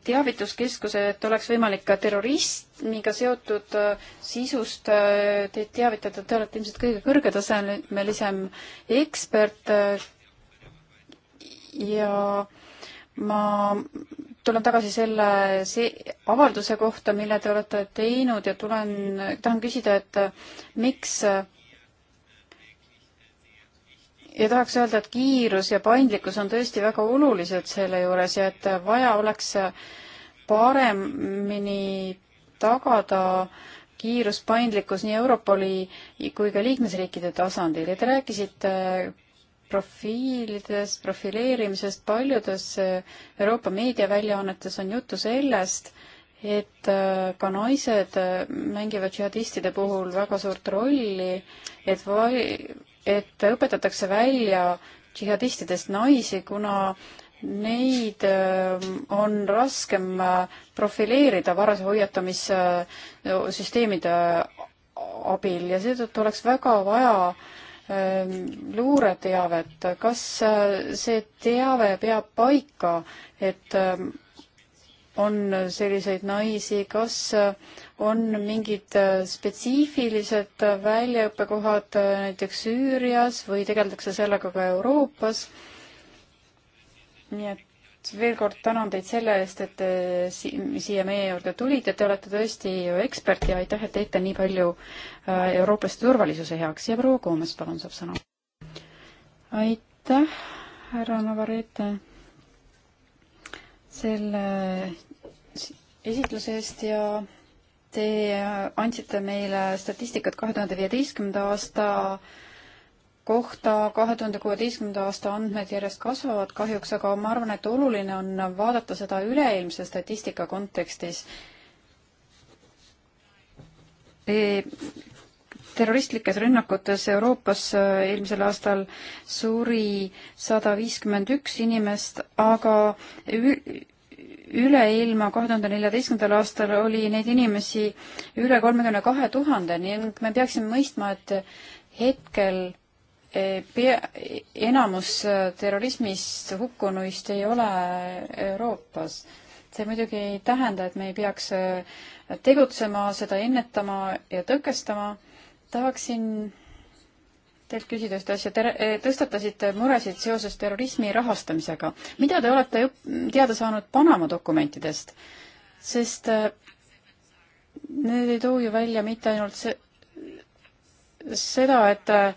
teavituskeskus, et oleks võimalik ka terrorismiga seotud äh, sisust äh, teid teavitada, te olete ilmselt kõige kõrgetasemelisem ekspert äh, ja ma tulen tagasi selle see avalduse kohta, mille te olete teinud ja tulen, tahan küsida, et miks ja tahaks öelda, et kiirus ja paindlikkus on tõesti väga olulised selle juures ja et vaja oleks paremini tagada kiirus, paindlikkus nii Europoli kui ka liikmesriikide tasandil ja te rääkisite profiilidest, profileerimisest, paljudes Euroopa meediaväljaannetes on juttu sellest, et ka naised mängivad džihadistide puhul väga suurt rolli, et et õpetatakse välja džihadistidest naisi, kuna neid äh, on raskem äh, profileerida varase hoiatamissüsteemide äh, abil ja seetõttu oleks väga vaja ähm, luureteavet, kas see teave peab paika, et ähm, on selliseid naisi, kas on mingid äh, spetsiifilised väljaõppekohad äh, näiteks Süürias või tegeldakse sellega ka Euroopas. nii et veel kord tänan teid selle eest, et te siia meie juurde tulite, te olete tõesti ju ekspert ja aitäh, et teete nii palju äh, eurooplaste turvalisuse heaks ja proua Koomes, palun, saab sõna. aitäh, härra Navarrete, selle esitluse eest ja Te andsite meile statistikat kahe tuhande viieteistkümnenda aasta kohta, kahe tuhande kuueteistkümnenda aasta andmed järjest kasvavad kahjuks, aga ma arvan, et oluline on vaadata seda üleilmse statistika kontekstis. E, terroristlikes rünnakutes Euroopas e, eelmisel aastal suri sada viiskümmend üks inimest, aga üle ilma kahe tuhande neljateistkümnendal aastal oli neid inimesi üle kolmekümne kahe tuhande ning me peaksime mõistma, et hetkel eh, pea, enamus eh, terrorismist hukkunuist ei ole Euroopas. see muidugi ei tähenda, et me ei peaks eh, tegutsema, seda ennetama ja tõkestama. tahaksin teilt küsida ühte asja. Te tõstatasite muresid seoses terrorismi rahastamisega. mida te olete teada saanud Panama dokumentidest? sest äh, need ei too ju välja mitte ainult see, seda, et äh,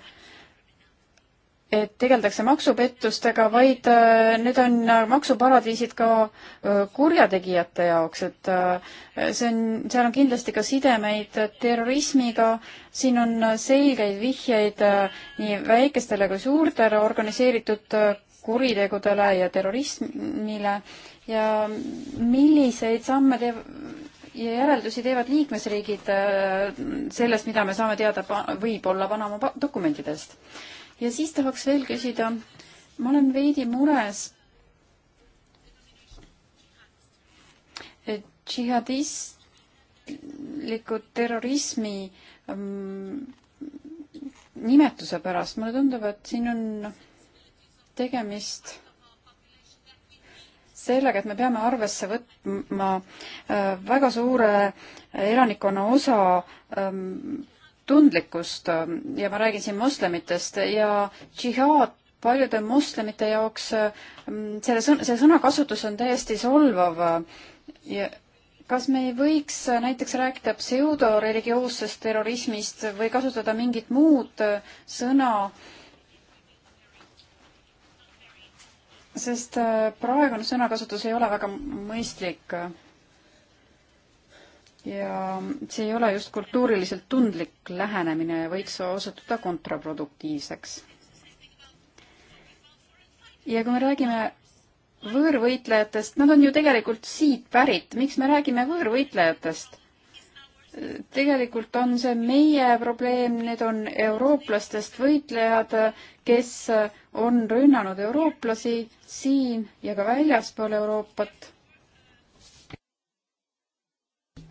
et tegeldakse maksupettustega, vaid äh, need on äh, maksuparadiisid ka äh, kurjategijate jaoks, et see on, seal on kindlasti ka sidemeid terrorismiga, siin on selgeid vihjeid nii väikestele kui suurtele organiseeritud kuritegudele ja terrorismile ja milliseid samme te ja järeldusi teevad liikmesriigid sellest, mida me saame teada võib-olla Panama dokumentidest ja siis tahaks veel küsida, ma olen veidi mures džihadistliku terrorismi ähm, nimetuse pärast, mulle tundub, et siin on tegemist sellega, et me peame arvesse võtma äh, väga suure elanikkonna osa ähm, tundlikkust äh, ja ma räägin siin moslemitest ja džihaad paljude moslemite jaoks äh, selle sõna, see sõnakasutus on täiesti solvav ja kas me ei võiks äh, näiteks rääkida pseudoreligioossest terrorismist või kasutada mingit muud sõna, sest praegune sõnakasutus ei ole väga mõistlik ja see ei ole just kultuuriliselt tundlik lähenemine ja võiks osutuda kontraproduktiivseks. ja kui me räägime võõrvõitlejatest, nad on ju tegelikult siit pärit, miks me räägime võõrvõitlejatest? tegelikult on see meie probleem, need on eurooplastest võitlejad, kes on rünnanud eurooplasi siin ja ka väljaspool Euroopat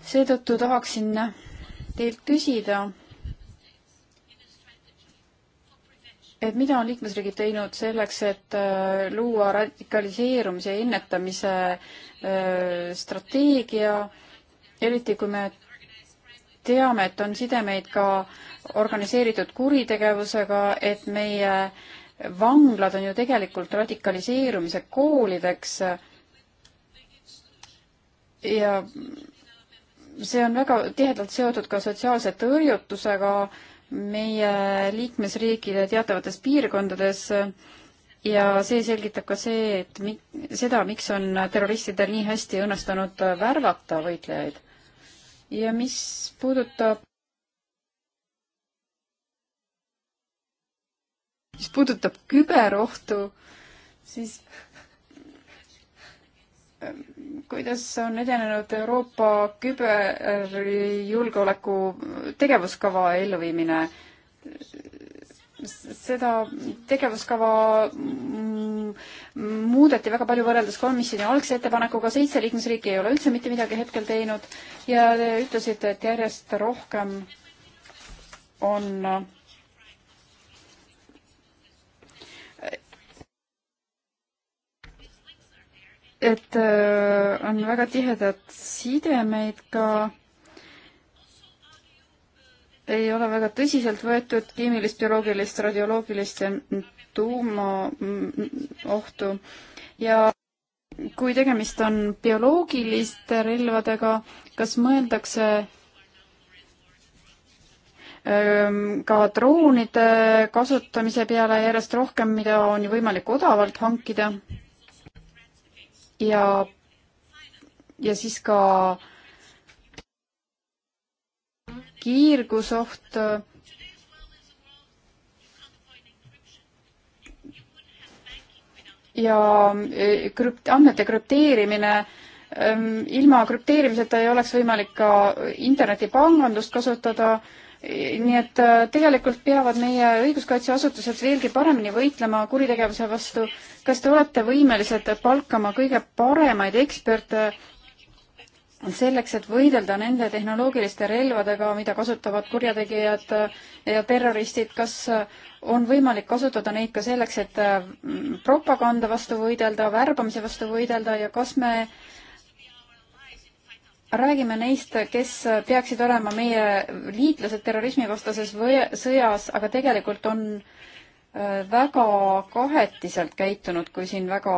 seetõttu tahaksin teilt küsida, et mida on liikmesriigid teinud selleks, et äh, luua radikaliseerumise ennetamise äh, strateegia, eriti kui me teame, et on sidemeid ka organiseeritud kuritegevusega, et meie vanglad on ju tegelikult radikaliseerumise koolideks ja see on väga tihedalt seotud ka sotsiaalse tõrjutusega meie liikmesriikide teatavates piirkondades ja see selgitab ka see, et mi-, seda, miks on terroristidel nii hästi õnnestunud värvata võitlejaid. ja mis puudutab mis puudutab küberohtu, siis kuidas on edenenud Euroopa küberjulgeoleku tegevuskava elluviimine? seda tegevuskava muudeti väga palju võrreldes komisjoni algse ettepanekuga, seitse liikmesriiki ei ole üldse mitte midagi hetkel teinud ja te ütlesite, et järjest rohkem on et äh, on väga tihedad sidemed ka ei ole väga tõsiselt võetud keemilist, bioloogilist, radioloogilist ja tuumaohtu ja kui tegemist on bioloogiliste relvadega, kas mõeldakse ähm, ka droonide kasutamise peale järjest rohkem, mida on ju võimalik odavalt hankida? ja, ja siis ka kiirgusoht. ja e, krüpt-, andmete krüpteerimine ilma krüpteerimiseta ei oleks võimalik ka internetipangandust kasutada nii et äh, tegelikult peavad meie õiguskaitseasutused veelgi paremini võitlema kuritegevuse vastu. kas te olete võimelised palkama kõige paremaid eksperte selleks, et võidelda nende tehnoloogiliste relvadega, mida kasutavad kurjategijad äh, ja terroristid, kas äh, on võimalik kasutada neid ka selleks, et propaganda vastu võidelda, värbamise vastu võidelda ja kas me äh, räägime neist, kes peaksid olema meie liitlased terrorismivastases või sõjas, aga tegelikult on äh, väga kahetiselt käitunud, kui siin väga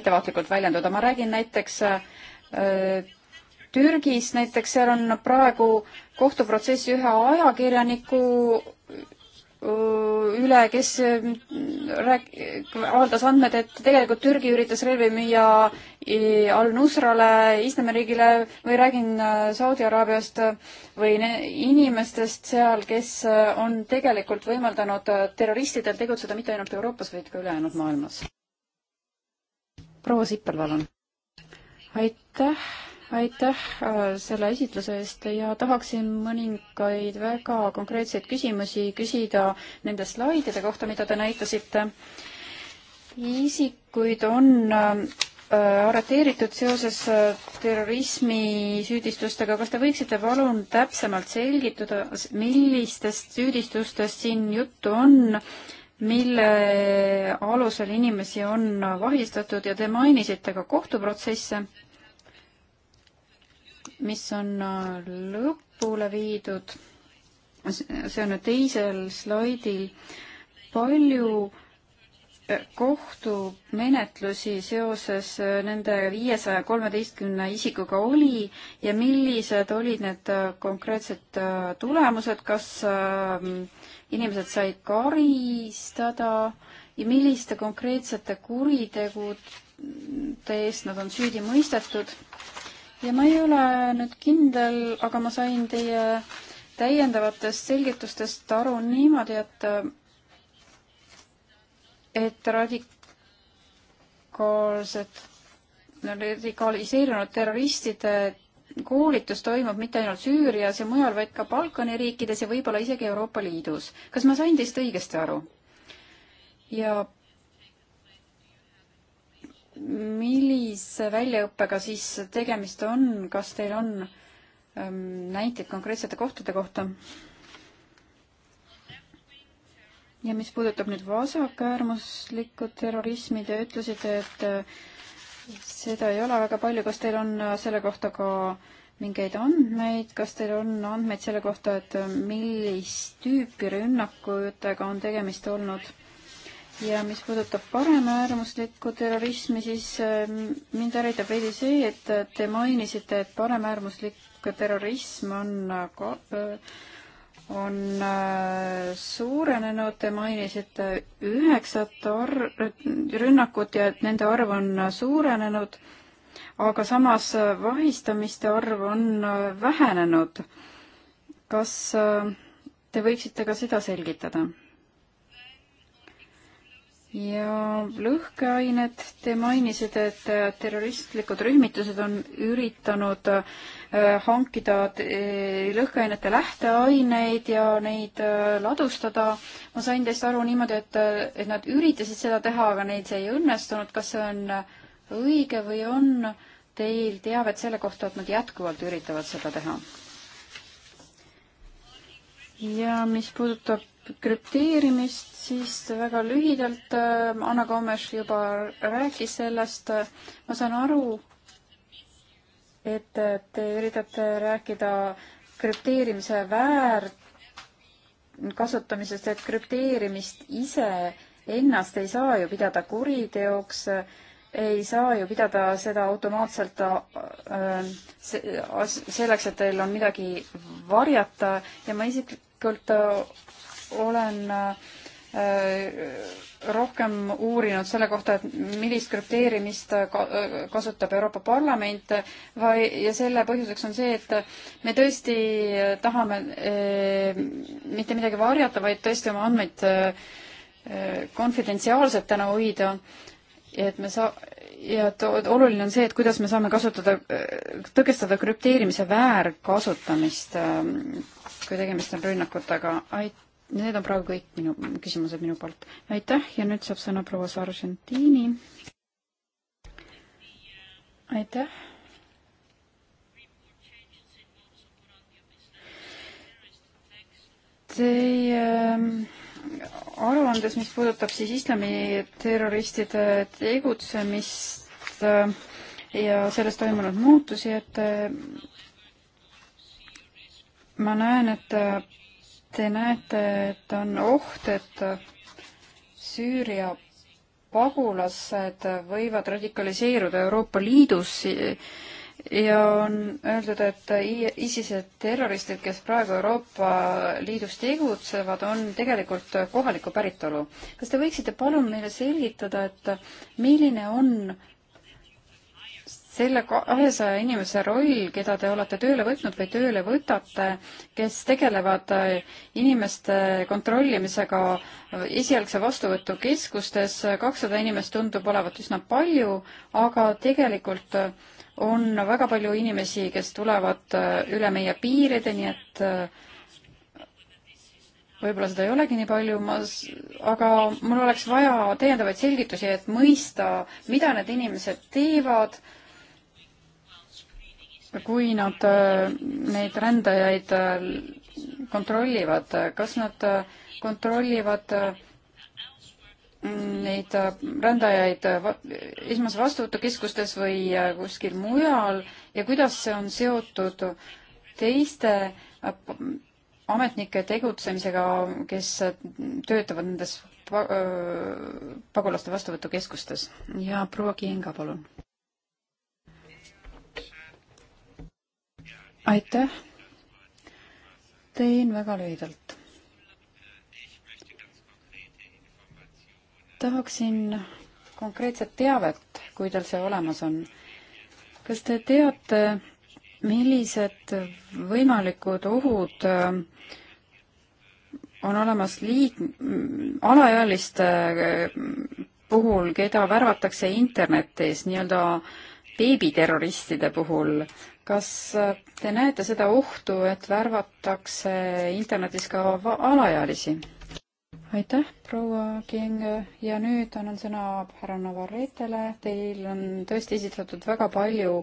ettevaatlikult väljenduda. ma räägin näiteks äh, Türgis näiteks seal on praegu kohtuprotsess ühe ajakirjaniku Äh, üle, kes äh, rääk-, avaldas andmed, et tegelikult Türgi üritas relvi müüa äh, Al-Nusrale, Islamiriigile või räägin Saudi Araabiast või inimestest seal, kes on tegelikult võimaldanud terroristidel tegutseda mitte ainult Euroopas, vaid ka ülejäänud maailmas. proua Sippel, palun. aitäh aitäh äh, selle esitluse eest ja tahaksin mõningaid väga konkreetseid küsimusi küsida nende slaidide kohta, mida te näitasite. isikuid on äh, arreteeritud seoses äh, terrorismisüüdistustega, kas te võiksite palun täpsemalt selgitada, millistest süüdistustest siin juttu on? mille alusel inimesi on vahistatud ja te mainisite ka kohtuprotsesse mis on äh, lõpule viidud, see on teisel slaidil, palju äh, kohtumenetlusi seoses äh, nende viiesaja kolmeteistkümne isikuga oli ja millised olid need konkreetsed tulemused, kas inimesed said karistada ja milliste konkreetsete kuritegude eest nad on süüdi mõistetud? ja ma ei ole nüüd kindel, aga ma sain teie täiendavatest selgitustest aru niimoodi, et et radikaalsed, radikaliseerunud terroristide koolitus toimub mitte ainult Süürias ja mujal, vaid ka Balkani riikides ja võib-olla isegi Euroopa Liidus. kas ma sain teist õigesti aru? ja millise väljaõppega siis tegemist on, kas teil on ähm, näiteid konkreetsete kohtade kohta? ja mis puudutab nüüd vasakäärmuslikku terrorismi, te ütlesite, et äh, seda ei ole väga palju, kas teil on äh, selle kohta ka mingeid andmeid, kas teil on andmeid selle kohta, et äh, millist tüüpi rünnakutega on tegemist olnud? ja mis puudutab paremäärmuslikku terrorismi, siis ähm, mind ärritab veidi see, et äh, te mainisite, et paremäärmuslik terrorism on äh, ka, äh, on suurenenud, te mainisite üheksat ar-, rünnakut ja et nende arv on suurenenud, aga samas vahistamiste arv on vähenenud. kas te võiksite ka seda selgitada? ja lõhkeained, te mainisite, et terroristlikud rühmitused on üritanud äh, hankida äh, lõhkeainete lähteaineid ja neid äh, ladustada. ma sain teist aru niimoodi, et, et nad üritasid seda teha, aga neil see ei õnnestunud. kas see on õige või on teil teavet selle kohta, et nad jätkuvalt üritavad seda teha? ja mis puudutab krüpteerimist, siis väga lühidalt äh, Anna Komes juba rääkis sellest. ma saan aru, et te üritate rääkida krüpteerimise väärkasutamisest, et krüpteerimist ise ennast ei saa ju pidada kuriteoks, ei saa ju pidada seda automaatselt äh, selleks, et teil on midagi varjata ja ma isiklikult olen äh, rohkem uurinud selle kohta, et millist krüpteerimist äh, äh, kasutab Euroopa Parlament või, ja selle põhjuseks on see, et me tõesti tahame mitte midagi varjata, vaid tõesti oma andmeid konfidentsiaalsetena hoida. et me saa-, ja et oluline on see, et kuidas me saame kasutada, tõkestada krüpteerimise väärkasutamist, kui tegemist on rünnakutega. aitäh! Need on praegu kõik minu küsimused minu poolt. aitäh ja nüüd saab sõna proua Sargentini. aitäh. Teie ähm, aruandes, mis puudutab siis islamiterroristide tegutsemist äh, ja selles toimunud muutusi, et äh, ma näen, et äh, te näete, et on oht, et Süüria pagulased võivad radikaliseeruda Euroopa Liidus ja on öeldud, et ISISe terroristid, kes praegu Euroopa Liidus tegutsevad, on tegelikult kohaliku päritolu. kas te võiksite palun meile selgitada, et milline on selle kahesaja inimese roll, keda te olete tööle võtnud või tööle võtate, kes tegelevad äh, inimeste kontrollimisega esialgse vastuvõtu keskustes, kakssada inimest tundub olevat üsna palju, aga tegelikult on väga palju inimesi, kes tulevad äh, üle meie piiride, nii et äh, võib-olla seda ei olegi nii palju, ma, aga mul oleks vaja täiendavaid selgitusi, et mõista, mida need inimesed teevad kui nad äh, neid rändajaid äh, kontrollivad, äh, kas nad kontrollivad neid rändajaid esmase vastuvõtukeskustes või kuskil mujal ja kuidas see on seotud teiste ametnike tegutsemisega, kes töötavad nendes pagulaste vastuvõtukeskustes ja proua Kienga, palun. aitäh. teen väga lühidalt. tahaksin konkreetset teavet, kui teil see olemas on. kas te teate, millised võimalikud ohud äh, on olemas liig-, alaealiste äh, puhul, keda värvatakse internetis nii-öelda beebiterroristide puhul, kas äh, te näete seda ohtu, et värvatakse internetis ka alaealisi? aitäh, proua King ja nüüd annan sõna härra Navarretele. Teil on tõesti esitatud väga palju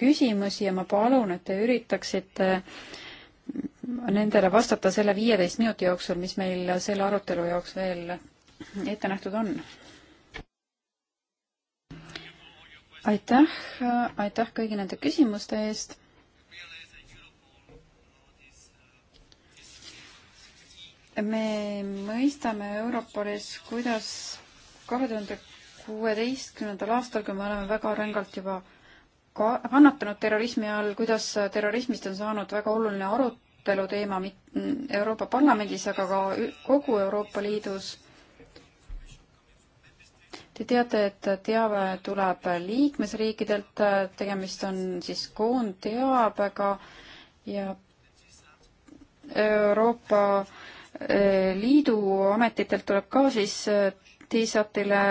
küsimusi ja ma palun, et te üritaksite nendele vastata selle viieteist minuti jooksul, mis meil selle arutelu jaoks veel ette nähtud on. aitäh, aitäh kõigi nende küsimuste eest. me mõistame Europolis, kuidas kahe tuhande kuueteistkümnendal aastal, kui me oleme väga rängalt juba ka-, kannatanud terrorismi all, kuidas terrorismist on saanud väga oluline arutelu teema Euroopa Parlamendis, aga ka kogu Euroopa Liidus Te teate, et teave tuleb liikmesriikidelt, tegemist on siis koondteabega ja Euroopa eh, Liidu ametitelt tuleb ka siis eh, TISAT-ile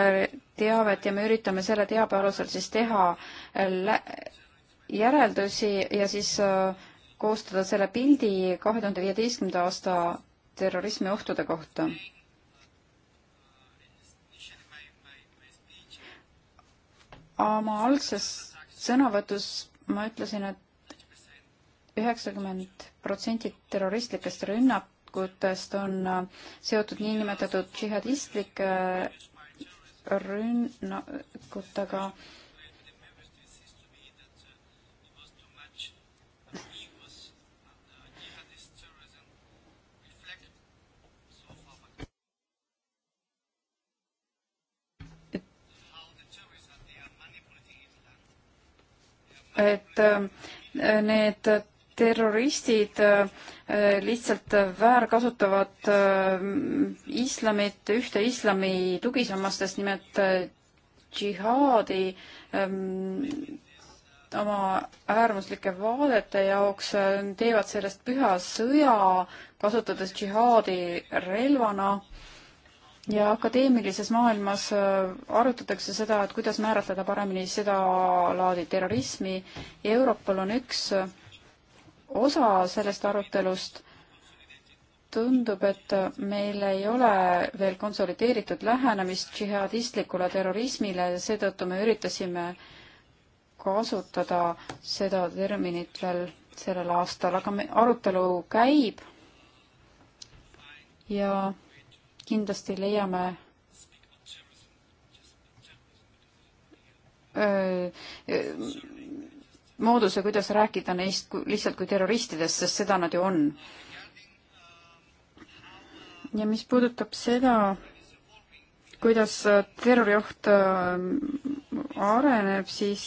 teavet ja me üritame selle teabe alusel siis teha eh, järeldusi ja siis koostada selle pildi kahe tuhande viieteistkümnenda aasta terrorismiohtude kohta oma algses sõnavõtus ma ütlesin et, et üheksakümmend protsenti terroristlikest rünnakutest on äh, seotud niinimetatud džihadistlike äh, rünnakutega äh, et äh, need terroristid äh, lihtsalt väärkasutavad äh, islamit, ühte islami tugisammastest, nimelt džihaadi ähm, oma äärmuslike vaadete jaoks, teevad sellest püha sõja, kasutades džihaadi relvana äh, ja akadeemilises maailmas äh, arutatakse seda, et kuidas määratleda paremini sedalaadi terrorismi ja Europol on üks äh, osa sellest arutelust. tundub, et äh, meil ei ole veel konsolideeritud lähenemist džihadistlikule terrorismile ja seetõttu me üritasime kasutada seda terminit veel sellel aastal, aga me, arutelu käib ja kindlasti leiame öö, öö, mooduse, kuidas rääkida neist kui, lihtsalt kui terroristidest, sest seda nad ju on. ja mis puudutab seda, kuidas terrorioht areneb, siis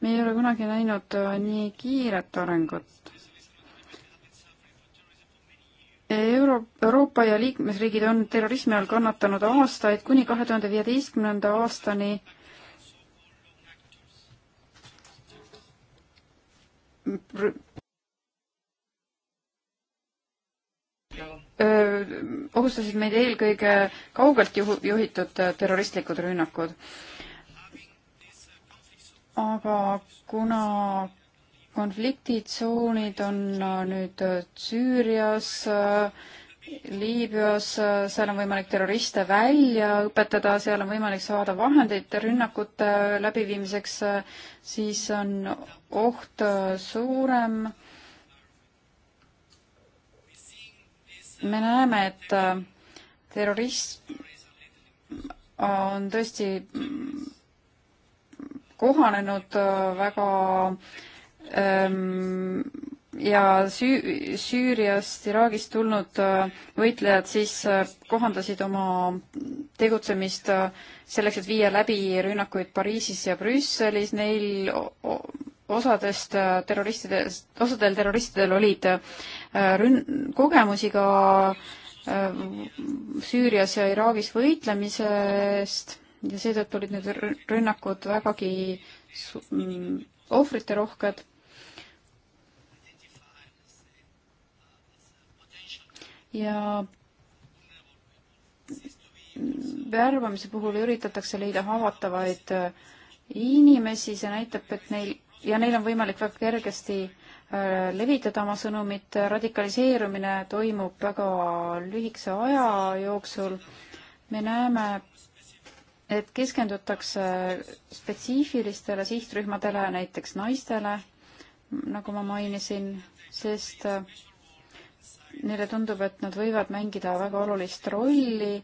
me ei ole kunagi näinud nii kiiret arengut. Euro-, Euroopa ja liikmesriigid on terrorismi all kannatanud aastaid, kuni kahe tuhande viieteistkümnenda aastani ohustasid meid eelkõige kaugelt juhu-, juhitud terroristlikud rünnakud. aga kuna konfliktitsoonid on äh, nüüd äh, Süürias, äh, Liibüas, seal on võimalik terroriste välja õpetada, seal on võimalik saada vahendeid rünnakute läbiviimiseks, siis on oht suurem. me näeme, et terrorism on tõesti mm, kohanenud väga äh, Ehm, ja Süü-, Süüriast, Iraagist tulnud äh, võitlejad siis äh, kohandasid oma tegutsemist äh, selleks, et viia läbi rünnakuid Pariisis ja Brüsselis, neil osadest terroristidest, osadel terroristidel olid rün-, kogemusi ka Süürias ja Iraagis võitlemisest ja seetõttu olid need rünnakud vägagi mm, ohvriterohked ja värbamise puhul üritatakse leida haavatavaid äh, inimesi, see näitab, et neil ja neil on võimalik väga kergesti äh, levitada oma sõnumit, radikaliseerumine toimub väga lühikese aja jooksul. me näeme, et keskendutakse spetsiifilistele sihtrühmadele, näiteks naistele, nagu ma mainisin, sest äh, neile tundub, et nad võivad mängida väga olulist rolli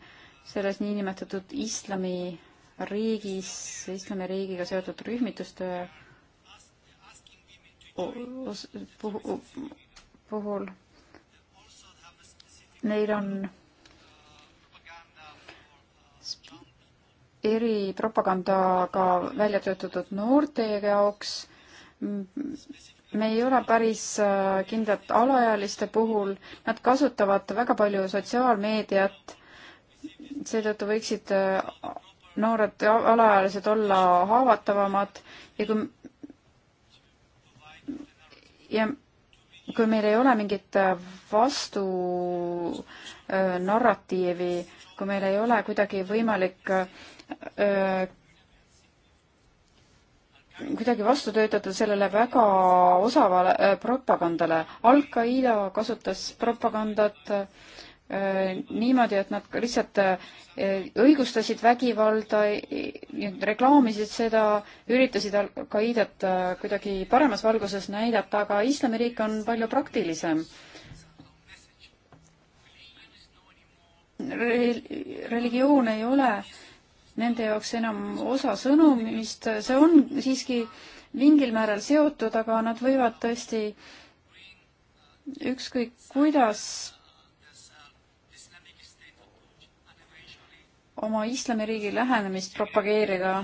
selles niinimetatud islamiriigis, islamiriigiga seotud rühmituste puhul. Neil on eripropagandaga välja töötatud noorte jaoks me ei ole päris äh, kindlad alaealiste puhul, nad kasutavad väga palju sotsiaalmeediat, seetõttu võiksid äh, noored alaealised olla haavatavamad ja kui ja kui meil ei ole mingit äh, vastu narratiivi, kui meil ei ole kuidagi võimalik öö, kuidagi vastu töötada sellele väga osavale äh, propagandale. Al-Qaeda kasutas propagandat äh, niimoodi, et nad lihtsalt äh, õigustasid vägivalda, reklaamisid seda, üritasid Al-Qaedat äh, kuidagi paremas valguses näidata, aga islamiriik on palju praktilisem Re. religioon ei ole äh, nende jaoks enam osa sõnumist, see on siiski mingil määral seotud, aga nad võivad tõesti ükskõik kuidas oma islamiriigi lähenemist propageerida.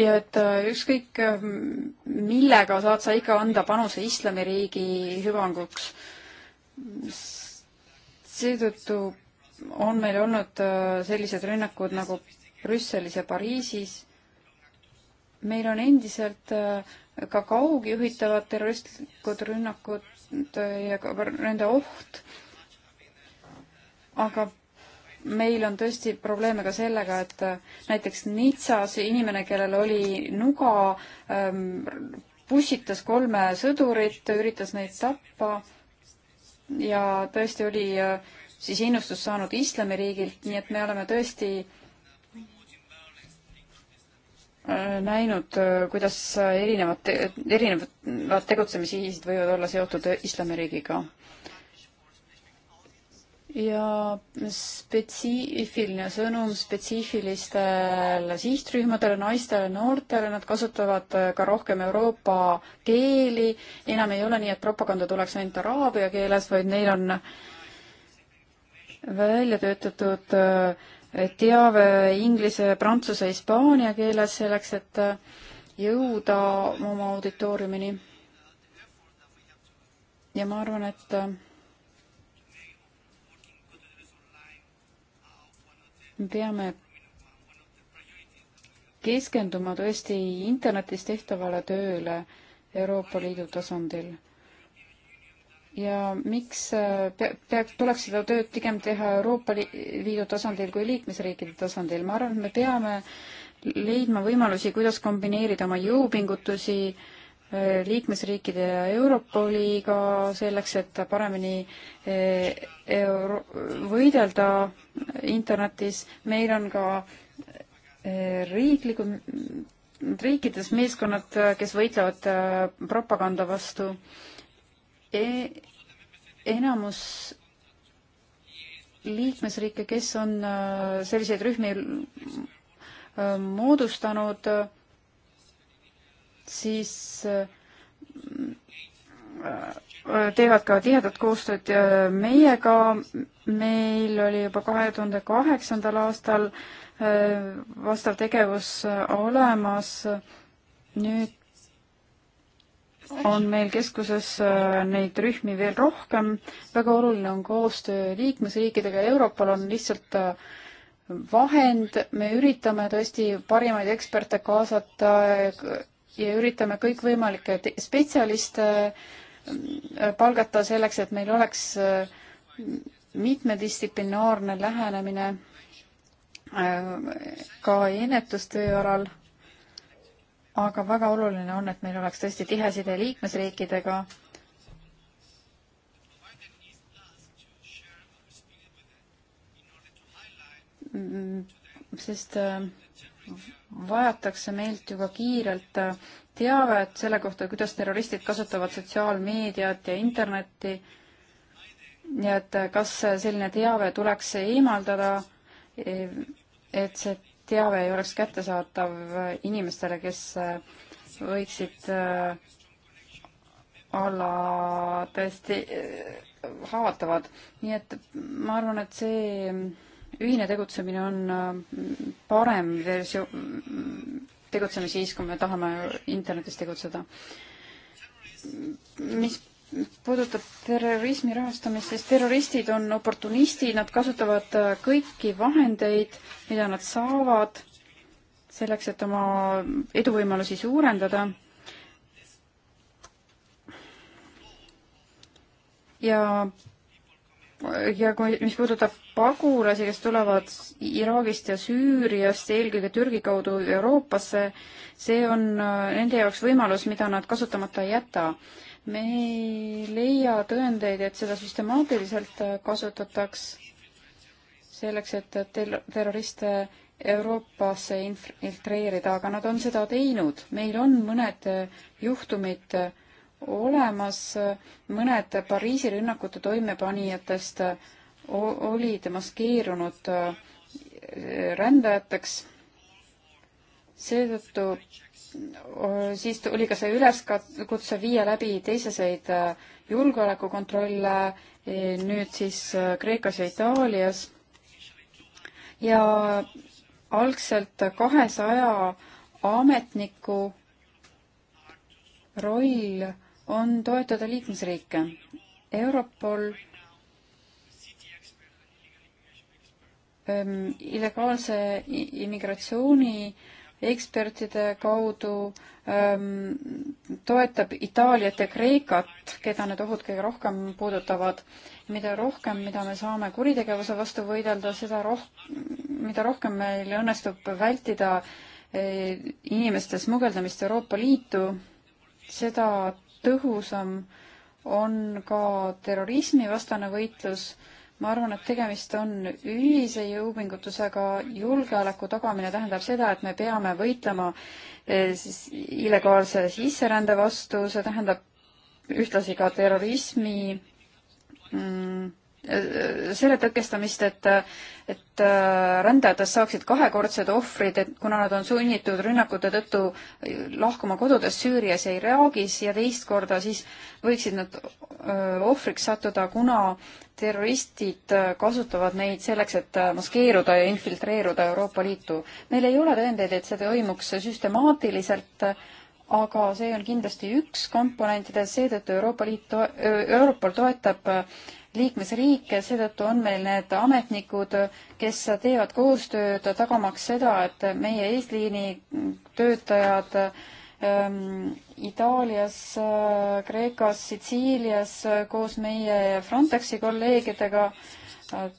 ja et äh, ükskõik äh, millega saad sa ikka anda panuse islamiriigi hüvanguks seetõttu on meil olnud äh, sellised rünnakud nagu Brüsselis ja Pariisis. meil on endiselt äh, ka kaugjuhitavad terroristlikud rünnakud äh, ja ka nende oht. aga meil on tõesti probleeme ka sellega, et näiteks Nitsas inimene, kellel oli nuga, ähm, pussitas kolme sõdurit, üritas neid tappa ja tõesti oli äh, siis innustust saanud islamiriigilt, nii et me oleme tõesti äh, näinud, äh, kuidas erinevad, erinevad tegutsemisviisid võivad olla seotud islamiriigiga ja spetsiifiline sõnum spetsiifilistele sihtrühmadele, naistele, noortele, nad kasutavad äh, ka rohkem Euroopa keeli, enam ei ole nii, et propaganda tuleks ainult araabia keeles, vaid neil on välja töötatud äh, teave inglise, prantsuse, hispaania keeles selleks, et äh, jõuda oma auditooriumini. ja ma arvan, et me peame keskenduma tõesti internetis tehtavale tööle Euroopa Liidu tasandil. ja miks peaks, tuleks seda tööd pigem teha Euroopa Liidu tasandil kui liikmesriikide tasandil, ma arvan, et me peame leidma võimalusi, kuidas kombineerida oma jõupingutusi äh, Äh, liikmesriikide ja Europoliga selleks, et paremini äh, euro-, võidelda internetis, meil on ka äh, riiklikud, riikides meeskonnad, kes võitlevad propaganda vastu e,. enamus liikmesriike, kes on selliseid rühmi moodustanud, siis äh, teevad ka tihedat koostööd äh, meiega. meil oli juba kahe tuhande kaheksandal aastal äh, vastav tegevus olemas. nüüd on meil keskuses neid rühmi veel rohkem. väga oluline on koostöö liikmesriikidega. Euroopal on lihtsalt vahend, me üritame tõesti parimaid eksperte kaasata ja üritame kõikvõimalikke spetsialiste äh, palgata selleks, et meil oleks äh, mitmedistsiplinaarne lähenemine äh, ka ennetustöö alal. aga väga oluline on, et meil oleks tõesti tihe side liikmesriikidega. Mm, sest vajatakse meilt juba kiirelt äh, teavet selle kohta, kuidas terroristid kasutavad sotsiaalmeediat ja internetti ja et äh, kas selline teave tuleks eemaldada, e, et see teave ei oleks kättesaatav äh, inimestele, kes võiksid olla täiesti haavatavad. nii et ma arvan, et see ühine tegutsemine on äh, parem versioon, tegutseme siis, kui me tahame internetis tegutseda. mis puudutab terrorismi rahastamist, siis terroristid on oportunistid, nad kasutavad äh, kõiki vahendeid, mida nad saavad selleks, et oma eduvõimalusi suurendada. ja ja kui, mis puudutab pagulasi, kes tulevad Iraagist ja Süüriast, eelkõige Türgi kaudu Euroopasse, see on äh, nende jaoks võimalus, mida nad kasutamata ei jäta. me ei leia tõendeid, et seda süstemaatiliselt äh, kasutataks selleks, et tel-, terroriste Euroopasse infiltreerida, aga nad on seda teinud. meil on mõned äh, juhtumid olemas, mõned Pariisi rünnakute toimepanijatest olid maskeerunud eh, rändajateks. seetõttu eh, siis oli ka see üleskutse viia läbi teiseseid eh, julgeolekukontrolle nüüd siis Kreekas ja Itaalias. ja algselt kahesaja ametniku roll on toetada liikmesriike. Europol ähm, illegaalse immigratsiooni ekspertide kaudu ähm, toetab Itaaliat ja Kreekat, keda need ohud kõige rohkem puudutavad. mida rohkem, mida me saame kuritegevuse vastu võidelda, seda roh-, mida rohkem meil õnnestub vältida äh, inimeste smugeldamist Euroopa Liitu, seda tõhusam on ka terrorismivastane võitlus. ma arvan, et tegemist on ühise jõupingutusega. julgeoleku tagamine tähendab seda, et me peame võitlema eh, siis illegaalse sisserände vastu, see tähendab ühtlasi ka terrorismi mm, selle tõkestamist, et, et äh, rändajatest saaksid kahekordsed ohvrid, et kuna nad on sunnitud rünnakute tõttu lahkuma kodudest Süürias ja Iraagis ja teist korda, siis võiksid nad äh, ohvriks sattuda, kuna terroristid äh, kasutavad neid selleks, et maskeeruda ja infiltreeruda Euroopa Liitu. meil ei ole tõendeid, et see toimuks süstemaatiliselt aga see on kindlasti üks komponentidest, seetõttu Euroopa Liit, Europol toetab äh, liikmesriike, seetõttu on meil need ametnikud, kes teevad koostööd, tagamaks seda, et meie eesliini töötajad ähm, Itaalias, äh, Kreekas, Sitsiilias äh, koos meie Frontexi kolleegidega äh,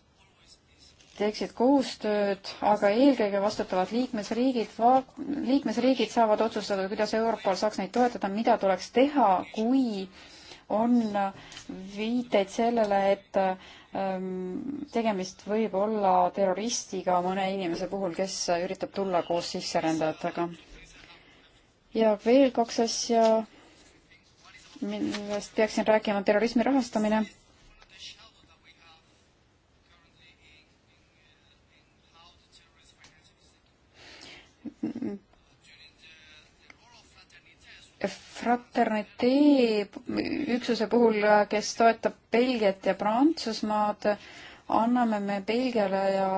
teeksid koostööd, aga eelkõige vastutavad liikmesriigid, liikmesriigid saavad otsustada, kuidas Europol saaks neid toetada, mida tuleks teha, kui on viiteid sellele, et ähm, tegemist võib olla terroristiga mõne inimese puhul, kes üritab tulla koos sisserändajatega. ja veel kaks asja, millest peaksin rääkima, on terrorismi rahastamine Fraternité üksuse puhul, kes toetab Belgiat ja Prantsusmaad, anname me Belgiale ja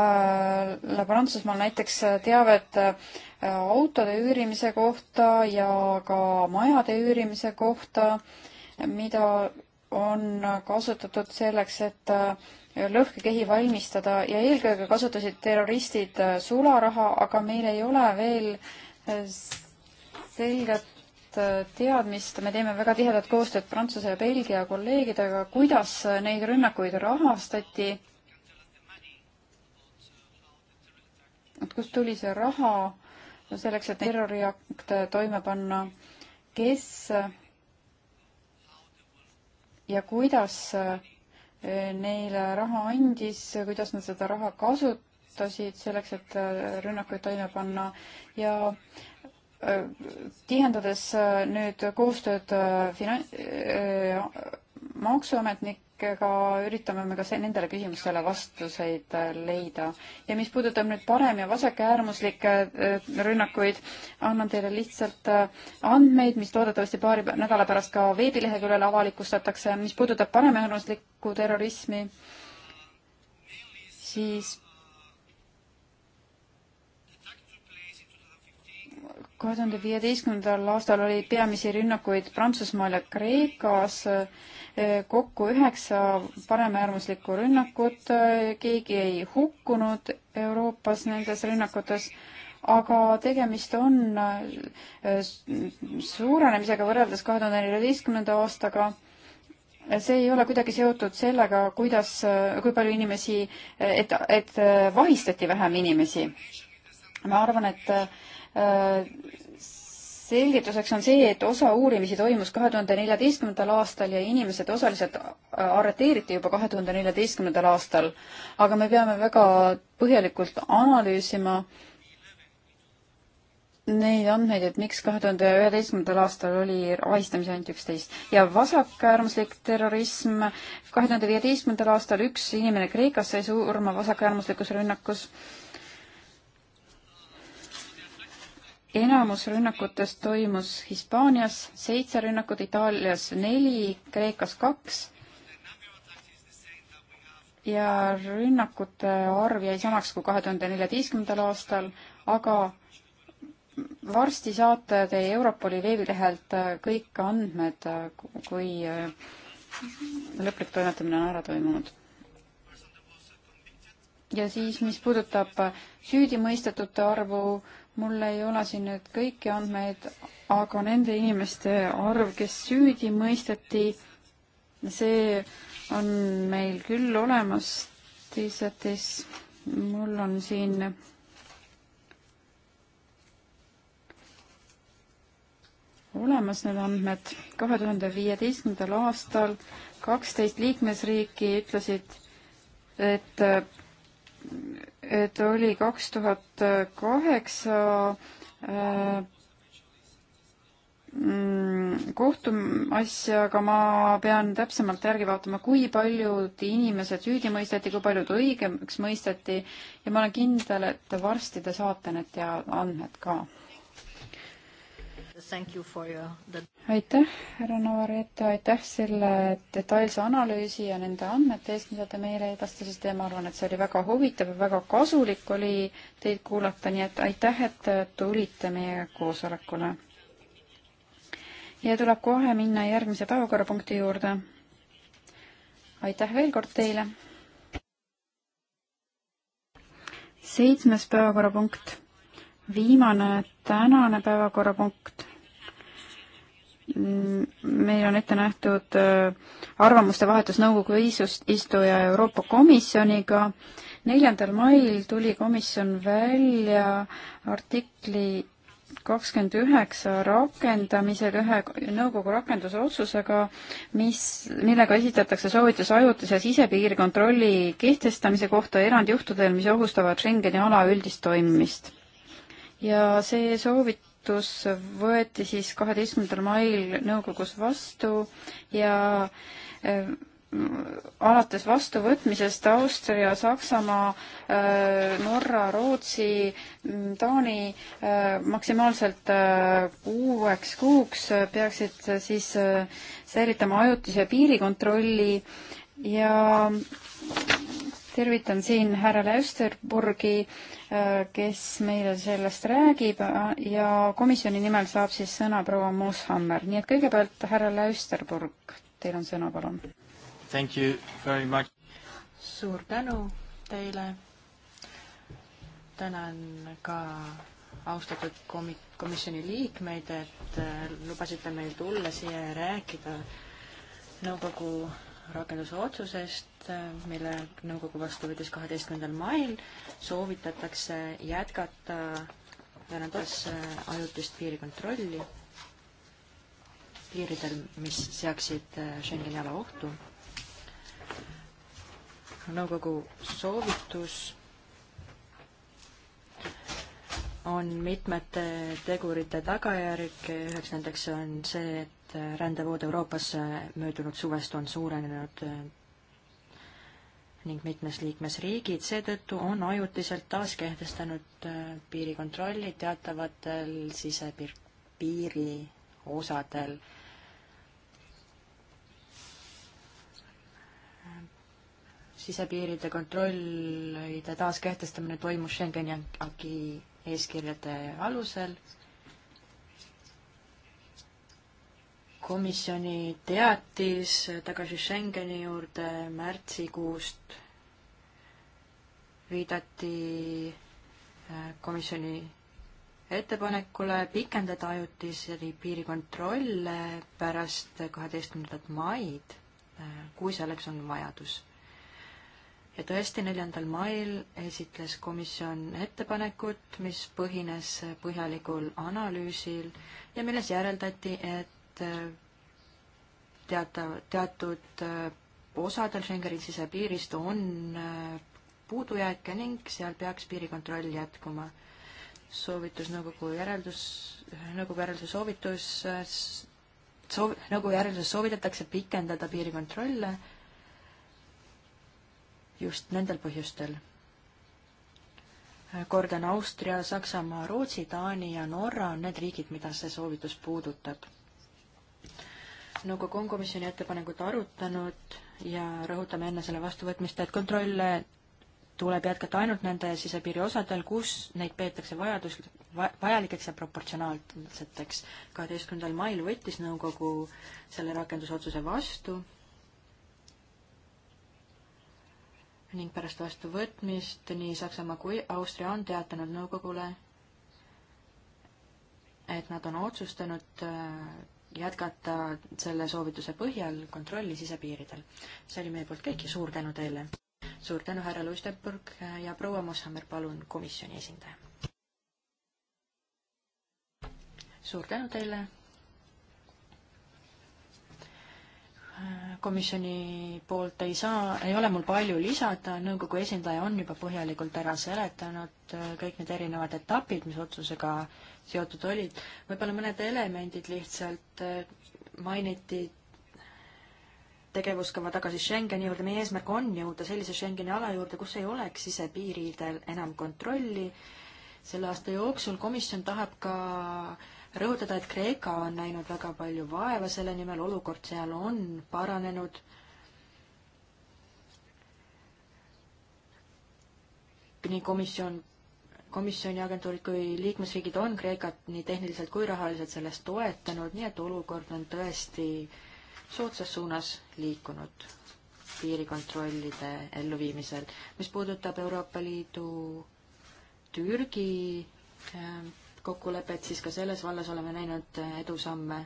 äh, Prantsusmaal näiteks teavet äh, autode üürimise kohta ja ka majade üürimise kohta, mida on kasutatud selleks, et äh, lõhkekehi valmistada ja eelkõige kasutasid terroristid äh, sularaha, aga meil ei ole veel äh, selget äh, teadmist, me teeme väga tihedat koostööd Prantsuse ja Belgia kolleegidega, kuidas neid rünnakuid rahastati, et kust tuli see raha selleks, et terroriakte toime panna, kes ja kuidas neile raha andis, kuidas nad seda raha kasutasid selleks, et rünnakuid toime panna ja äh, tihendades äh, nüüd koostööd äh, finan-, äh, maksuametnikega üritame me ka see, nendele küsimustele vastuseid leida. ja mis puudutab nüüd parem- ja vasakäärmuslikke rünnakuid, annan teile lihtsalt andmeid, mis loodetavasti paari nädala pärast ka veebileheküljel avalikustatakse. mis puudutab paremäärmuslikku terrorismi, siis kahe tuhande viieteistkümnendal aastal oli peamisi rünnakuid Prantsusmaal ja Kreekas, kokku üheksa paremäärmuslikku rünnakut, keegi ei hukkunud Euroopas nendes rünnakutes, aga tegemist on suurenemisega võrreldes kahe tuhande neljateistkümnenda aastaga see ei ole kuidagi seotud sellega, kuidas, kui palju inimesi, et, et vahistati vähem inimesi. ma arvan, et selgituseks on see, et osa uurimisi toimus kahe tuhande neljateistkümnendal aastal ja inimesed osaliselt arreteeriti juba kahe tuhande neljateistkümnendal aastal. aga me peame väga põhjalikult analüüsima neid andmeid, et miks kahe tuhande üheteistkümnendal aastal oli vahistamisi ainult üksteist ja vasakäärmuslik terrorism, kahe tuhande viieteistkümnendal aastal üks inimene Kreekas sai surma vasakäärmuslikus rünnakus enamus rünnakutest toimus Hispaanias, seitse rünnakut Itaalias, neli, Kreekas kaks ja rünnakute arv jäi samaks kui kahe tuhande neljateistkümnendal aastal, aga varsti saate te Europoli veebilehelt kõik andmed, kui äh, lõplik toimetamine on ära toimunud. ja siis, mis puudutab süüdimõistetute arvu, mul ei ole siin nüüd kõiki andmeid, aga nende inimeste arv, kes süüdi mõisteti, see on meil küll olemas Tiisatis. mul on siin olemas need andmed. kahe tuhande viieteistkümnendal aastal kaksteist liikmesriiki ütlesid, et et oli kaks tuhat kaheksa äh, mm, kohtuasja, aga ma pean täpsemalt järgi vaatama, kui paljud inimesed süüdi mõisteti, kui paljud õigeks mõisteti ja ma olen kindel, et varsti te saate need andmed ka your... aitäh, härra Navarrete, aitäh selle detailse analüüsi ja nende andmete eest, mida te meile edastasite ja ma arvan, et see oli väga huvitav ja väga kasulik oli teid kuulata, nii et aitäh, et tulite meie koosolekule. ja tuleb kohe minna järgmise päevakorrapunkti juurde. aitäh veel kord teile. seitsmes päevakorrapunkt viimane tänane päevakorrapunkt Mm, meil on ette nähtud äh, arvamuste vahetus nõukogu istuja Euroopa Komisjoniga. neljandal mail tuli komisjon välja artikli kakskümmend üheksa rakendamisel ühe nõukogu rakenduse otsusega, mis, millega esitatakse soovitus ajutise sisepiirikontrolli kehtestamise kohta erandjuhtudel, mis ohustavad Schengeni ala üldist toimimist. ja see soovit-, muudatus võeti siis kaheteistkümnendal mail nõukogus vastu ja äh, alates vastuvõtmisest Austria, Saksamaa, äh, Norra, Rootsi, mm, Taani äh, maksimaalselt kuueks kuuks peaksid siis säilitama ajutise piirikontrolli ja tervitan siin härra Läusterburgi, äh, kes meile sellest räägib äh, ja komisjoni nimel saab siis sõna proua Mooshammer, nii et kõigepealt härra Läusterburg, teil on sõna, palun. Thank you very much. suur tänu teile. tänan ka austatud komi-, komisjoni liikmeid, et äh, lubasite meil tulla siia ja rääkida nõukogu no, rakenduse otsusest, mille nõukogu vastu võttis kaheteistkümnendal mail, soovitatakse jätkata Venezuelas ajutist piirikontrolli piiridel, mis seaksid Schengeni ala ohtu. nõukogu soovitus on mitmete tegurite tagajärg, üheks nendeks on see, et rändevood Euroopasse möödunud suvest on suurenenud ning mitmes liikmesriigid, seetõttu on ajutiselt taas kehtestanud äh, piirikontrolli teatavatel sisepiir, piiri osadel sisepiiride kontrollide taaskehtestamine toimus Schengeni aki eeskirjade alusel. komisjoni teatis tagasi Schengeni juurde märtsikuust viidati äh, komisjoni ettepanekule pikendada ajutisi piirikontrolle pärast kaheteistkümnendat maid, äh, kui selleks on vajadus ja tõesti, neljandal mail esitles komisjon ettepanekut, mis põhines põhjalikul analüüsil ja milles järeldati, et äh, teata, teatud äh, osadel Schengeni sisepiirist on äh, puudujääke ning seal peaks piirikontroll jätkuma. soovitus nõukogu järeldus, nõukogu järelduse soovitus, soov, nõukogu järelduses soovitatakse pikendada piirikontrolle just nendel põhjustel. kordan Austria, Saksamaa, Rootsi, Taani ja Norra on need riigid, mida see soovitus puudutab. nõukogu on komisjoni ettepanekut arutanud ja rõhutame enne selle vastuvõtmist, et kontrolle tuleb jätkata ainult nende sisepiiri osadel, kus neid peetakse vajadus, vajalikeks ja proportsionaalseteks. kaheteistkümnendal mail võttis nõukogu selle rakendusotsuse vastu ning pärast vastuvõtmist nii Saksamaa kui Austria on teatanud nõukogule, et nad on otsustanud äh, jätkata selle soovituse põhjal kontrolli sisepiiridel. see oli meie poolt kõik ja suur tänu teile! suur tänu, härra Luisteburg ja proua Moshammer, palun, komisjoni esindaja! suur tänu teile, komisjoni poolt ei saa, ei ole mul palju lisada, nõukogu esindaja on juba põhjalikult ära seletanud äh, kõik need erinevad etapid, mis otsusega seotud olid. võib-olla mõned elemendid lihtsalt äh, mainiti tegevuskava tagasi Schengeni juurde, meie eesmärk on jõuda sellise Schengeni ala juurde, kus ei oleks sisepiiridel enam kontrolli. selle aasta jooksul komisjon tahab ka äh, rõhutada, et Kreeka on näinud väga palju vaeva selle nimel, olukord seal on paranenud. nii komisjon, komisjoni agentuurid kui liikmesriigid on Kreekat nii tehniliselt kui rahaliselt selles toetanud, nii et olukord on tõesti soodsas suunas liikunud piirikontrollide elluviimisel. mis puudutab Euroopa Liidu Türgi ähm, kokkulepet, siis ka selles vallas oleme näinud edusamme.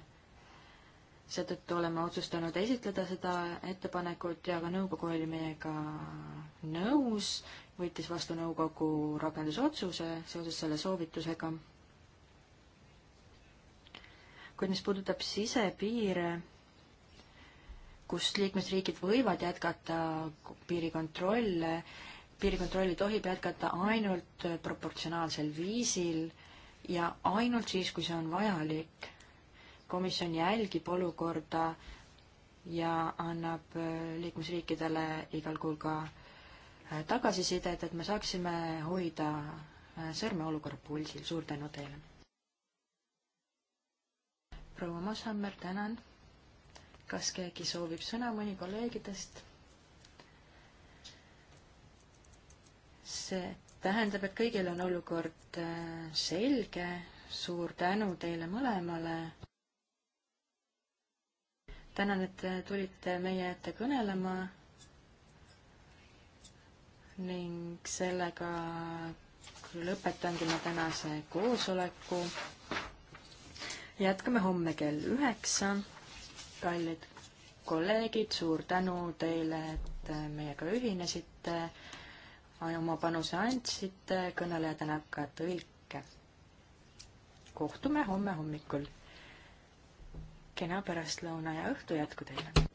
seetõttu oleme otsustanud esitleda seda ettepanekut ja ka nõukogu oli meiega nõus, võttis vastu nõukogu rakendusotsuse seoses selle soovitusega. kuid mis puudutab sisepiire, kus liikmesriigid võivad jätkata piirikontrolle, piirikontrolli tohib jätkata ainult proportsionaalsel viisil ja ainult siis, kui see on vajalik, komisjon jälgib olukorda ja annab äh, liikmesriikidele igal kuul ka äh, tagasisidet, et me saaksime hoida äh, sõrme olukorra pulsil. suur tänu teile! proua Moshammer, tänan! kas keegi soovib sõna, mõni kolleegidest? see tähendab, et kõigil on olukord äh, selge, suur tänu teile mõlemale. tänan, et äh, tulite meie ette kõnelema ning sellega lõpetangi ma tänase koosoleku. jätkame homme kell üheksa. kallid kolleegid, suur tänu teile, et äh, meiega ühinesite oma panuse andsite, kõneleja tänab ka tõlke. kohtume homme hommikul. kena pärastlõuna ja õhtu jätku teile!